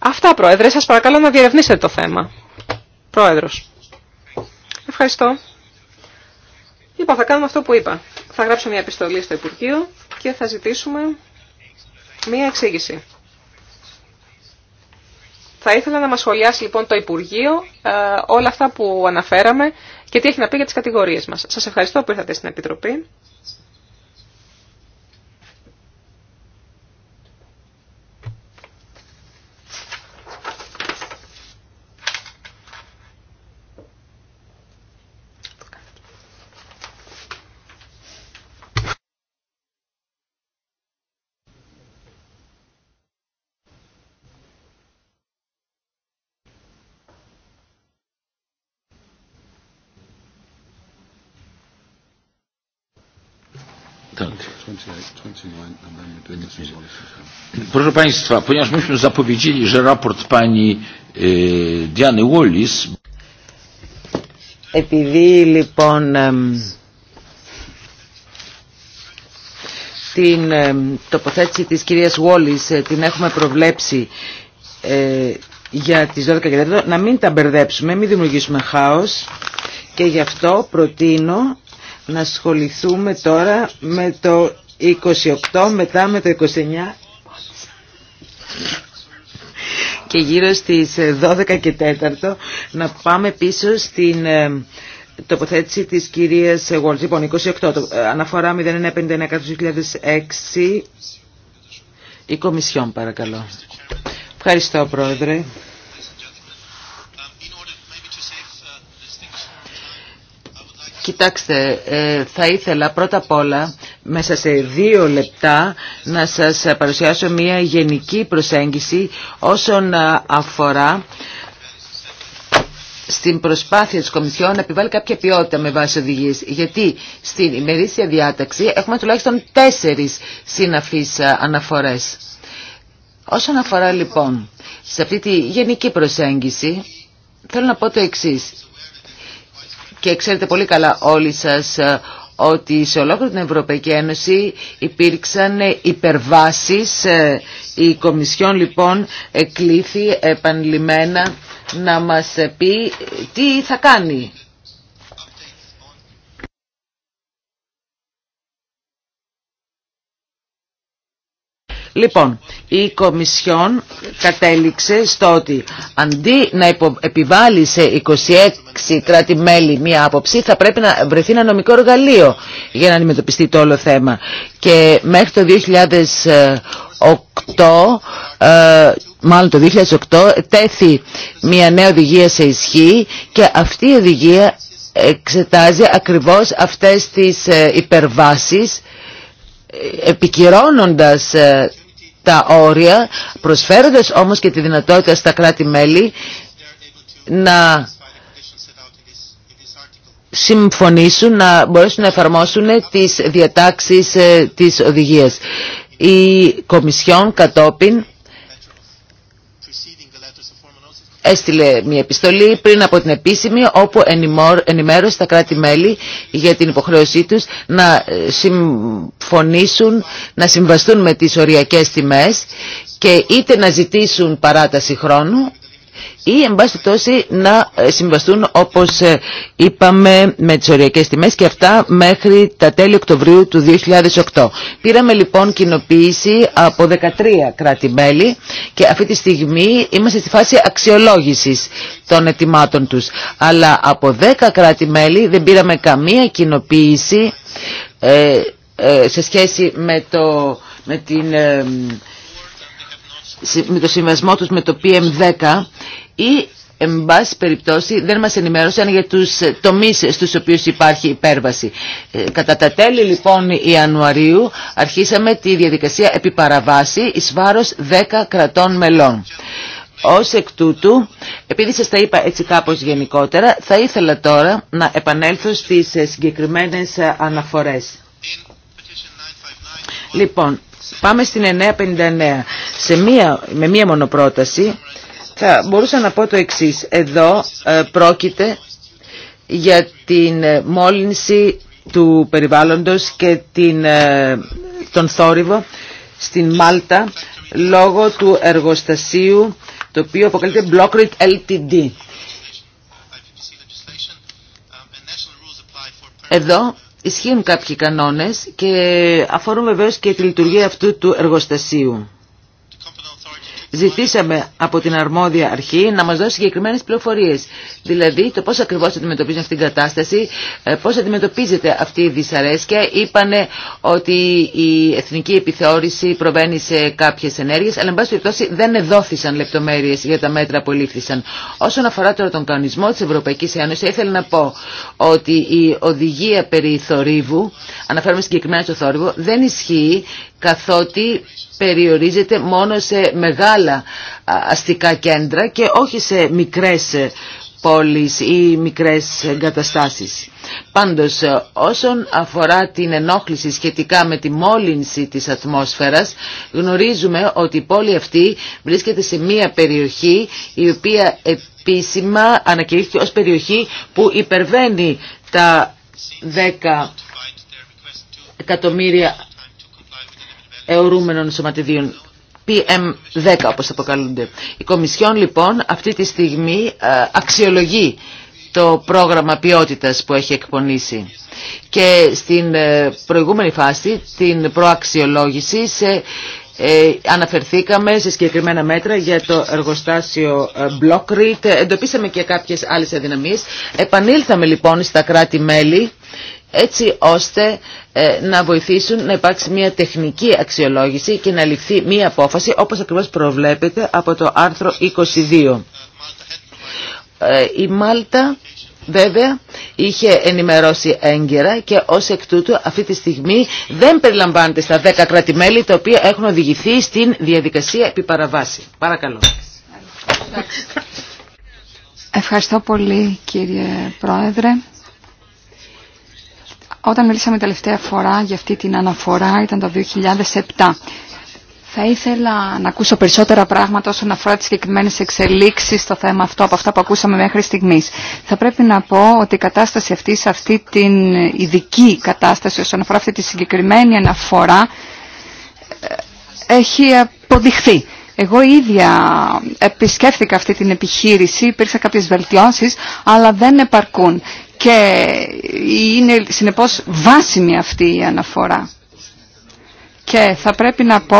Αυτά, Πρόεδρε, σας παρακαλώ να διερευνήσετε το θέμα. Πρόεδρος. Ευχαριστώ. Λοιπόν, θα κάνουμε αυτό που είπα. Θα γράψω μια επιστολή στο Υπουργείο και θα ζητήσουμε μια εξήγηση. Θα ήθελα να μας σχολιάσει λοιπόν το Υπουργείο ε, όλα αυτά που αναφέραμε και τι έχει να πει για τις κατηγορίες μας. Σας ευχαριστώ που ήρθατε στην Επιτροπή. Proszę Państwa, ponieważ myśmy zapowiedzieli, że raport pani e, Diany Wallis... Επειδή λοιπόν την τοποθέτηση της κυρίας Βόλης ε, την έχουμε προβλέψει ε, για τις 12 και 12, να μην τα μπερδέψουμε, μην δημιουργήσουμε χάος και γι' αυτό προτείνω να ασχοληθούμε τώρα με το 28 μετά με το 29 και γύρω στις 12 ε, και 4 να πάμε πίσω στην ε, τοποθέτηση της κυρίας Γουόλτ. Λοιπόν, 28, ε, αναφορά του 2006, η Κομισιόν παρακαλώ. Ευχαριστώ Πρόεδρε. Κοιτάξτε, θα ήθελα πρώτα απ' όλα μέσα σε δύο λεπτά να σας παρουσιάσω μια γενική προσέγγιση όσον ε, αφορά στην προσπάθεια της Κομισιόν να επιβάλλει κάποια ποιότητα με βάση οδηγίες. Γιατί στην ημερήσια διάταξη έχουμε τουλάχιστον τέσσερις συναφείς ε, αναφορές. Όσον αφορά λοιπόν σε αυτή τη γενική προσέγγιση, θέλω να πω το εξής. Και ξέρετε πολύ καλά όλοι σας ε, ότι σε ολόκληρη την Ευρωπαϊκή Ένωση υπήρξαν υπερβάσεις. Η Κομισιόν λοιπόν εκλήθη επανειλημμένα να μας πει τι θα κάνει Λοιπόν, η Κομισιόν κατέληξε στο ότι αντί να επιβάλλει σε 26 κράτη-μέλη μία άποψη, θα πρέπει να βρεθεί ένα νομικό εργαλείο για να αντιμετωπιστεί το όλο θέμα. Και μέχρι το 2008 ε, μάλλον το 2008 τέθη μια νέα οδηγία σε ισχύ και αυτή η οδηγία εξετάζει ακριβώς αυτές τις ε, υπερβάσεις ε, επικυρώνοντας τα όρια, προσφέροντας όμως και τη δυνατότητα στα κράτη-μέλη να συμφωνήσουν, να μπορέσουν να εφαρμόσουν τις διατάξεις ε, της οδηγίας. Η Κομισιόν κατόπιν έστειλε μια επιστολή πριν από την επίσημη όπου ενημέρωσε τα κράτη-μέλη για την υποχρέωσή τους να ε, συμφωνήσουν, να συμβαστούν με τις οριακές τιμές και είτε να ζητήσουν παράταση χρόνου ή εν πάση τόση να ε, συμβαστούν όπως ε, είπαμε με τις οριακές τιμές και αυτά μέχρι τα τέλη Οκτωβρίου του 2008. Πήραμε λοιπόν κοινοποίηση από 13 κράτη-μέλη και αυτή τη στιγμή είμαστε στη φάση αξιολόγησης των ετοιμάτων τους. Αλλά από 10 κράτη-μέλη δεν πήραμε καμία κοινοποίηση ε, σε σχέση με, το, με την με το συμβασμό τους με το PM10 ή εν πάση περιπτώσει δεν μας ενημέρωσαν για τους τομείς στους οποίους υπάρχει υπέρβαση. Ε, κατά τα τέλη λοιπόν Ιανουαρίου αρχίσαμε τη διαδικασία επιπαραβάση εις βάρος 10 κρατών μελών. Ως εκ τούτου, επειδή σας τα είπα έτσι κάπως γενικότερα, θα ήθελα τώρα να επανέλθω στις συγκεκριμένες αναφορές. Λοιπόν, πάμε στην 959. Σε μία, με μία μονοπρόταση θα μπορούσα να πω το εξής. Εδώ ε, πρόκειται για την ε, μόλυνση του περιβάλλοντος και την, ε, τον θόρυβο στην Μάλτα λόγω του εργοστασίου το οποίο αποκαλείται Blockrit LTD. Εδώ ισχύουν κάποιοι κανόνες και αφορούν βεβαίως και τη λειτουργία αυτού του εργοστασίου ζητήσαμε από την αρμόδια αρχή να μας δώσει συγκεκριμένες πληροφορίες. Δηλαδή το πώς ακριβώς αντιμετωπίζουν αυτήν την κατάσταση, ε, πώς αντιμετωπίζεται αυτή η δυσαρέσκεια. Είπανε ότι η εθνική επιθεώρηση προβαίνει σε κάποιες ενέργειες, αλλά εν πάση περιπτώσει δεν εδόθησαν λεπτομέρειες για τα μέτρα που λήφθησαν. Όσον αφορά τώρα τον κανονισμό της Ευρωπαϊκής Ένωσης, ήθελα να πω ότι η οδηγία περί θορύβου, αναφέρομαι συγκεκριμένα στο θόρυβο, δεν ισχύει καθότι περιορίζεται μόνο σε μεγάλα αστικά κέντρα και όχι σε μικρές πόλεις ή μικρές εγκαταστάσεις. Πάντως, όσον αφορά την ενόχληση σχετικά με τη μόλυνση της ατμόσφαιρας, γνωρίζουμε ότι η πόλη αυτή βρίσκεται σε μία περιοχή η οποία επίσημα ανακηρύχθηκε ως περιοχή που υπερβαίνει τα 10 εκατομμύρια αιωρούμενων σωματιδίων. PM10 όπως αποκαλούνται. Η Κομισιόν λοιπόν αυτή τη στιγμή ε, αξιολογεί το πρόγραμμα ποιότητας που έχει εκπονήσει. Και στην ε, προηγούμενη φάση, την προαξιολόγηση, σε, ε, αναφερθήκαμε σε συγκεκριμένα μέτρα για το εργοστάσιο blockreed Εντοπίσαμε και κάποιες άλλες αδυναμίες. Επανήλθαμε λοιπόν στα κράτη-μέλη έτσι ώστε ε, να βοηθήσουν να υπάρξει μια τεχνική αξιολόγηση και να ληφθεί μια απόφαση όπως ακριβώς προβλέπεται από το άρθρο 22. Ε, η Μάλτα βέβαια είχε ενημερώσει έγκαιρα και ως εκ τούτου αυτή τη στιγμή δεν περιλαμβάνεται στα 10 κράτη-μέλη τα οποία έχουν οδηγηθεί στην διαδικασία επιπαραβάση. Παρακαλώ. Ευχαριστώ πολύ κύριε Πρόεδρε. Όταν μιλήσαμε τελευταία φορά για αυτή την αναφορά ήταν το 2007. Θα ήθελα να ακούσω περισσότερα πράγματα όσον αφορά τις συγκεκριμένε εξελίξεις στο θέμα αυτό από αυτά που ακούσαμε μέχρι στιγμής. Θα πρέπει να πω ότι η κατάσταση αυτή, σε αυτή την ειδική κατάσταση όσον αφορά αυτή τη συγκεκριμένη αναφορά, ε, έχει αποδειχθεί. Εγώ ίδια επισκέφθηκα αυτή την επιχείρηση, υπήρξαν κάποιες βελτιώσεις, αλλά δεν επαρκούν και είναι συνεπώς βάσιμη αυτή η αναφορά. Και θα πρέπει να πω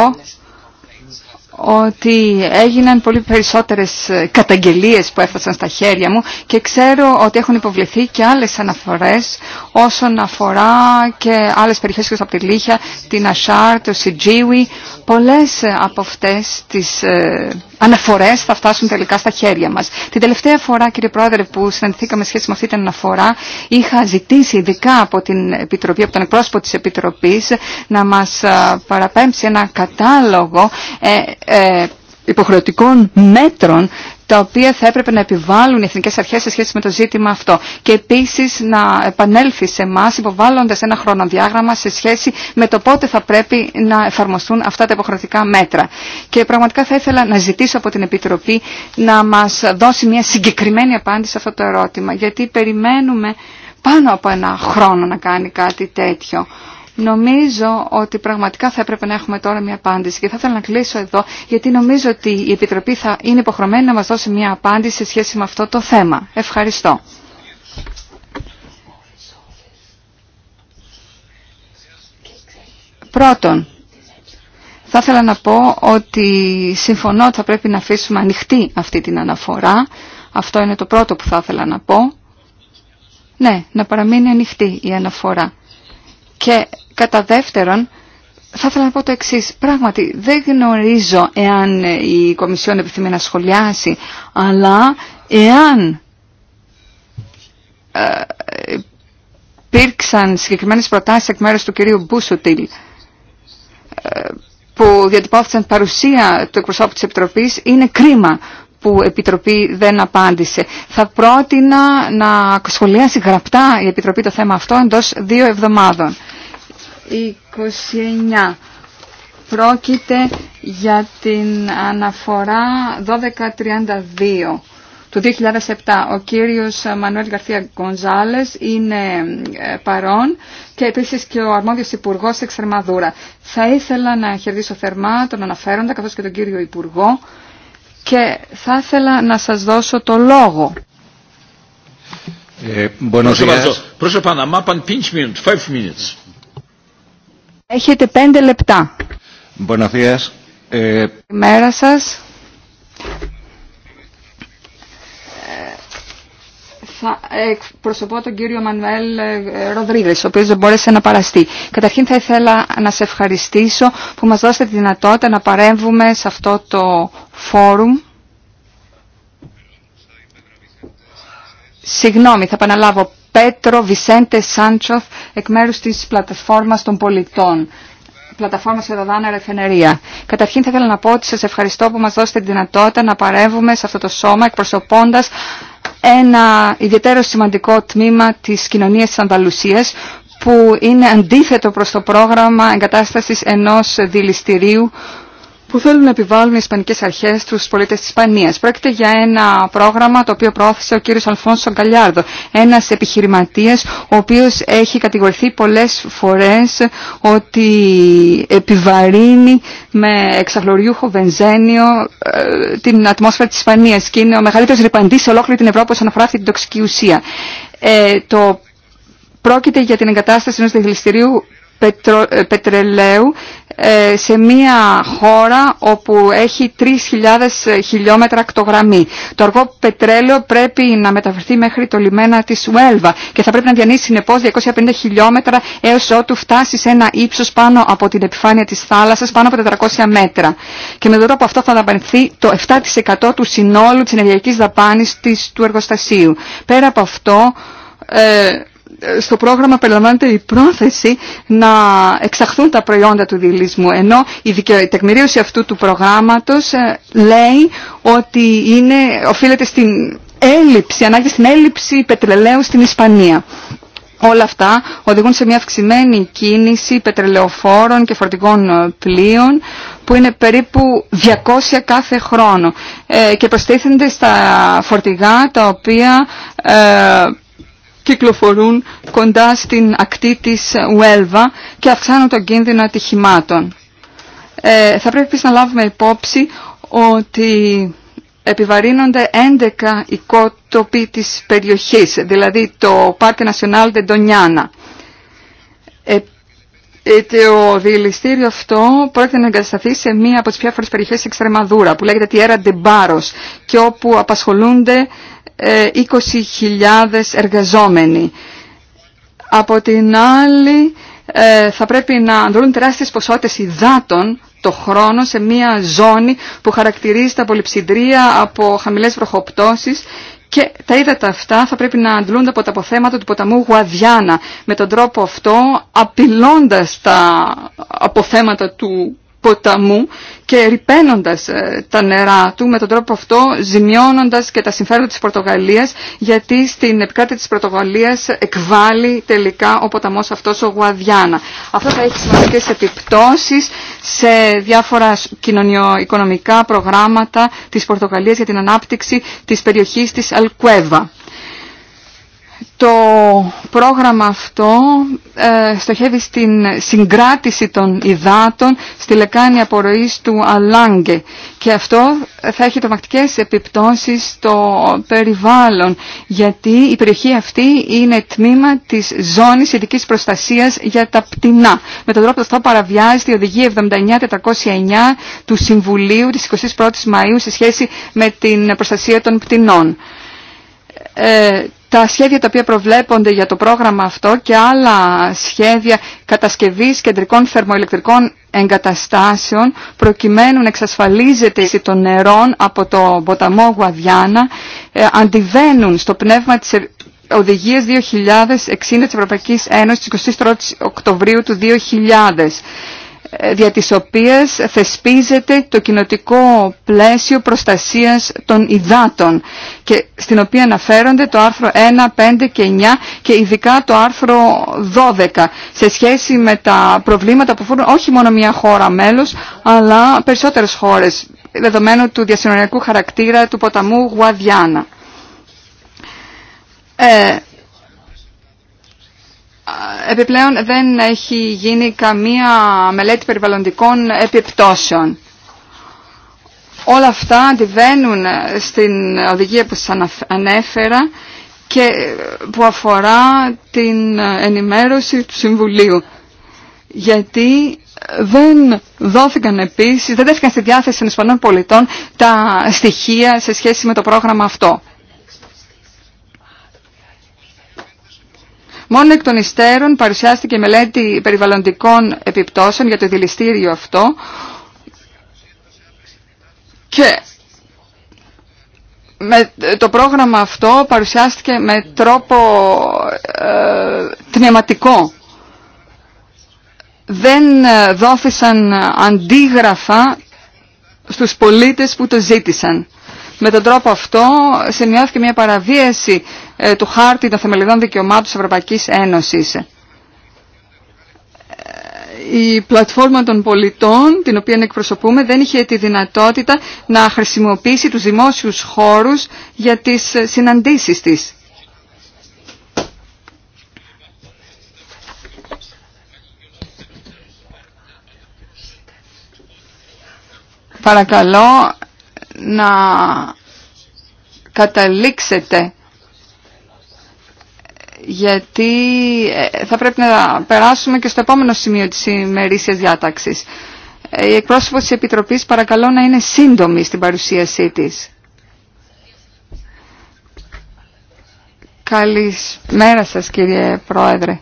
ότι έγιναν πολύ περισσότερες καταγγελίες που έφτασαν στα χέρια μου και ξέρω ότι έχουν υποβληθεί και άλλες αναφορές όσον αφορά και άλλες περιοχές από τη Λύχια, την Ασάρ, το Σιτζίουι. Πολλές από αυτές τις ε, αναφορές θα φτάσουν τελικά στα χέρια μας. Την τελευταία φορά, κύριε Πρόεδρε, που συναντηθήκαμε σχέση με αυτή την αναφορά, είχα ζητήσει ειδικά από την Επιτροπή, από τον εκπρόσωπο της Επιτροπής, να μας ε, παραπέμψει ένα κατάλογο ε, ε, υποχρεωτικών μέτρων τα οποία θα έπρεπε να επιβάλλουν οι εθνικές αρχές σε σχέση με το ζήτημα αυτό. Και επίσης να επανέλθει σε εμά υποβάλλοντας ένα χρονοδιάγραμμα σε σχέση με το πότε θα πρέπει να εφαρμοστούν αυτά τα υποχρεωτικά μέτρα. Και πραγματικά θα ήθελα να ζητήσω από την Επιτροπή να μας δώσει μια συγκεκριμένη απάντηση σε αυτό το ερώτημα, γιατί περιμένουμε πάνω από ένα χρόνο να κάνει κάτι τέτοιο. Νομίζω ότι πραγματικά θα έπρεπε να έχουμε τώρα μια απάντηση και θα ήθελα να κλείσω εδώ γιατί νομίζω ότι η Επιτροπή θα είναι υποχρεωμένη να μας δώσει μια απάντηση σε σχέση με αυτό το θέμα. Ευχαριστώ. Πρώτον, θα ήθελα να πω ότι συμφωνώ ότι θα πρέπει να αφήσουμε ανοιχτή αυτή την αναφορά. Αυτό είναι το πρώτο που θα ήθελα να πω. Ναι, να παραμείνει ανοιχτή η αναφορά. Και Κατά δεύτερον, θα ήθελα να πω το εξή. Πράγματι, δεν γνωρίζω εάν η Κομισιόν επιθυμεί να σχολιάσει, αλλά εάν ε, υπήρξαν συγκεκριμένες προτάσεις εκ μέρου του κυρίου Μπούσουτιλ ε, που διατυπώθησαν παρουσία του εκπροσώπου της Επιτροπής, είναι κρίμα που η Επιτροπή δεν απάντησε. Θα πρότεινα να σχολιάσει γραπτά η Επιτροπή το θέμα αυτό εντός δύο εβδομάδων. 29. Πρόκειται για την αναφορά 1232 του 2007. Ο κύριος Μανουέλ Γαρθία Γκονζάλες είναι ε, παρόν και επίσης και ο αρμόδιος υπουργός Εξερμαδούρα. Θα ήθελα να χαιρετήσω θερμά τον αναφέροντα καθώς και τον κύριο υπουργό και θα ήθελα να σας δώσω το λόγο. Ε, buenos días. 5 minutes. Έχετε πέντε λεπτά. Ε, Καλημέρα σας. Ε, θα εκπροσωπώ τον κύριο Μανουέλ ε, Ροδρίδε, ο οποίο δεν μπόρεσε να παραστεί. Καταρχήν θα ήθελα να σε ευχαριστήσω που μας δώσετε τη δυνατότητα να παρέμβουμε σε αυτό το φόρουμ. Συγγνώμη, θα επαναλάβω. Πέτρο Βισέντε Σάντσοφ εκ μέρους της πλατφόρμας των πολιτών. Πλατφόρμα Σεροδάνα Ρεφενερία. Καταρχήν θα ήθελα να πω ότι σας ευχαριστώ που μας δώσετε τη δυνατότητα να παρεύουμε σε αυτό το σώμα εκπροσωπώντας ένα ιδιαίτερο σημαντικό τμήμα της κοινωνίας της Ανταλουσίας που είναι αντίθετο προς το πρόγραμμα εγκατάστασης ενός δηληστηρίου που θέλουν να επιβάλλουν οι ισπανικέ αρχέ στου πολίτε τη Ισπανία. Πρόκειται για ένα πρόγραμμα το οποίο πρόθεσε ο κύριο Αλφόνσο Σογκαλιάρδο, ένα επιχειρηματίας ο οποίο έχει κατηγορηθεί πολλέ φορέ ότι επιβαρύνει με εξαγλωριούχο βενζένιο ε, την ατμόσφαιρα τη Ισπανία και είναι ο μεγαλύτερο ρηπαντή σε ολόκληρη την Ευρώπη όσον αφορά αυτή την τοξική ουσία. Ε, το Πρόκειται για την εγκατάσταση ενός διαχειριστηρίου ε, πετρελαίου ε, σε μια χώρα όπου έχει 3.000 ε, χιλιόμετρα ακτογραμμή. Το αργό πετρέλαιο πρέπει να μεταφερθεί μέχρι το λιμένα της Ουέλβα και θα πρέπει να διανύσει συνεπώς 250 χιλιόμετρα έως ότου φτάσει σε ένα ύψος πάνω από την επιφάνεια της θάλασσας, πάνω από 400 μέτρα. Και με τον τρόπο αυτό θα δαπανηθεί το 7% του συνόλου της ενεργειακής δαπάνης της, του εργοστασίου. Πέρα από αυτό... Ε, στο πρόγραμμα περιλαμβάνεται η πρόθεση να εξαχθούν τα προϊόντα του διελισμού, ενώ η, τεκμηρίωση αυτού του προγράμματος ε, λέει ότι είναι, οφείλεται στην έλλειψη, ανάγκη στην έλλειψη πετρελαίου στην Ισπανία. Όλα αυτά οδηγούν σε μια αυξημένη κίνηση πετρελαιοφόρων και φορτικών ε, πλοίων που είναι περίπου 200 κάθε χρόνο ε, και προστίθενται στα φορτηγά τα οποία κυκλοφορούν κοντά στην ακτή της ε, Ουέλβα και αυξάνουν τον κίνδυνο ατυχημάτων. Ε, θα πρέπει να λάβουμε υπόψη ότι επιβαρύνονται 11 οικότοποι της περιοχής, δηλαδή το Πάρκε Νασιονάλ Ντονιάννα. Ε, το διελιστήριο αυτό πρόκειται να εγκατασταθεί σε μία από τις πιο αφορές περιοχές της Εξτρεμαδούρα που λέγεται Τιέρα Ντεμπάρος και όπου απασχολούνται 20.000 ε, εργαζόμενοι. Από την άλλη ε, θα πρέπει να αντλούν τεράστιες ποσότητες υδάτων το χρόνο σε μια ζώνη που χαρακτηρίζεται τα λειψιδρία από χαμηλές βροχοπτώσεις και τα ύδατα αυτά θα πρέπει να αντλούνται από τα αποθέματα του ποταμού Γουαδιάνα με τον τρόπο αυτό απειλώντας τα αποθέματα του ποταμού και ρηπαίνοντας ε, τα νερά του με τον τρόπο αυτό ζημιώνοντας και τα συμφέροντα της Πορτογαλίας γιατί στην επικράτεια της Πορτογαλίας εκβάλλει τελικά ο ποταμός αυτός ο Γουαδιάνα. Αυτό θα έχει σημαντικές επιπτώσεις σε διάφορα οικονομικά προγράμματα της Πορτογαλίας για την ανάπτυξη της περιοχή τη Αλκουέβα. Το πρόγραμμα αυτό ε, στοχεύει στην συγκράτηση των υδάτων στη λεκάνη απορροής του Αλάγκε και αυτό θα έχει τρομακτικές επιπτώσεις στο περιβάλλον γιατί η περιοχή αυτή είναι τμήμα της ζώνης ειδικής προστασίας για τα πτηνά. Με τον τρόπο αυτό παραβιάζει η Οδηγία 79409 του Συμβουλίου της 21ης Μαΐου σε σχέση με την προστασία των πτηνών. Ε, τα σχέδια τα οποία προβλέπονται για το πρόγραμμα αυτό και άλλα σχέδια κατασκευής κεντρικών θερμοελεκτρικών εγκαταστάσεων προκειμένου να εξασφαλίζεται η των νερών από το ποταμό Γουαδιάνα ε, αντιβαίνουν στο πνεύμα της ε, Οδηγίας 2060 της Ευρωπαϊκής Ένωσης 23 Οκτωβρίου του 2000 ε, δια της οποίας θεσπίζεται το κοινοτικό πλαίσιο προστασίας των υδάτων και στην οποία αναφέρονται το άρθρο 1, 5 και 9 και ειδικά το άρθρο 12 σε σχέση με τα προβλήματα που φορούν όχι μόνο μια χώρα μέλος αλλά περισσότερες χώρες δεδομένου του διασυνοριακού χαρακτήρα του ποταμού Γουαδιάνα. Ε, επιπλέον δεν έχει γίνει καμία μελέτη περιβαλλοντικών επιπτώσεων. Όλα αυτά αντιβαίνουν στην οδηγία που σας ανέφερα και που αφορά την ενημέρωση του Συμβουλίου. Γιατί δεν δόθηκαν επίσης, δεν δέθηκαν στη διάθεση των Ισπανών πολιτών τα στοιχεία σε σχέση με το πρόγραμμα αυτό. Μόνο εκ των υστέρων παρουσιάστηκε μελέτη περιβαλλοντικών επιπτώσεων για το δηληστήριο αυτό και το πρόγραμμα αυτό παρουσιάστηκε με τρόπο ε, Δεν ε, δόθησαν αντίγραφα στους πολίτες που το ζήτησαν. Με τον τρόπο αυτό σημειώθηκε μια παραβίαση ε, του χάρτη των θεμελιδών δικαιωμάτων της Ευρωπαϊκής Ένωσης. Ε, η πλατφόρμα των πολιτών, την οποία εκπροσωπούμε, δεν είχε τη δυνατότητα να χρησιμοποιήσει τους δημόσιους χώρους για τις συναντήσεις της. Παρακαλώ να καταλήξετε γιατί ε, θα πρέπει να περάσουμε και στο επόμενο σημείο της ημερήσιας διάταξης. Ε, η εκπρόσωπο της Επιτροπής παρακαλώ να είναι σύντομη στην παρουσίασή της. Καλησπέρα σας κύριε Πρόεδρε.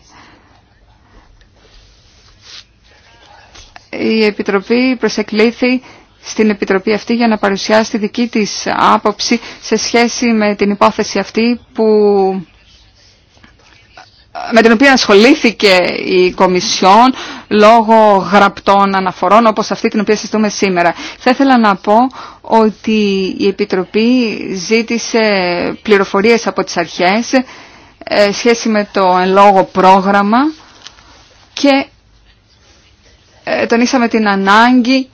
Η Επιτροπή προσεκλήθη στην Επιτροπή αυτή για να παρουσιάσει τη δική της άποψη σε σχέση με την υπόθεση αυτή που με την οποία ασχολήθηκε η Κομισιόν λόγω γραπτών αναφορών όπως αυτή την οποία συζητούμε σήμερα. Θα ήθελα να πω ότι η Επιτροπή ζήτησε πληροφορίες από τις αρχές ε, σχέση με το εν λόγω πρόγραμμα και ε, τονίσαμε την ανάγκη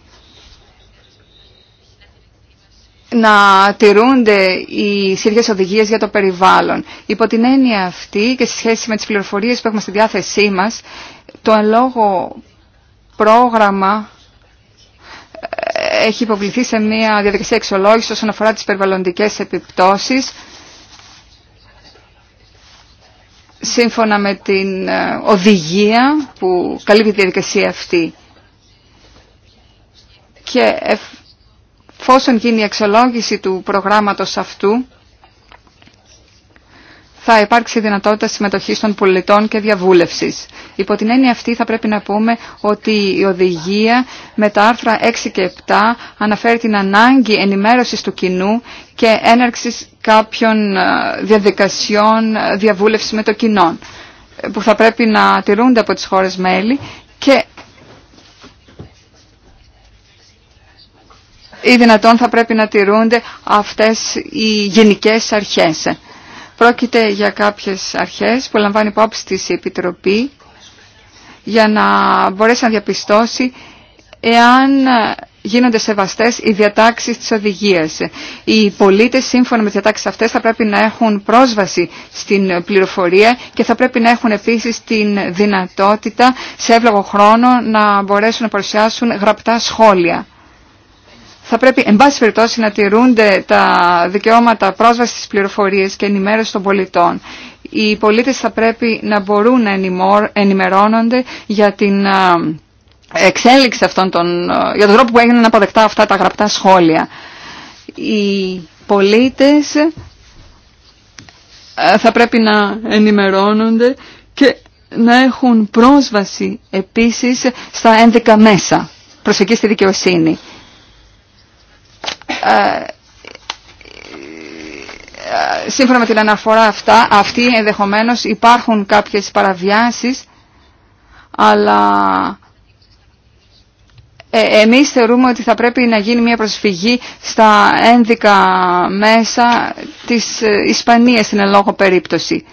να τηρούνται οι σχετικές οδηγίες για το περιβάλλον. Υπό την έννοια αυτή και σε σχέση με τις πληροφορίες που έχουμε στη διάθεσή μας, το εν λόγω πρόγραμμα ε, έχει υποβληθεί σε μια διαδικασία εξολόγηση όσον αφορά τις περιβαλλοντικές επιπτώσεις σύμφωνα με την ε, οδηγία που καλύπτει τη διαδικασία αυτή. Και Φόσον γίνει η εξολόγηση του προγράμματος αυτού, θα υπάρξει δυνατότητα συμμετοχής των πολιτών και διαβούλευσης. Υπό την έννοια αυτή θα πρέπει να πούμε ότι η οδηγία με τα άρθρα 6 και 7 αναφέρει την ανάγκη ενημέρωσης του κοινού και έναρξης κάποιων ε, διαδικασιών ε, διαβούλευσης με το κοινό που θα πρέπει να τηρούνται από τις χώρες μέλη και ή δυνατόν θα πρέπει να τηρούνται αυτές οι γενικές αρχές. Πρόκειται για κάποιες αρχές που λαμβάνει υπόψη της Επιτροπή για να μπορέσει να διαπιστώσει εάν γίνονται σεβαστές οι διατάξεις της οδηγίας. Οι πολίτες σύμφωνα με τις διατάξεις αυτές θα πρέπει να έχουν πρόσβαση στην πληροφορία και θα πρέπει να έχουν επίσης την δυνατότητα σε εύλογο χρόνο να μπορέσουν να παρουσιάσουν γραπτά σχόλια θα πρέπει, εν πάση περιπτώσει, να τηρούνται τα δικαιώματα πρόσβασης στις πληροφορίες και ενημέρωση των πολιτών. Οι πολίτες θα πρέπει να μπορούν να ενημερώνονται για την εξέλιξη αυτών των, για τον τρόπο που έγιναν αποδεκτά αυτά τα γραπτά σχόλια. Οι πολίτες θα πρέπει να ενημερώνονται και να έχουν πρόσβαση επίσης στα ένδικα μέσα προσφυγή στη δικαιοσύνη. Ε, ε, σύμφωνα με την αναφορά αυτά, αυτή ενδεχομένως υπάρχουν κάποιες παραβιάσεις, αλλά ε, εμείς θεωρούμε ότι θα πρέπει να γίνει μια προσφυγή στα ένδικα μέσα της Ισπανίας στην ελόγω περίπτωση.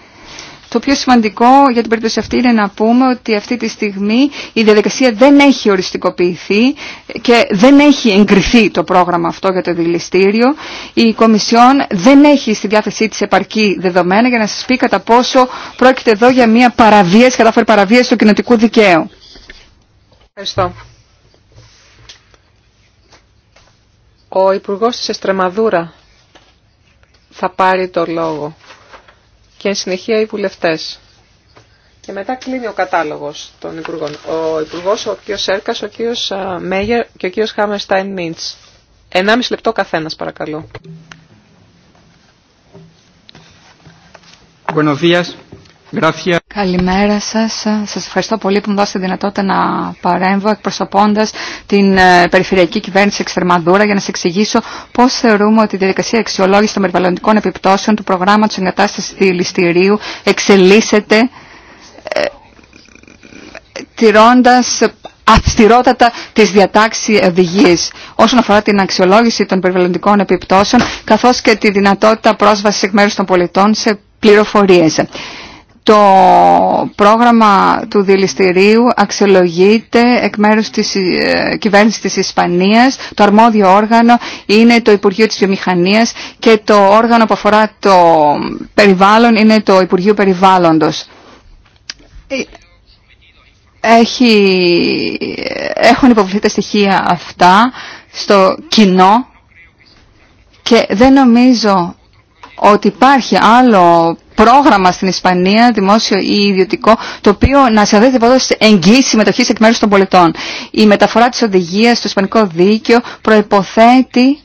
Το πιο σημαντικό για την περίπτωση αυτή είναι να πούμε ότι αυτή τη στιγμή η διαδικασία δεν έχει οριστικοποιηθεί και δεν έχει εγκριθεί το πρόγραμμα αυτό για το δηληστήριο. Η Κομισιόν δεν έχει στη διάθεσή της επαρκή δεδομένα για να σας πει κατά πόσο πρόκειται εδώ για μια παραβίαση, κατάφερε παραβίαση του κοινωτικού δικαίου. Ευχαριστώ. Ο Υπουργός της Εστρεμαδούρα θα πάρει το λόγο και εν συνεχεία οι βουλευτέ. Και μετά κλείνει ο κατάλογος των υπουργών. Ο υπουργό, ο κ. Σέρκα, ο κ. Μέγερ και ο κ. Χάμερστάιν Μίντς. 1,5 λεπτό καθένα, παρακαλώ. Buenos días. Καλημέρα σα, σα ευχαριστώ πολύ που μου δώσετε δυνατότητα να παρέμβω εκπροσωπώντας την ε, Περιφερειακή Κυβέρνηση Εξτρεμαδούρα για να σας εξηγήσω πώ θεωρούμε ότι η διαδικασία αξιολόγηση των περιβαλλοντικών επιπτώσεων του προγράμματος εγκατάσταση δηληστηρίου εξελίσσεται ε, τηρώντας αυστηρότατα τι διατάξει οδηγίες όσον αφορά την αξιολόγηση των περιβαλλοντικών επιπτώσεων καθώ και τη δυνατότητα πρόσβαση εκ μέρου των πολιτών σε πληροφορίε. Το πρόγραμμα του δηληστηρίου αξιολογείται εκ μέρους της ε, κυβέρνησης της Ισπανίας. Το αρμόδιο όργανο είναι το Υπουργείο της Βιομηχανίας και το όργανο που αφορά το περιβάλλον είναι το Υπουργείο Περιβάλλοντος. Ε, έχουν υποβληθεί τα στοιχεία αυτά στο κοινό και δεν νομίζω ότι υπάρχει άλλο πρόγραμμα στην Ισπανία, δημόσιο ή ιδιωτικό, το οποίο να συνδέεται πρώτα σε εγγύηση συμμετοχή εκ μέρου των πολιτών. Η μεταφορά τη οδηγία στο Ισπανικό Δίκαιο προποθέτει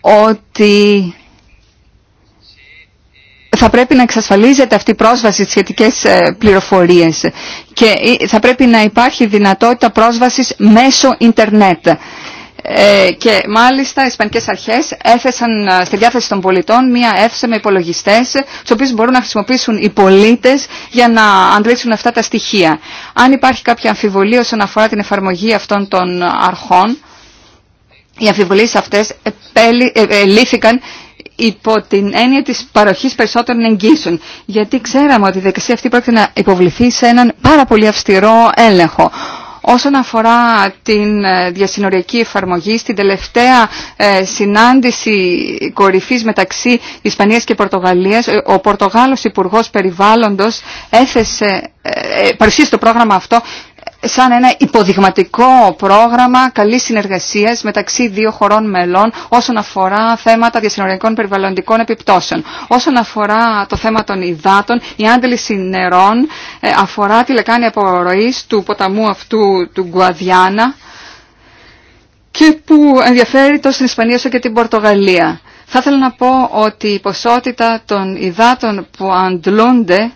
ότι θα πρέπει να εξασφαλίζεται αυτή η πρόσβαση στις σχετικές ε, πληροφορίες και ε, θα πρέπει να υπάρχει δυνατότητα πρόσβασης μέσω ίντερνετ. Ε, και μάλιστα οι ισπανικέ Αρχές έθεσαν ε, στη διάθεση των πολιτών μία αίθουσα με υπολογιστές, τους οποίους μπορούν να χρησιμοποιήσουν οι πολίτες για να αντλήσουν αυτά τα στοιχεία. Αν υπάρχει κάποια αμφιβολία όσον αφορά την εφαρμογή αυτών των αρχών, οι αμφιβολίες αυτές ε, λύθηκαν υπό την έννοια της παροχής περισσότερων εγγύσεων. Γιατί ξέραμε ότι η δεξία αυτή πρόκειται να υποβληθεί σε έναν πάρα πολύ αυστηρό έλεγχο. Όσον αφορά την ε, διασυνοριακή εφαρμογή, στην τελευταία ε, συνάντηση κορυφής μεταξύ Ισπανίας και Πορτογαλίας, ε, ο Πορτογάλος Υπουργός Περιβάλλοντος έθεσε, παρουσίασε το πρόγραμμα αυτό σαν ένα υποδειγματικό πρόγραμμα καλή συνεργασίας μεταξύ δύο χωρών μελών όσον αφορά θέματα διασυνοριακών περιβαλλοντικών επιπτώσεων. Όσον αφορά το θέμα των υδάτων, η άντληση νερών ε, αφορά τη λεκάνη απορροής του ποταμού αυτού του Γκουαδιάνα και που ενδιαφέρει τόσο την Ισπανία όσο και την Πορτογαλία. Θα ήθελα να πω ότι η ποσότητα των υδάτων που αντλούνται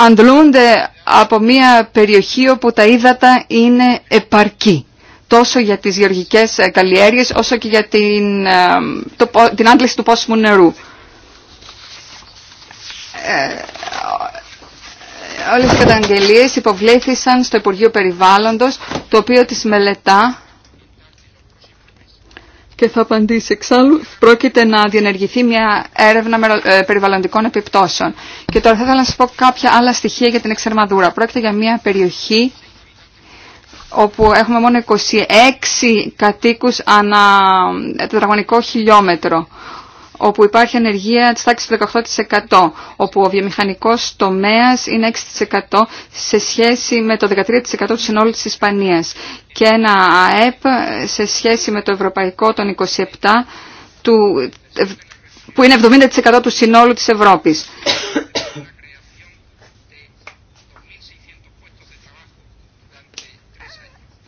αντλούνται από μια περιοχή όπου τα ύδατα είναι επαρκή τόσο για τις γεωργικές ε, καλλιέργειες όσο και για την, ε, το, την άντληση του πόσιμου νερού. Ε, όλες οι καταγγελίες υποβλήθησαν στο Υπουργείο Περιβάλλοντος το οποίο τις μελετά και θα απαντήσει. Εξάλλου πρόκειται να διενεργηθεί μια έρευνα ε, περιβαλλοντικών επιπτώσεων. Και τώρα θα ήθελα να σα πω κάποια άλλα στοιχεία για την εξερμαδούρα. Πρόκειται για μια περιοχή όπου έχουμε μόνο 26 κατοίκους ανά τετραγωνικό χιλιόμετρο όπου υπάρχει ανεργία της τάξης του 18%, όπου ο βιομηχανικός τομέας είναι 6% σε σχέση με το 13% του συνόλου της Ισπανίας και ένα ΑΕΠ σε σχέση με το ευρωπαϊκό των 27% του, που είναι 70% του συνόλου της Ευρώπης.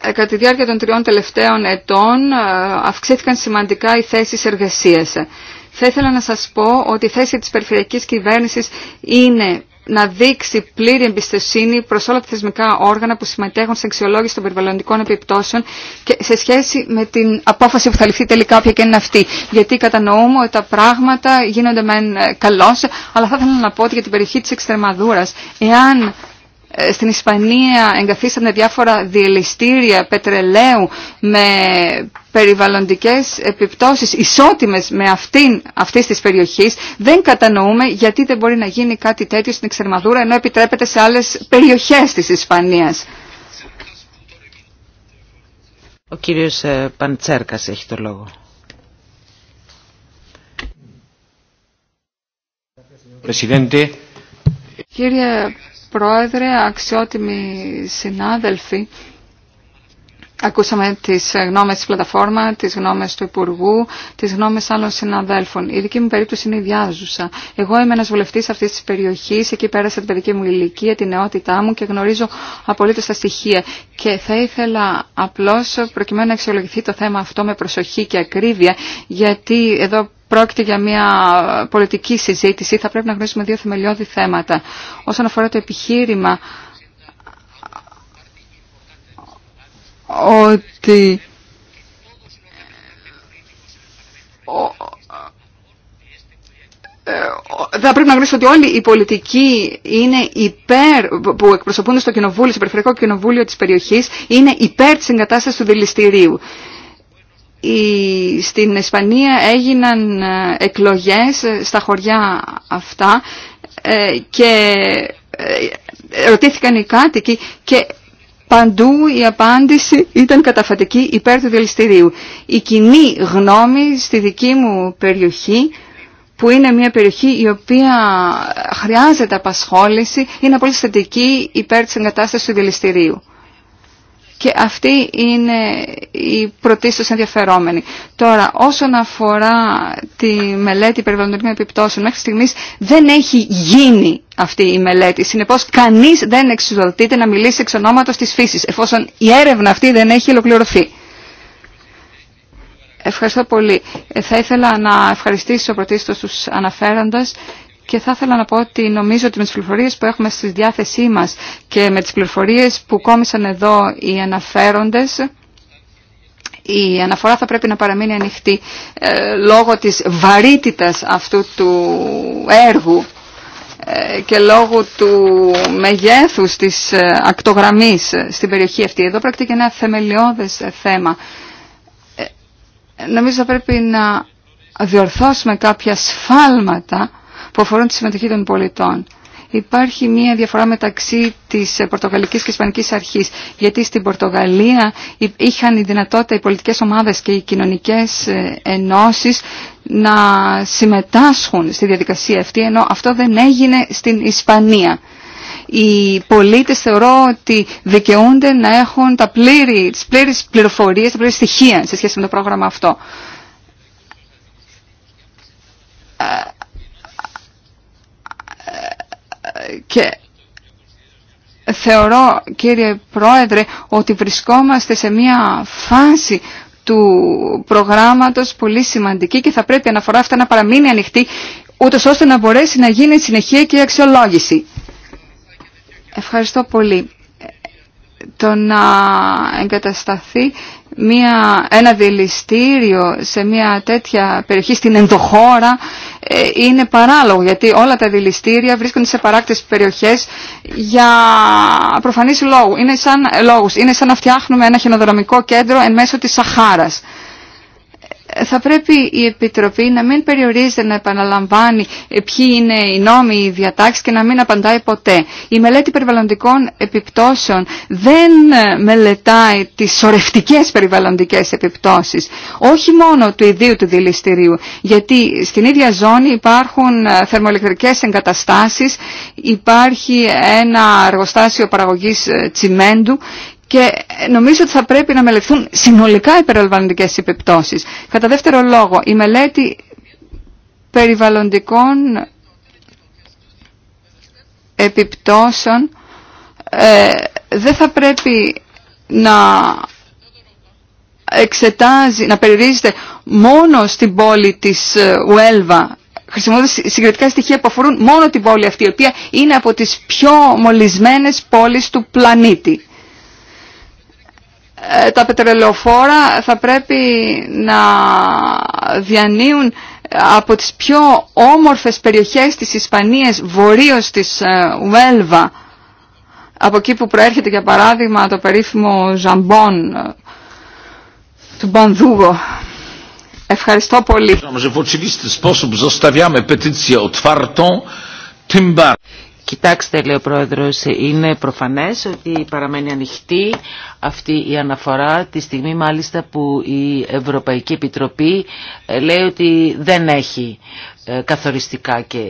κατά τη διάρκεια των τριών τελευταίων ετών ε, αυξήθηκαν σημαντικά οι θέσεις εργασίας. Θα ήθελα να σας πω ότι η θέση της περιφερειακής κυβέρνησης είναι να δείξει πλήρη εμπιστοσύνη προ όλα τα θεσμικά όργανα που συμμετέχουν στην αξιολόγηση των περιβαλλοντικών επιπτώσεων και σε σχέση με την απόφαση που θα ληφθεί τελικά, όποια και είναι αυτή. Γιατί κατανοούμε ότι τα πράγματα γίνονται μεν ε, καλώ, αλλά θα ήθελα να πω ότι για την περιοχή τη Εξτρεμαδούρα, εάν ε, στην Ισπανία εγκαθίσανε διάφορα διελιστήρια πετρελαίου με περιβαλλοντικές επιπτώσεις ισότιμες με αυτήν αυτής της περιοχής, δεν κατανοούμε γιατί δεν μπορεί να γίνει κάτι τέτοιο στην Εξερμαδούρα ενώ επιτρέπεται σε άλλες περιοχές της Ισπανίας. Ο κύριος ε, Παντσέρκας έχει το λόγο. Κύριε Πρόεδρε, αξιότιμοι συνάδελφοι, Ακούσαμε τις γνώμες της πλατφόρμα, τις γνώμες του Υπουργού, τις γνώμες άλλων συναδέλφων. Η δική μου περίπτωση είναι η διάζουσα. Εγώ είμαι ένας βουλευτής αυτής της περιοχής, εκεί πέρασα την παιδική μου ηλικία, την νεότητά μου και γνωρίζω απολύτως τα στοιχεία. Και θα ήθελα απλώς προκειμένου να αξιολογηθεί το θέμα αυτό με προσοχή και ακρίβεια, γιατί εδώ πρόκειται για μια πολιτική συζήτηση, θα πρέπει να γνωρίσουμε δύο θεμελιώδη θέματα. Όσον αφορά το επιχείρημα ότι ε, θα πρέπει να γνωρίσω ότι όλοι οι πολιτικοί είναι υπέρ, που εκπροσωπούν στο κοινοβούλιο, στο περιφερειακό κοινοβούλιο της περιοχής, είναι υπέρ της εγκατάστασης του δηληστηρίου στην Ισπανία έγιναν ε, εκλογές ε, στα χωριά αυτά ε, και ρωτήθηκαν οι κάτοικοι και παντού η απάντηση ήταν καταφατική υπέρ του διαλυστηρίου. Η κοινή γνώμη στη δική μου περιοχή που είναι μια περιοχή η οποία χρειάζεται απασχόληση, είναι πολύ στατική υπέρ της εγκατάστασης του διαλυστηρίου και αυτοί είναι οι πρωτίστως ενδιαφερόμενοι. Τώρα, όσον αφορά τη μελέτη περιβαλλοντικών επιπτώσεων, μέχρι στιγμής δεν έχει γίνει αυτή η μελέτη. Συνεπώς, κανείς δεν εξουσιοδοτείται να μιλήσει εξ ονόματος της φύσης, εφόσον η έρευνα αυτή δεν έχει ολοκληρωθεί. Ευχαριστώ πολύ. Ε, θα ήθελα να ευχαριστήσω πρωτίστως τους αναφέροντας και θα ήθελα να πω ότι νομίζω ότι με τις πληροφορίες που έχουμε στη διάθεσή μας και με τις πληροφορίες που κόμισαν εδώ οι αναφέροντες, η αναφορά θα πρέπει να παραμείνει ανοιχτή ε, λόγω της βαρύτητας αυτού του έργου ε, και λόγω του μεγέθους της ε, ακτογραμμής στην περιοχή αυτή. Εδώ πρόκειται και ένα θεμελιώδες θέμα. Νομίζω θα πρέπει να διορθώσουμε κάποια σφάλματα που αφορούν τη συμμετοχή των πολιτών. Υπάρχει μία διαφορά μεταξύ της Πορτογαλικής και Ισπανικής αρχής, γιατί στην Πορτογαλία είχαν η δυνατότητα οι πολιτικές ομάδες και οι κοινωνικές ε, ενώσεις να συμμετάσχουν στη διαδικασία αυτή, ενώ αυτό δεν έγινε στην Ισπανία. Οι πολίτες θεωρώ ότι δικαιούνται να έχουν τα πλήρη, τις τα πλήρη στοιχεία σε σχέση με το πρόγραμμα αυτό και θεωρώ κύριε Πρόεδρε ότι βρισκόμαστε σε μια φάση του προγράμματος πολύ σημαντική και θα πρέπει αναφορά αυτά να παραμείνει ανοιχτή ούτως ώστε να μπορέσει να γίνει συνεχεία και αξιολόγηση. Ευχαριστώ πολύ. Το να εγκατασταθεί μια, ένα δηληστήριο σε μια τέτοια περιοχή στην ενδοχώρα ε, είναι παράλογο γιατί όλα τα δηληστήρια βρίσκονται σε παράκτες περιοχές για προφανείς λόγου. Είναι σαν, ε, λόγους. Είναι σαν να φτιάχνουμε ένα χιονοδρομικό κέντρο εν μέσω της Σαχάρας θα πρέπει η Επιτροπή να μην περιορίζεται να επαναλαμβάνει ποιοι είναι οι νόμοι, οι διατάξεις και να μην απαντάει ποτέ. Η μελέτη περιβαλλοντικών επιπτώσεων δεν ε, μελετάει τις σορευτικές περιβαλλοντικές επιπτώσεις, όχι μόνο του ιδίου του δηληστηρίου, γιατί στην ίδια ζώνη υπάρχουν ε, θερμοελεκτρικές εγκαταστάσεις, υπάρχει ένα εργοστάσιο παραγωγής ε, τσιμέντου και νομίζω ότι θα πρέπει να μελεθούν συνολικά οι περιβαλλοντικές επιπτώσεις. Κατά δεύτερο λόγο, η μελέτη περιβαλλοντικών επιπτώσεων ε, δεν θα πρέπει να εξετάζει, να περιορίζεται μόνο στην πόλη της ε, Ουέλβα, χρησιμοποιώντας συγκριτικά στοιχεία που αφορούν μόνο την πόλη αυτή, η οποία είναι από τις πιο μολυσμένες πόλεις του πλανήτη. Ε, τα πετρελαιοφόρα θα πρέπει να διανύουν ε, από τις πιο όμορφες περιοχές της Ισπανίας, βορείως της ε, Ουέλβα, από εκεί που προέρχεται για παράδειγμα το περίφημο ζαμπόν του Μπανδούγο. Ευχαριστώ πολύ. Κοιτάξτε, λέει ο Πρόεδρος, είναι προφανές ότι παραμένει ανοιχτή αυτή η αναφορά τη στιγμή μάλιστα που η Ευρωπαϊκή Επιτροπή ε, λέει ότι δεν έχει ε, καθοριστικά και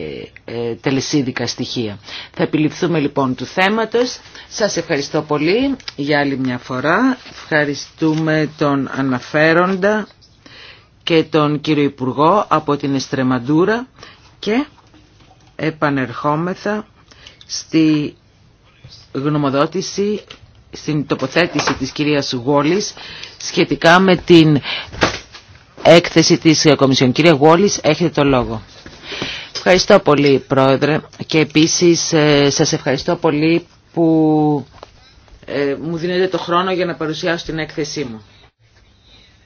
ε, τελεσίδικα στοιχεία. Θα επιληφθούμε λοιπόν του θέματος. Σας ευχαριστώ πολύ για άλλη μια φορά. Ευχαριστούμε τον αναφέροντα και τον κύριο Υπουργό από την Εστρεμαντούρα και επανερχόμεθα στη γνωμοδότηση, στην τοποθέτηση της κυρίας Γόλης σχετικά με την έκθεση της Κομισιόν. Κυρία Γόλης, έχετε το λόγο. Ευχαριστώ πολύ, Πρόεδρε, και επίσης ε, σας ευχαριστώ πολύ που ε, μου δίνετε το χρόνο για να παρουσιάσω την έκθεσή μου.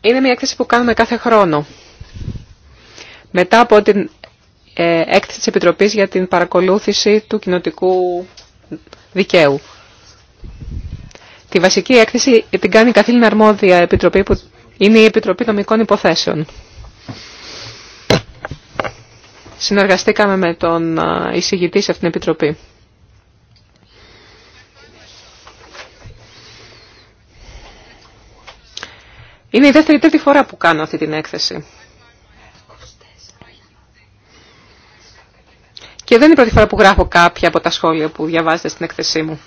Είναι μια έκθεση που κάνουμε κάθε χρόνο. Μετά από την ε, έκθεση της Επιτροπής για την παρακολούθηση του κοινοτικού δικαίου. Τη βασική έκθεση την κάνει η καθήλυνα αρμόδια επιτροπή που είναι η Επιτροπή Νομικών Υποθέσεων. Συνεργαστήκαμε με τον ε, εισηγητή σε αυτήν την Επιτροπή. Είναι η δεύτερη τρίτη φορά που κάνω αυτή την έκθεση. Και δεν είναι η πρώτη φορά που γράφω κάποια από τα σχόλια που διαβάζετε στην εκθεσή μου.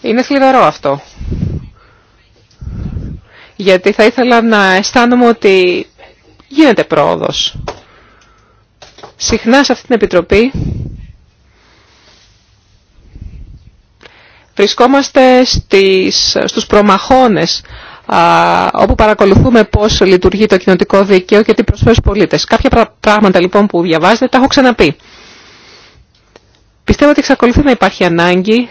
Είναι θλιβερό αυτό. Γιατί θα ήθελα να αισθάνομαι ότι γίνεται πρόοδος. Συχνά σε αυτή την Επιτροπή βρισκόμαστε στις, στους προμαχώνες όπου παρακολουθούμε πώς λειτουργεί το κοινωτικό δίκαιο και τι προσφέρει στους πολίτες. Κάποια πράγματα λοιπόν που διαβάζετε τα έχω ξαναπεί πιστεύω ότι εξακολουθεί να υπάρχει ανάγκη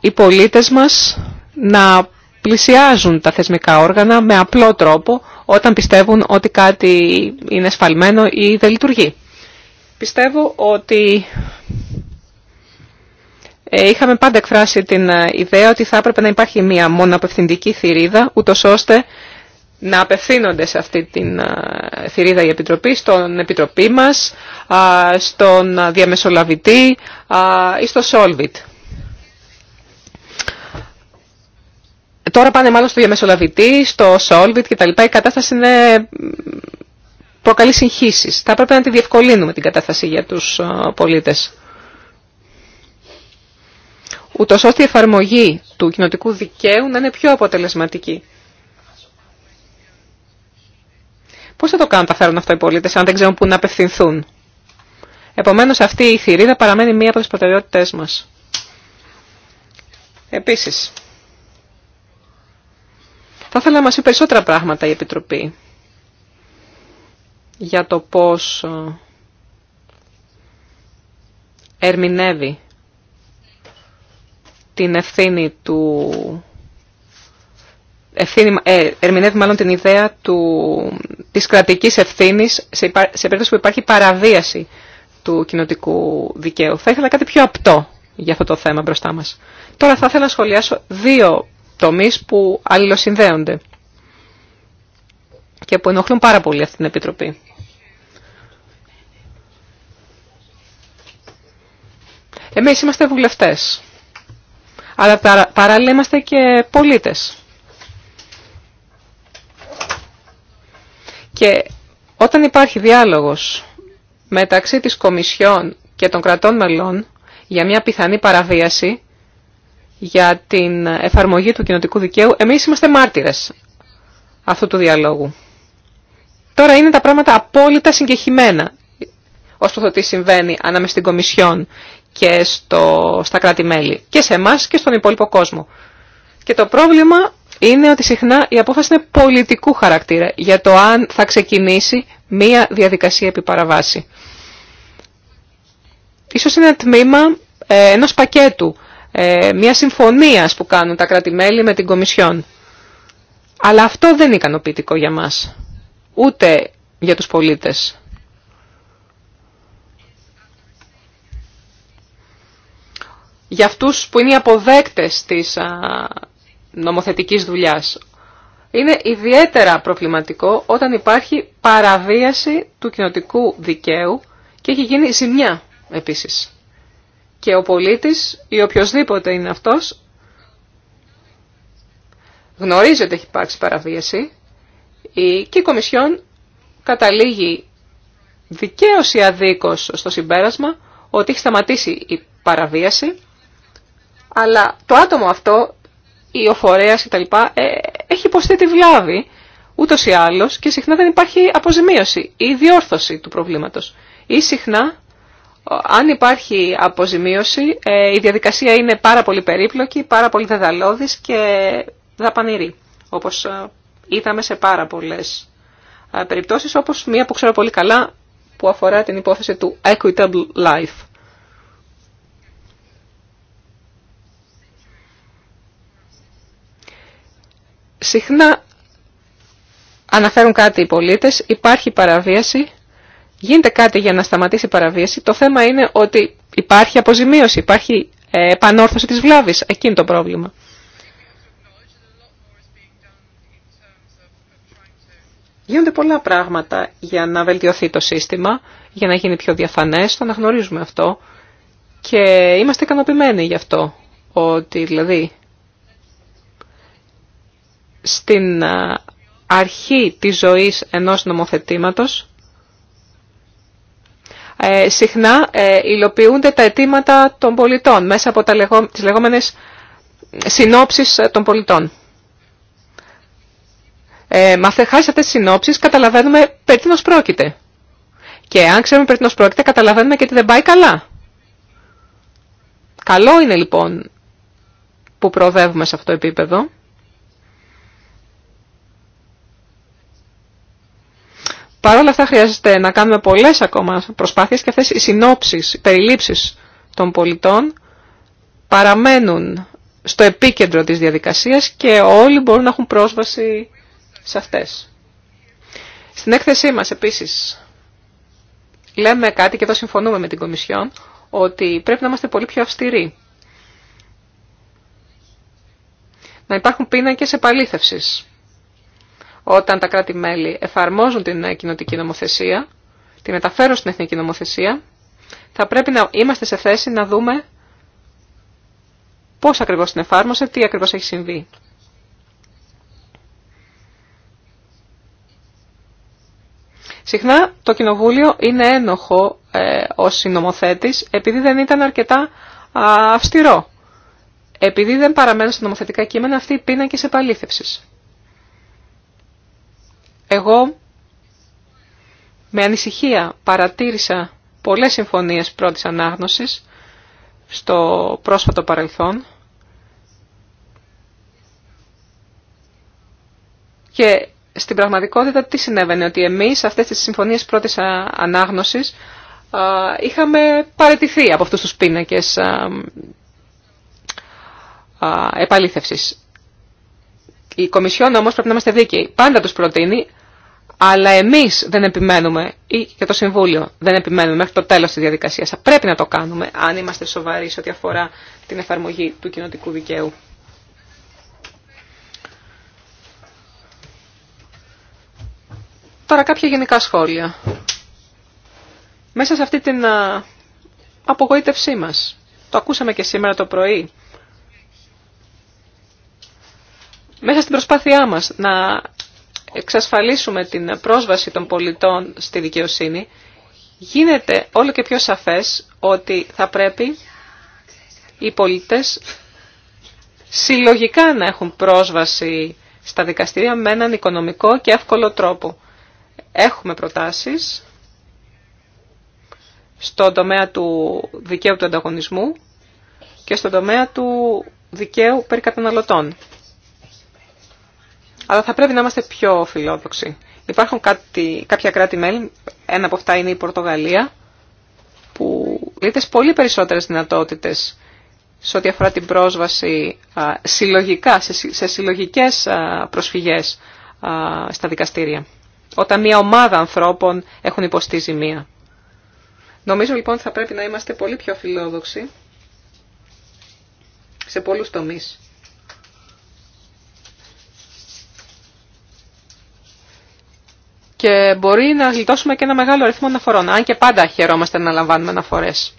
οι πολίτες μας να πλησιάζουν τα θεσμικά όργανα με απλό τρόπο όταν πιστεύουν ότι κάτι είναι σφαλμένο ή δεν λειτουργεί. Πιστεύω ότι ε, είχαμε πάντα εκφράσει την ε, ιδέα ότι θα έπρεπε να υπάρχει μία μόνο απευθυντική θηρίδα, ούτως ώστε να απευθύνονται σε αυτή την ε, θηρίδα η Επιτροπή, στον Επιτροπή μας, στον Διαμεσολαβητή ή στο Solvit. Τώρα πάνε μάλλον στο Διαμεσολαβητή, στο Solvit κτλ. Η κατάσταση είναι... προκαλεί συγχύσεις. Θα πρέπει να τη διευκολύνουμε την κατάσταση για τους ε, πολίτες. Ούτως ώστε η εφαρμογή του κοινοτικού δικαίου να είναι πιο αποτελεσματική Πώς θα το κάνουν τα φέρουν αυτό οι πολίτες αν δεν ξέρουν πού να απευθυνθούν. Επομένως αυτή η θηρίδα παραμένει μία από τις προτεραιότητές μας. Επίσης, θα ήθελα να μας πει περισσότερα πράγματα η Επιτροπή για το πώς ε, ερμηνεύει την ευθύνη του ευθύνη, ε, ερμηνεύει μάλλον την ιδέα του, της κρατικής ευθύνης σε, σε περίπτωση που υπάρχει παραβίαση του κοινοτικού δικαίου. Θα ήθελα κάτι πιο απτό για αυτό το θέμα μπροστά μας. Τώρα θα ήθελα να σχολιάσω δύο τομείς που αλληλοσυνδέονται και που ενοχλούν πάρα πολύ αυτή την Επιτροπή. Εμείς είμαστε βουλευτές, αλλά παράλληλα είμαστε και πολίτες. Και όταν υπάρχει διάλογος μεταξύ της Κομισιόν και των κρατών μελών για μια πιθανή παραβίαση για την εφαρμογή του κοινοτικού δικαίου, εμείς είμαστε μάρτυρες αυτού του διαλόγου. Τώρα είναι τα πράγματα απόλυτα συγκεχημένα ως το τι συμβαίνει ανάμεσα στην Κομισιόν και στο, στα κράτη-μέλη. Και σε εμά και στον υπόλοιπο κόσμο. Και το πρόβλημα είναι ότι συχνά η απόφαση είναι πολιτικού χαρακτήρα για το αν θα ξεκινήσει μία διαδικασία επί παραβάση. Ίσως είναι τμήμα ε, ενός πακέτου, ε, μια συμφωνίας που κάνουν τα κρατη με την Κομισιόν. Αλλά αυτό δεν είναι ικανοποιητικό για μας, ούτε για τους πολίτες. Για αυτούς που είναι οι αποδέκτες της νομοθετικής δουλειάς. Είναι ιδιαίτερα προβληματικό όταν υπάρχει παραβίαση του κοινοτικού δικαίου και έχει γίνει ζημιά επίσης. Και ο πολίτης ή οποιοδήποτε είναι αυτός γνωρίζει ότι έχει υπάρξει παραβίαση και η Κομισιόν καταλήγει δικαίως ή αδίκως στο συμπέρασμα ότι έχει σταματήσει η παραβίαση αλλά το άτομο αυτό ή ο φορέας κτλ. Ε, έχει υποστεί τη βλάβη ούτως ή άλλως και συχνά δεν υπάρχει αποζημίωση ή διόρθωση του προβλήματος. Ή συχνά, αν υπάρχει αποζημίωση, ε, η διαδικασία είναι πάρα πολύ περίπλοκη, πάρα πολύ δεδαλώδης και δαπανηρή, όπως ε, είδαμε σε πάρα πολλές περιπτώσεις, όπως μία που ξέρω πολύ καλά που αφορά την υπόθεση του Equitable Life. συχνά αναφέρουν κάτι οι πολίτες, υπάρχει παραβίαση, γίνεται κάτι για να σταματήσει η παραβίαση. Το θέμα είναι ότι υπάρχει αποζημίωση, υπάρχει ε, επανόρθωση της βλάβης. είναι το πρόβλημα. Γίνονται πολλά πράγματα για να βελτιωθεί το σύστημα, για να γίνει πιο διαφανές, το αναγνωρίζουμε αυτό και είμαστε ικανοποιημένοι γι' αυτό, ότι δηλαδή στην ε, αρχή της ζωής ενός νομοθετήματος, ε, συχνά ε, υλοποιούνται τα αιτήματα των πολιτών μέσα από τα λεγό, τις λεγόμενες συνόψεις των πολιτών. Ε, μα αυτές τις συνόψεις καταλαβαίνουμε περί τίνος πρόκειται. Και αν ξέρουμε περί τίνος πρόκειται καταλαβαίνουμε και τι δεν πάει καλά. Καλό είναι λοιπόν που προοδεύουμε σε αυτό το επίπεδο. Παρ' όλα αυτά χρειάζεται να κάνουμε πολλές ακόμα προσπάθειες και αυτές οι συνόψεις, οι περιλήψεις των πολιτών παραμένουν στο επίκεντρο της διαδικασίας και όλοι μπορούν να έχουν πρόσβαση σε αυτές. Στην έκθεσή μας επίσης λέμε κάτι και εδώ συμφωνούμε με την Κομισιόν ότι πρέπει να είμαστε πολύ πιο αυστηροί. Να υπάρχουν πίνακες επαλήθευσης όταν τα κράτη-μέλη εφαρμόζουν την ε, κοινοτική νομοθεσία, τη μεταφέρουν στην εθνική νομοθεσία, θα πρέπει να είμαστε σε θέση να δούμε πώς ακριβώς την εφάρμοσε, τι ακριβώς έχει συμβεί. Συχνά το Κοινοβούλιο είναι ένοχο ε, ως συνομοθέτης επειδή δεν ήταν αρκετά αυστηρό. Επειδή δεν παραμένουν στα νομοθετικά κείμενα αυτοί οι πίνακες επαλήθευσης. Εγώ με ανησυχία παρατήρησα πολλές συμφωνίες πρώτης ανάγνωσης στο πρόσφατο παρελθόν και στην πραγματικότητα τι συνέβαινε, ότι εμείς αυτές τις συμφωνίες πρώτης ανάγνωσης είχαμε παραιτηθεί από αυτούς τους πίνακες επαλήθευσης. Η Κομισιόν όμως πρέπει να είμαστε δίκαιοι. Πάντα τους προτείνει αλλά εμείς δεν επιμένουμε ή και το Συμβούλιο δεν επιμένουμε μέχρι το τέλος της διαδικασίας. Θα πρέπει να το κάνουμε αν είμαστε σοβαροί σε ό,τι αφορά την εφαρμογή του κοινοτικού δικαίου. Τώρα κάποια γενικά σχόλια. Μέσα σε αυτή την απογοήτευσή μας, το ακούσαμε και σήμερα το πρωί, μέσα στην προσπάθειά μας να εξασφαλίσουμε την πρόσβαση των πολιτών στη δικαιοσύνη, γίνεται όλο και πιο σαφές ότι θα πρέπει οι πολίτες συλλογικά να έχουν πρόσβαση στα δικαστήρια με έναν οικονομικό και εύκολο τρόπο. Έχουμε προτάσεις στον τομέα του δικαίου του ανταγωνισμού και στον τομέα του δικαίου περί καταναλωτών αλλά θα πρέπει να είμαστε πιο φιλόδοξοι. κάτι, κάποια κράτη-μέλη, ένα από αυτά είναι η Πορτογαλία, που λείτες πολύ περισσότερες δυνατότητες σε ό,τι αφορά την πρόσβαση συλλογικά, σε συλλογικές προσφυγές στα δικαστήρια. Όταν μια ομάδα ανθρώπων έχουν υποστεί ζημία. Νομίζω λοιπόν θα πρέπει να είμαστε πολύ πιο φιλόδοξοι σε πολλούς τομείς. και μπορεί να γλιτώσουμε και ένα μεγάλο αριθμό αναφορών, αν και πάντα χαιρόμαστε να λαμβάνουμε αναφορές.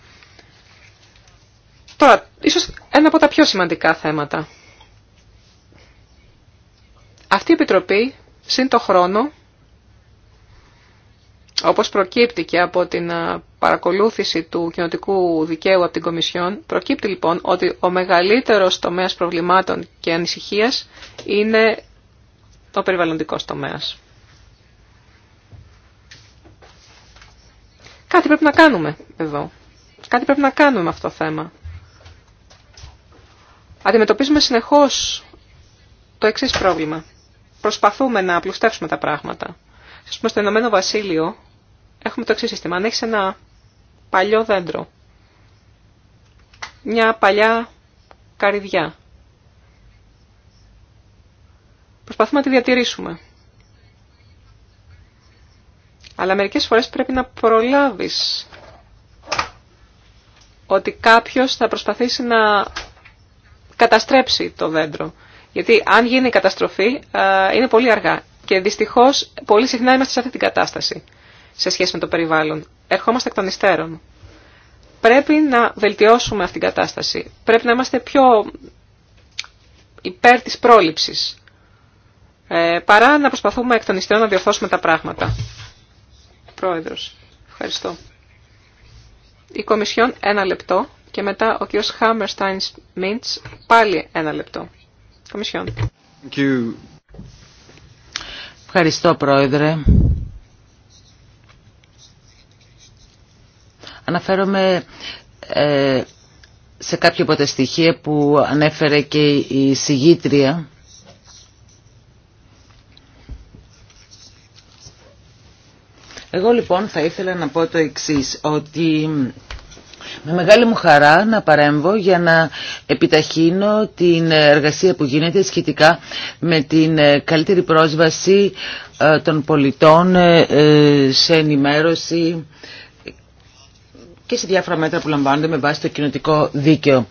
Τώρα, ίσως ένα από τα πιο σημαντικά θέματα. Αυτή η Επιτροπή, σύν το χρόνο, όπως προκύπτει και από την παρακολούθηση του κοινοτικού δικαίου από την Κομισιόν, προκύπτει λοιπόν ότι ο μεγαλύτερος τομέας προβλημάτων και ανησυχίας είναι το περιβαλλοντικό τομέας. Κάτι πρέπει να κάνουμε εδώ. Κάτι πρέπει να κάνουμε με αυτό το θέμα. Αντιμετωπίζουμε συνεχώς το εξής πρόβλημα. Προσπαθούμε να απλουστεύσουμε τα πράγματα. Ας πούμε, στο Ηνωμένο Βασίλειο έχουμε το εξής σύστημα. Αν έχεις ένα παλιό δέντρο, μια παλιά καρυδιά, προσπαθούμε να τη διατηρήσουμε. Αλλά μερικές φορές πρέπει να προλάβεις ότι κάποιος θα προσπαθήσει να καταστρέψει το δέντρο. Γιατί αν γίνει η καταστροφή είναι πολύ αργά. Και δυστυχώς πολύ συχνά είμαστε σε αυτή την κατάσταση σε σχέση με το περιβάλλον. Ερχόμαστε εκ των υστέρων. Πρέπει να βελτιώσουμε αυτή την κατάσταση. Πρέπει να είμαστε πιο υπέρ της πρόληψης. Ε, παρά να προσπαθούμε εκ των υστέρων να διορθώσουμε τα πράγματα. Πρόεδρος. Ευχαριστώ. Η Κομισιόν ένα λεπτό και μετά ο κ. Χάμερστάιν Μίντς πάλι ένα λεπτό. Κομισιόν. Ευχαριστώ Πρόεδρε. Αναφέρομαι ε, σε κάποια από τα στοιχεία που ανέφερε και η συγγήτρια Εγώ λοιπόν θα ήθελα να πω το εξής, ότι με μεγάλη μου χαρά να παρέμβω για να επιταχύνω την εργασία που γίνεται σχετικά με την καλύτερη πρόσβαση ε, των πολιτών ε, ε, σε ενημέρωση και σε διάφορα μέτρα που λαμβάνονται με βάση το κοινοτικό δίκαιο.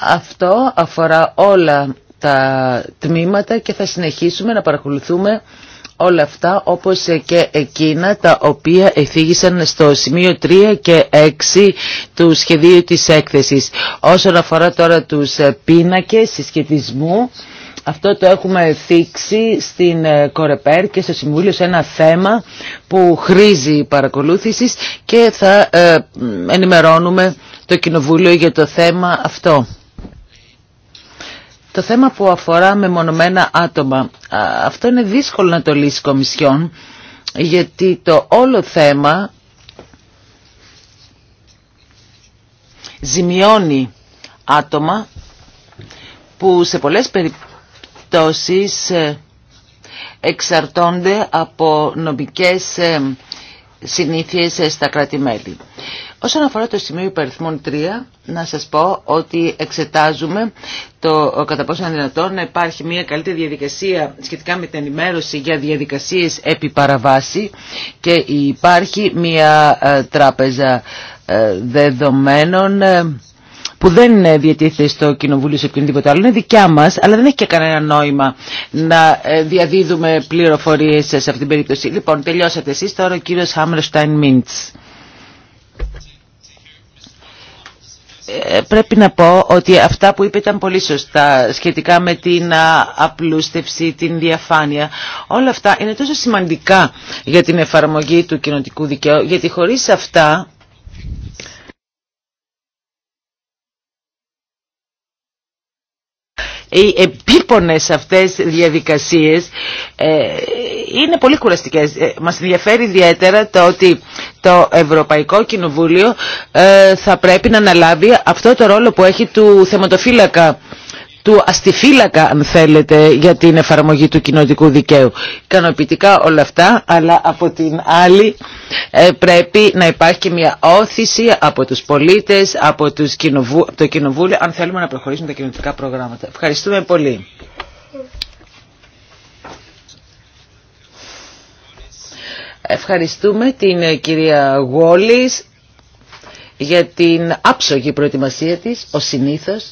Αυτό αφορά όλα τα τμήματα και θα συνεχίσουμε να παρακολουθούμε όλα αυτά όπως και εκείνα τα οποία εφήγησαν στο σημείο 3 και 6 του σχεδίου της έκθεσης. Όσον αφορά τώρα τους ε, πίνακες συσχετισμού, αυτό το έχουμε θίξει στην ε, Κορεπέρ και στο Συμβούλιο σε ένα θέμα που χρήζει παρακολούθησης και θα ε, ενημερώνουμε το Κοινοβούλιο για το θέμα αυτό. Το θέμα που αφορά μεμονωμένα άτομα, αυτό είναι δύσκολο να το λύσει Κομισιόν, γιατί το όλο θέμα ζημιώνει άτομα που σε πολλές περιπτώσεις ε, εξαρτώνται από νομικές ε, συνήθειες ε, στα κράτη-μέλη. Όσον αφορά το σημείο υπεριθμών 3, να σας πω ότι εξετάζουμε το κατά πόσο είναι δυνατόν να υπάρχει μια καλύτερη διαδικασία σχετικά με την ενημέρωση για διαδικασίες επί παραβάση και υπάρχει μια ε, τράπεζα ε, δεδομένων ε, που δεν διατίθεται στο Κοινοβούλιο σε οποιονδήποτε άλλο, είναι δικιά μα, αλλά δεν έχει και κανένα νόημα να διαδίδουμε πληροφορίε σε αυτήν την περίπτωση. Λοιπόν, τελειώσατε εσεί, τώρα ο κύριο Χάμερστάιν Μίντ. Ε, πρέπει να πω ότι αυτά που είπε ήταν πολύ σωστά σχετικά με την απλούστευση, την διαφάνεια. Όλα αυτά είναι τόσο σημαντικά για την εφαρμογή του κοινοτικού δικαίου, γιατί χωρίς αυτά οι επίπονες αυτές διαδικασίες ε, είναι πολύ κουραστικές. Ε, μας ενδιαφέρει ιδιαίτερα το ότι το Ευρωπαϊκό Κοινοβούλιο ε, θα πρέπει να αναλάβει αυτό το ρόλο που έχει του θεματοφύλακα του αστιφύλακα αν θέλετε για την εφαρμογή του κοινοτικού δικαίου. Κανοποιητικά όλα αυτά αλλά από την άλλη ε, πρέπει να υπάρχει και μια όθηση από τους πολίτες, από, τους κοινοβου... το κοινοβούλιο αν θέλουμε να προχωρήσουμε τα κοινωτικά προγράμματα. Ευχαριστούμε πολύ. Ευχαριστούμε την ε, κυρία Γόλης για την άψογη προετοιμασία της, ο συνήθως.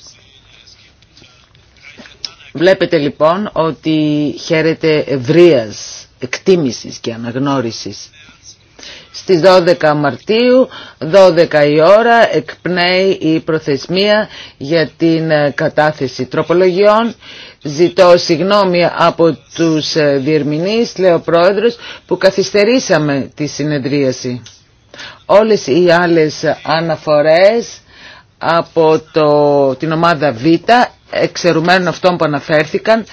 Βλέπετε λοιπόν ότι χαίρεται ευρείας εκτίμησης και αναγνώρισης. Στις 12 Μαρτίου, 12 η ώρα, εκπνέει η προθεσμία για την ε, κατάθεση τροπολογιών. Ζητώ συγγνώμη από τους ε, διερμηνείς, λέει ο Πρόεδρος, που καθυστερήσαμε τη συνεδρίαση. Όλες οι άλλες αναφορές από το, την ομάδα Β, εξαιρουμένων αυτών που αναφέρθηκαν,